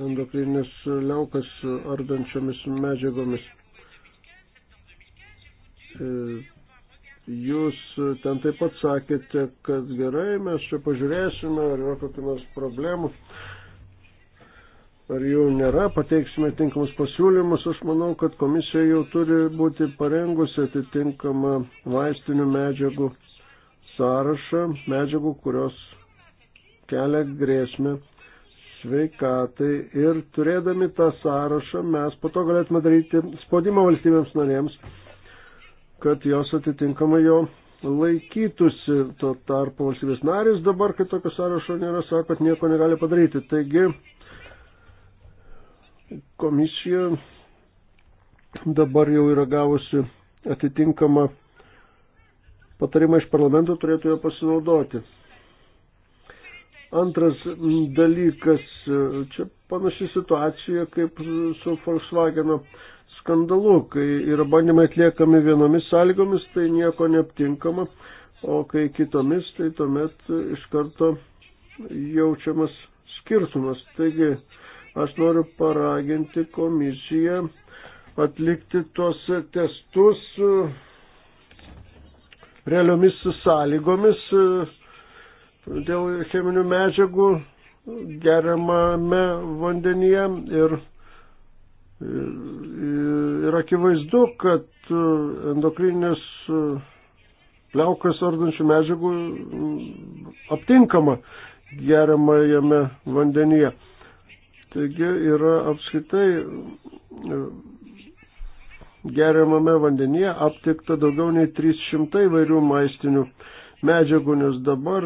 endokrininis liaukas ardančiomis medžiagomis. E, jūs ten taip pat sakėte, kad gerai, mes čia pažiūrėsime, ar yra kokių nors problemų ar jų nėra, pateiksime tinkamus pasiūlymus. Aš manau, kad komisija jau turi būti parengusi atitinkamą vaistinių medžiagų sąrašą, medžiagų, kurios kelia grėsmę sveikatai ir turėdami tą sąrašą mes po to galėtume daryti spaudimą valstybėms narėms, kad jos atitinkamai jo laikytųsi. Tuo tarpu valstybės narys dabar, kai tokio sąrašo nėra, sako, kad nieko negali padaryti. Taigi Komisija dabar jau yra gavusi atitinkamą patarimą iš parlamento, turėtų jo pasinaudoti. Antras dalykas, čia panaši situacija kaip su Volkswageno skandalu, kai yra bandymai atliekami vienomis sąlygomis, tai nieko neaptinkama, o kai kitomis, tai tuomet iš karto jaučiamas skirtumas. Taigi, Aš noriu paraginti komisiją atlikti tuos testus e, realiomis sąlygomis e, dėl cheminių medžiagų geriamame vandenyje ir, e, ir akivaizdu, kad endokrinės liaukas ardančių medžiagų aptinkama geriamajame vandenyje. Taigi yra apskritai e, geriamame vandenyje aptikta daugiau nei 300 vairių maistinių medžiagų, nes dabar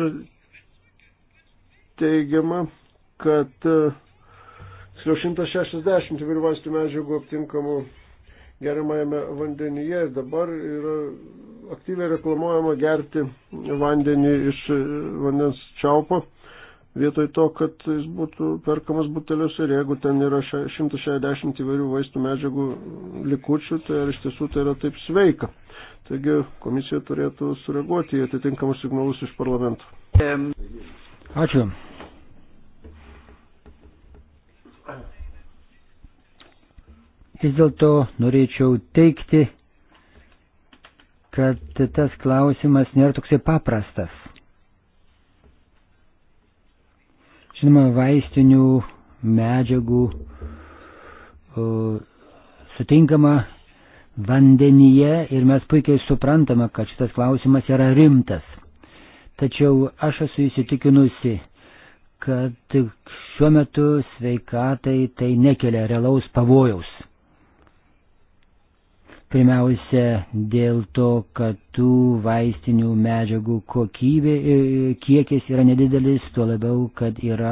teigiama, kad 160 vairių maistinių medžiagų aptinkamų geriamajame vandenyje ir dabar yra aktyviai reklamuojama gerti vandenį iš e, vandens čiaupo vietoj to, kad jis būtų perkamas butelius ir jeigu ten yra 160 įvairių vaistų medžiagų likučių, tai ar iš tiesų tai yra taip sveika. Taigi komisija turėtų sureaguoti į atitinkamus signalus iš parlamento. Ačiū. Vis dėlto norėčiau teikti, kad tas klausimas nėra toksai paprastas Žinoma, vaistinių medžiagų sutinkama vandenyje ir mes puikiai suprantame, kad šitas klausimas yra rimtas. Tačiau aš esu įsitikinusi, kad šiuo metu sveikatai tai nekelia realaus pavojaus. Pirmiausia, dėl to, kad tų vaistinių medžiagų kokybė, e, kiekis yra nedidelis, tuo labiau, kad yra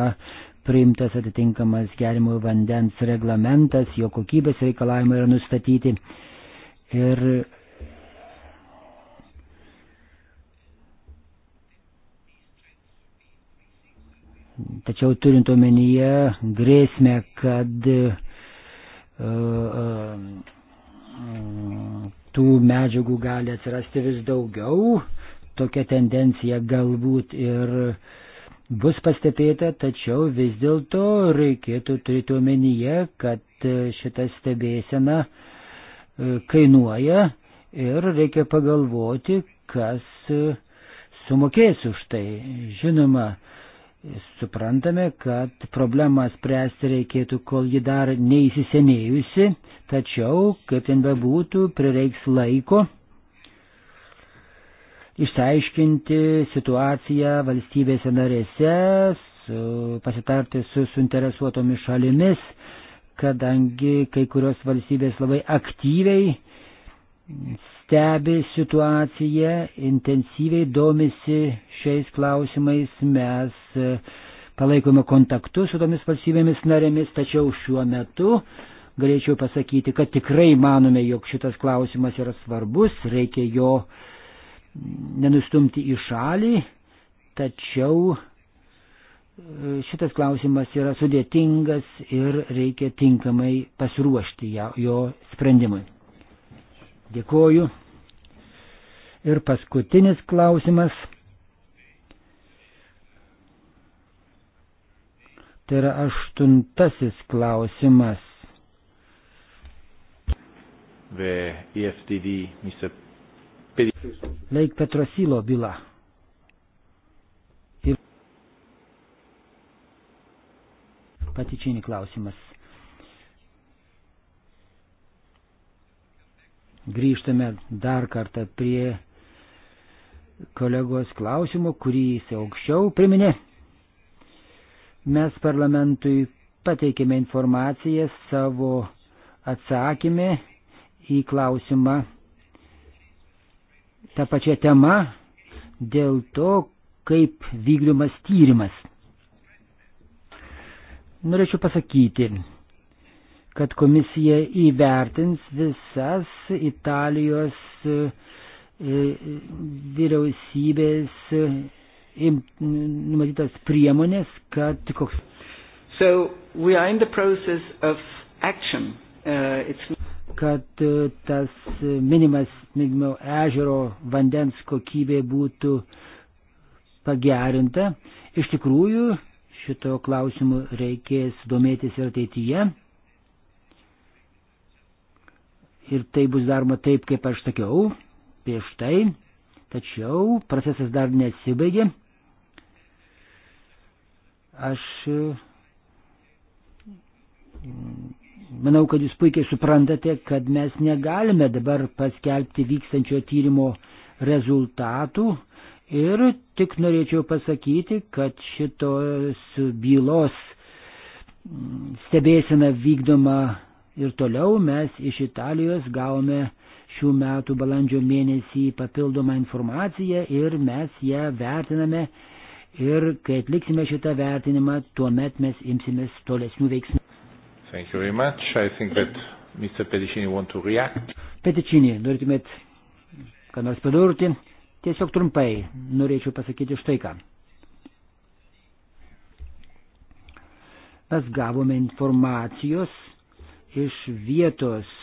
priimtas atitinkamas gerimo vandens reglamentas, jo kokybės reikalavimai yra nustatyti. Ir Tačiau turint omenyje grėsmę, kad uh, uh, tų medžiagų gali atsirasti vis daugiau, tokia tendencija galbūt ir bus pastebėta, tačiau vis dėlto reikėtų turėti omenyje, kad šita stebėsena e, kainuoja ir reikia pagalvoti, kas e, sumokės už tai. Žinoma, Suprantame, kad problemą spręsti reikėtų, kol ji dar neįsisenėjusi, tačiau, kaip ten bebūtų, prireiks laiko išsiaiškinti situaciją valstybėse narėse, su, pasitarti su suinteresuotomis šalimis, kadangi kai kurios valstybės labai aktyviai stebi situaciją, intensyviai domisi šiais klausimais, mes E, palaikome kontaktus su tomis valstybėmis narėmis, tačiau šiuo metu galėčiau pasakyti, kad tikrai manome, jog šitas klausimas yra svarbus, reikia jo nenustumti į šalį, tačiau e, šitas klausimas yra sudėtingas ir reikia tinkamai pasiruošti jo sprendimui. Dėkoju. Ir paskutinis klausimas. Tai yra aštuntasis klausimas. E Laik Petrosilo byla. Ir patičinį klausimas. Grįžtame dar kartą prie kolegos klausimo, kurį jis aukščiau priminė. Mes parlamentui pateikėme informaciją savo atsakymę į klausimą tą pačią temą dėl to, kaip vykdomas tyrimas. Norėčiau pasakyti, kad komisija įvertins visas Italijos e, e, vyriausybės numatytas priemonės, kad koks. So we are in the process of action. Uh, it's... Kad uh, tas uh, minimas, minimo, ežero vandens kokybė būtų pagerinta. Iš tikrųjų, šito klausimu reikės domėtis ir ateityje. Ir tai bus daroma taip, kaip aš sakiau prieš tai, tačiau procesas dar nesibaigė. Aš mm, manau, kad jūs puikiai suprantate, kad mes negalime dabar paskelbti vykstančio tyrimo rezultatų. Ir tik norėčiau pasakyti, kad šitos bylos mm, stebėsena vykdoma ir toliau mes iš Italijos gavome šių metų balandžio mėnesį papildomą informaciją ir mes ją vertiname Ir kai atliksime šitą vertinimą, tuomet mes imsimės tolesnių veiksmų. Thank you very much. I think that Mr. Pedicini want to react. Pedicini, norėtumėt ką nors padurti? Tiesiog trumpai norėčiau pasakyti štai ką. Mes gavome informacijos iš vietos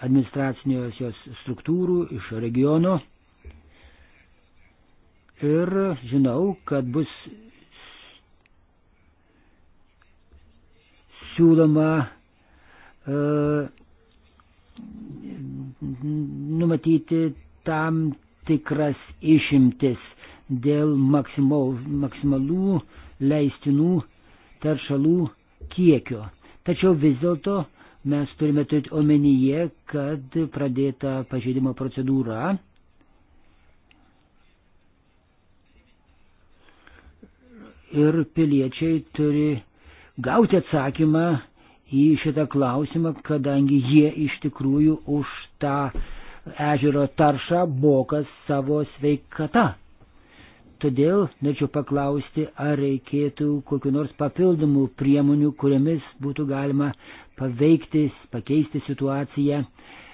administracinės jos struktūrų, iš regiono ir žinau, kad bus siūloma e, numatyti tam tikras išimtis dėl maksimal, maksimalų leistinų teršalų kiekio. Tačiau vis dėlto mes turime turėti omenyje, kad pradėta pažeidimo procedūra ir piliečiai turi gauti atsakymą į šitą klausimą, kadangi jie iš tikrųjų už tą ežero taršą bokas savo sveikata. Todėl norėčiau paklausti, ar reikėtų kokiu nors papildomų priemonių, kuriamis būtų galima paveikti, pakeisti situaciją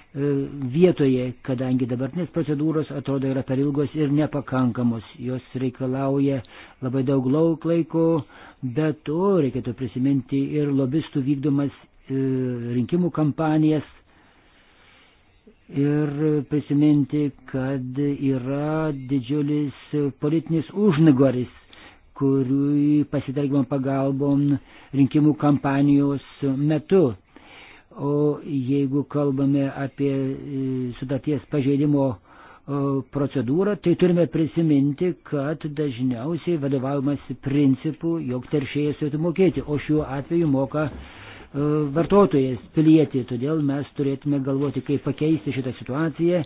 E, vietoje, kadangi dabartinės procedūros atrodo yra per ilgos ir nepakankamos. Jos reikalauja labai daug lauk laiko, bet to reikėtų prisiminti ir lobistų vykdomas e, rinkimų kampanijas. Ir prisiminti, kad yra didžiulis politinis užnugaris, kuriui pasitelkimo pagalbom rinkimų kampanijos metu. O jeigu kalbame apie e, sutarties pažeidimo procedūrą, tai turime prisiminti, kad dažniausiai vadovavimasi principu, jog teršėjas turėtų mokėti, o šiuo atveju moka e, vartotojas, pilietį. Todėl mes turėtume galvoti, kaip pakeisti šitą situaciją.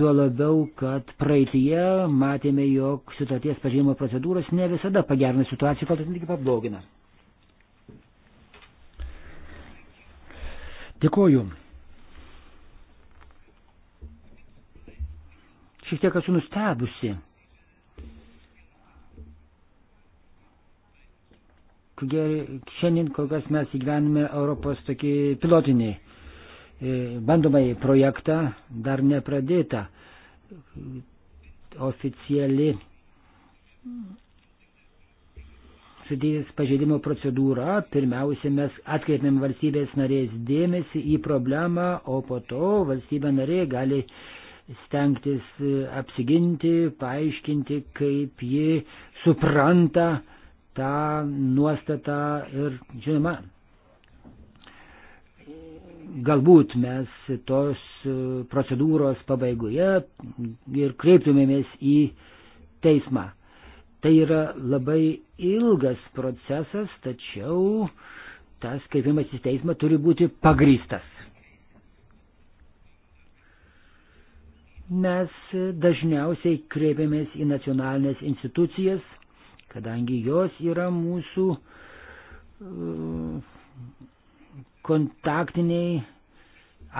Tuo labiau, kad praeitie matėme, jog sutarties pažymimo procedūros ne visada pagerina situaciją, kol tik pablogina. Dėkuoju. Šiek tiek esu nustebusi. Šiandien kol kas mes įgyvenime Europos tokį pilotinį e, bandomąjį projektą, dar nepradėtą oficiali sudėjus pažeidimo procedūrą, pirmiausia, mes atkreipiam valstybės narės dėmesį į problemą, o po to valstybė narė gali stengtis e, apsiginti, paaiškinti, kaip ji supranta tą nuostatą ir, žinoma, galbūt mes tos e, procedūros pabaigoje ir kreiptumėmės į teismą. Tai yra labai ilgas procesas, tačiau tas kreipimas į teismą turi būti pagrystas. Mes dažniausiai kreipiamės į nacionalinės institucijas, kadangi jos yra mūsų uh, kontaktiniai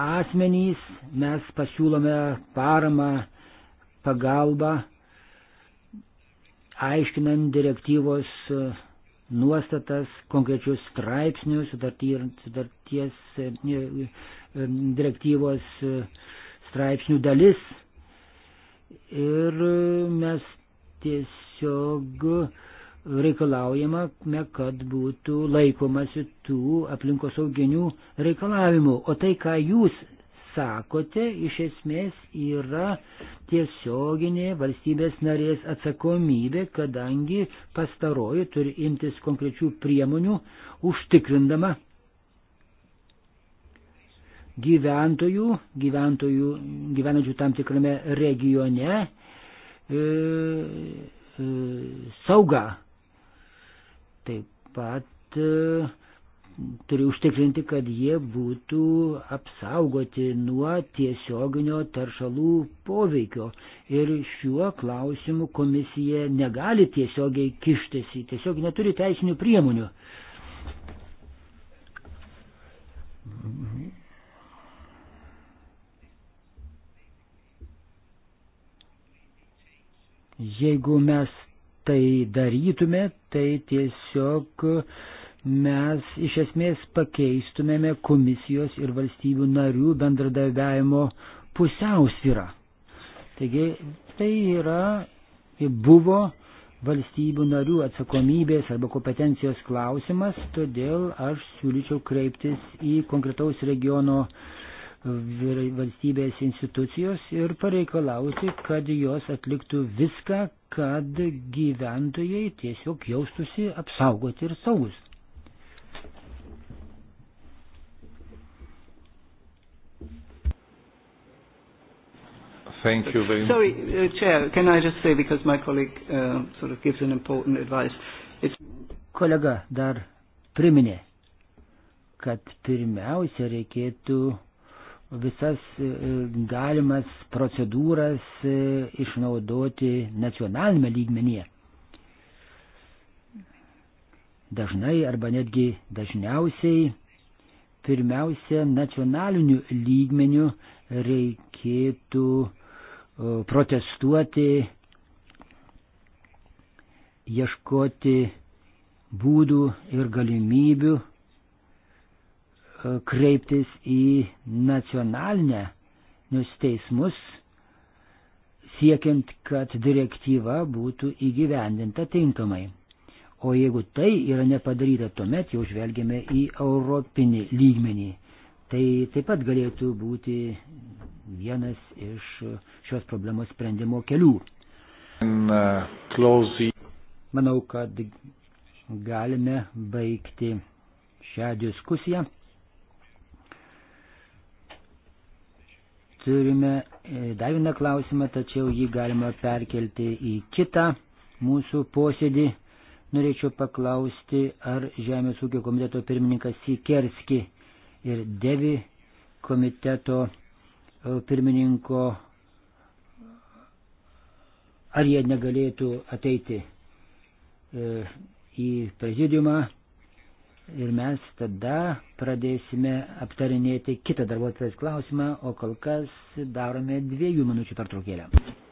asmenys, mes pasiūlome paramą, pagalbą aiškinant direktyvos e, nuostatas, konkrečius straipsnius, sutarties e, e, direktyvos straipsnių dalis. Ir mes tiesiog reikalaujama, kad būtų laikomasi tų aplinkosauginių reikalavimų. O tai, ką jūs sakote, iš esmės yra tiesioginė valstybės narės atsakomybė, kadangi pastaroji turi imtis konkrečių priemonių užtikrindama gyventojų, gyventojų gyvenančių tam tikrame regione e, e, saugą. Taip pat e, turi užtikrinti, kad jie būtų apsaugoti nuo tiesioginio taršalų poveikio. Ir šiuo klausimu komisija negali tiesiogiai kištis, tiesiog neturi teisinių priemonių. Jeigu mes tai darytume, tai tiesiog uh, mes iš esmės pakeistumėme komisijos ir valstybių narių bendradarbiavimo pusiausvyrą. Taigi tai yra, buvo valstybių narių atsakomybės arba kompetencijos klausimas, todėl aš siūlyčiau kreiptis į konkretaus regiono valstybės institucijos ir pareikalauti, kad jos atliktų viską, kad gyventojai tiesiog jaustųsi apsaugoti ir saugus. Thank you very much. Sorry, uh, Chair, can I just say, because my colleague uh, sort of gives an important advice. It's... Kolega dar priminė, kad pirmiausia reikėtų visas e, galimas procedūras e, išnaudoti nacionalinėme lygmenyje. Dažnai arba netgi dažniausiai pirmiausia nacionaliniu lygmeniu reikėtų protestuoti, ieškoti būdų ir galimybių e, kreiptis į nacionalinę teismus, siekiant, kad direktyva būtų įgyvendinta tinkamai. O jeigu tai yra nepadaryta, tuomet jau žvelgiame į europinį lygmenį. Tai taip pat galėtų būti vienas iš šios problemos sprendimo kelių. Uh, Manau, kad galime baigti šią diskusiją. Turime e, dar vieną klausimą, tačiau jį galima perkelti į kitą mūsų posėdį. Norėčiau paklausti, ar Žemės ūkio komiteto pirmininkas Sikerski ir Devi komiteto E, pirmininko, ar jie negalėtų ateiti e, į prezidiumą ir mes tada pradėsime aptarinėti kitą darbuotojas klausimą, o kol kas darome dviejų minučių pertraukėlę.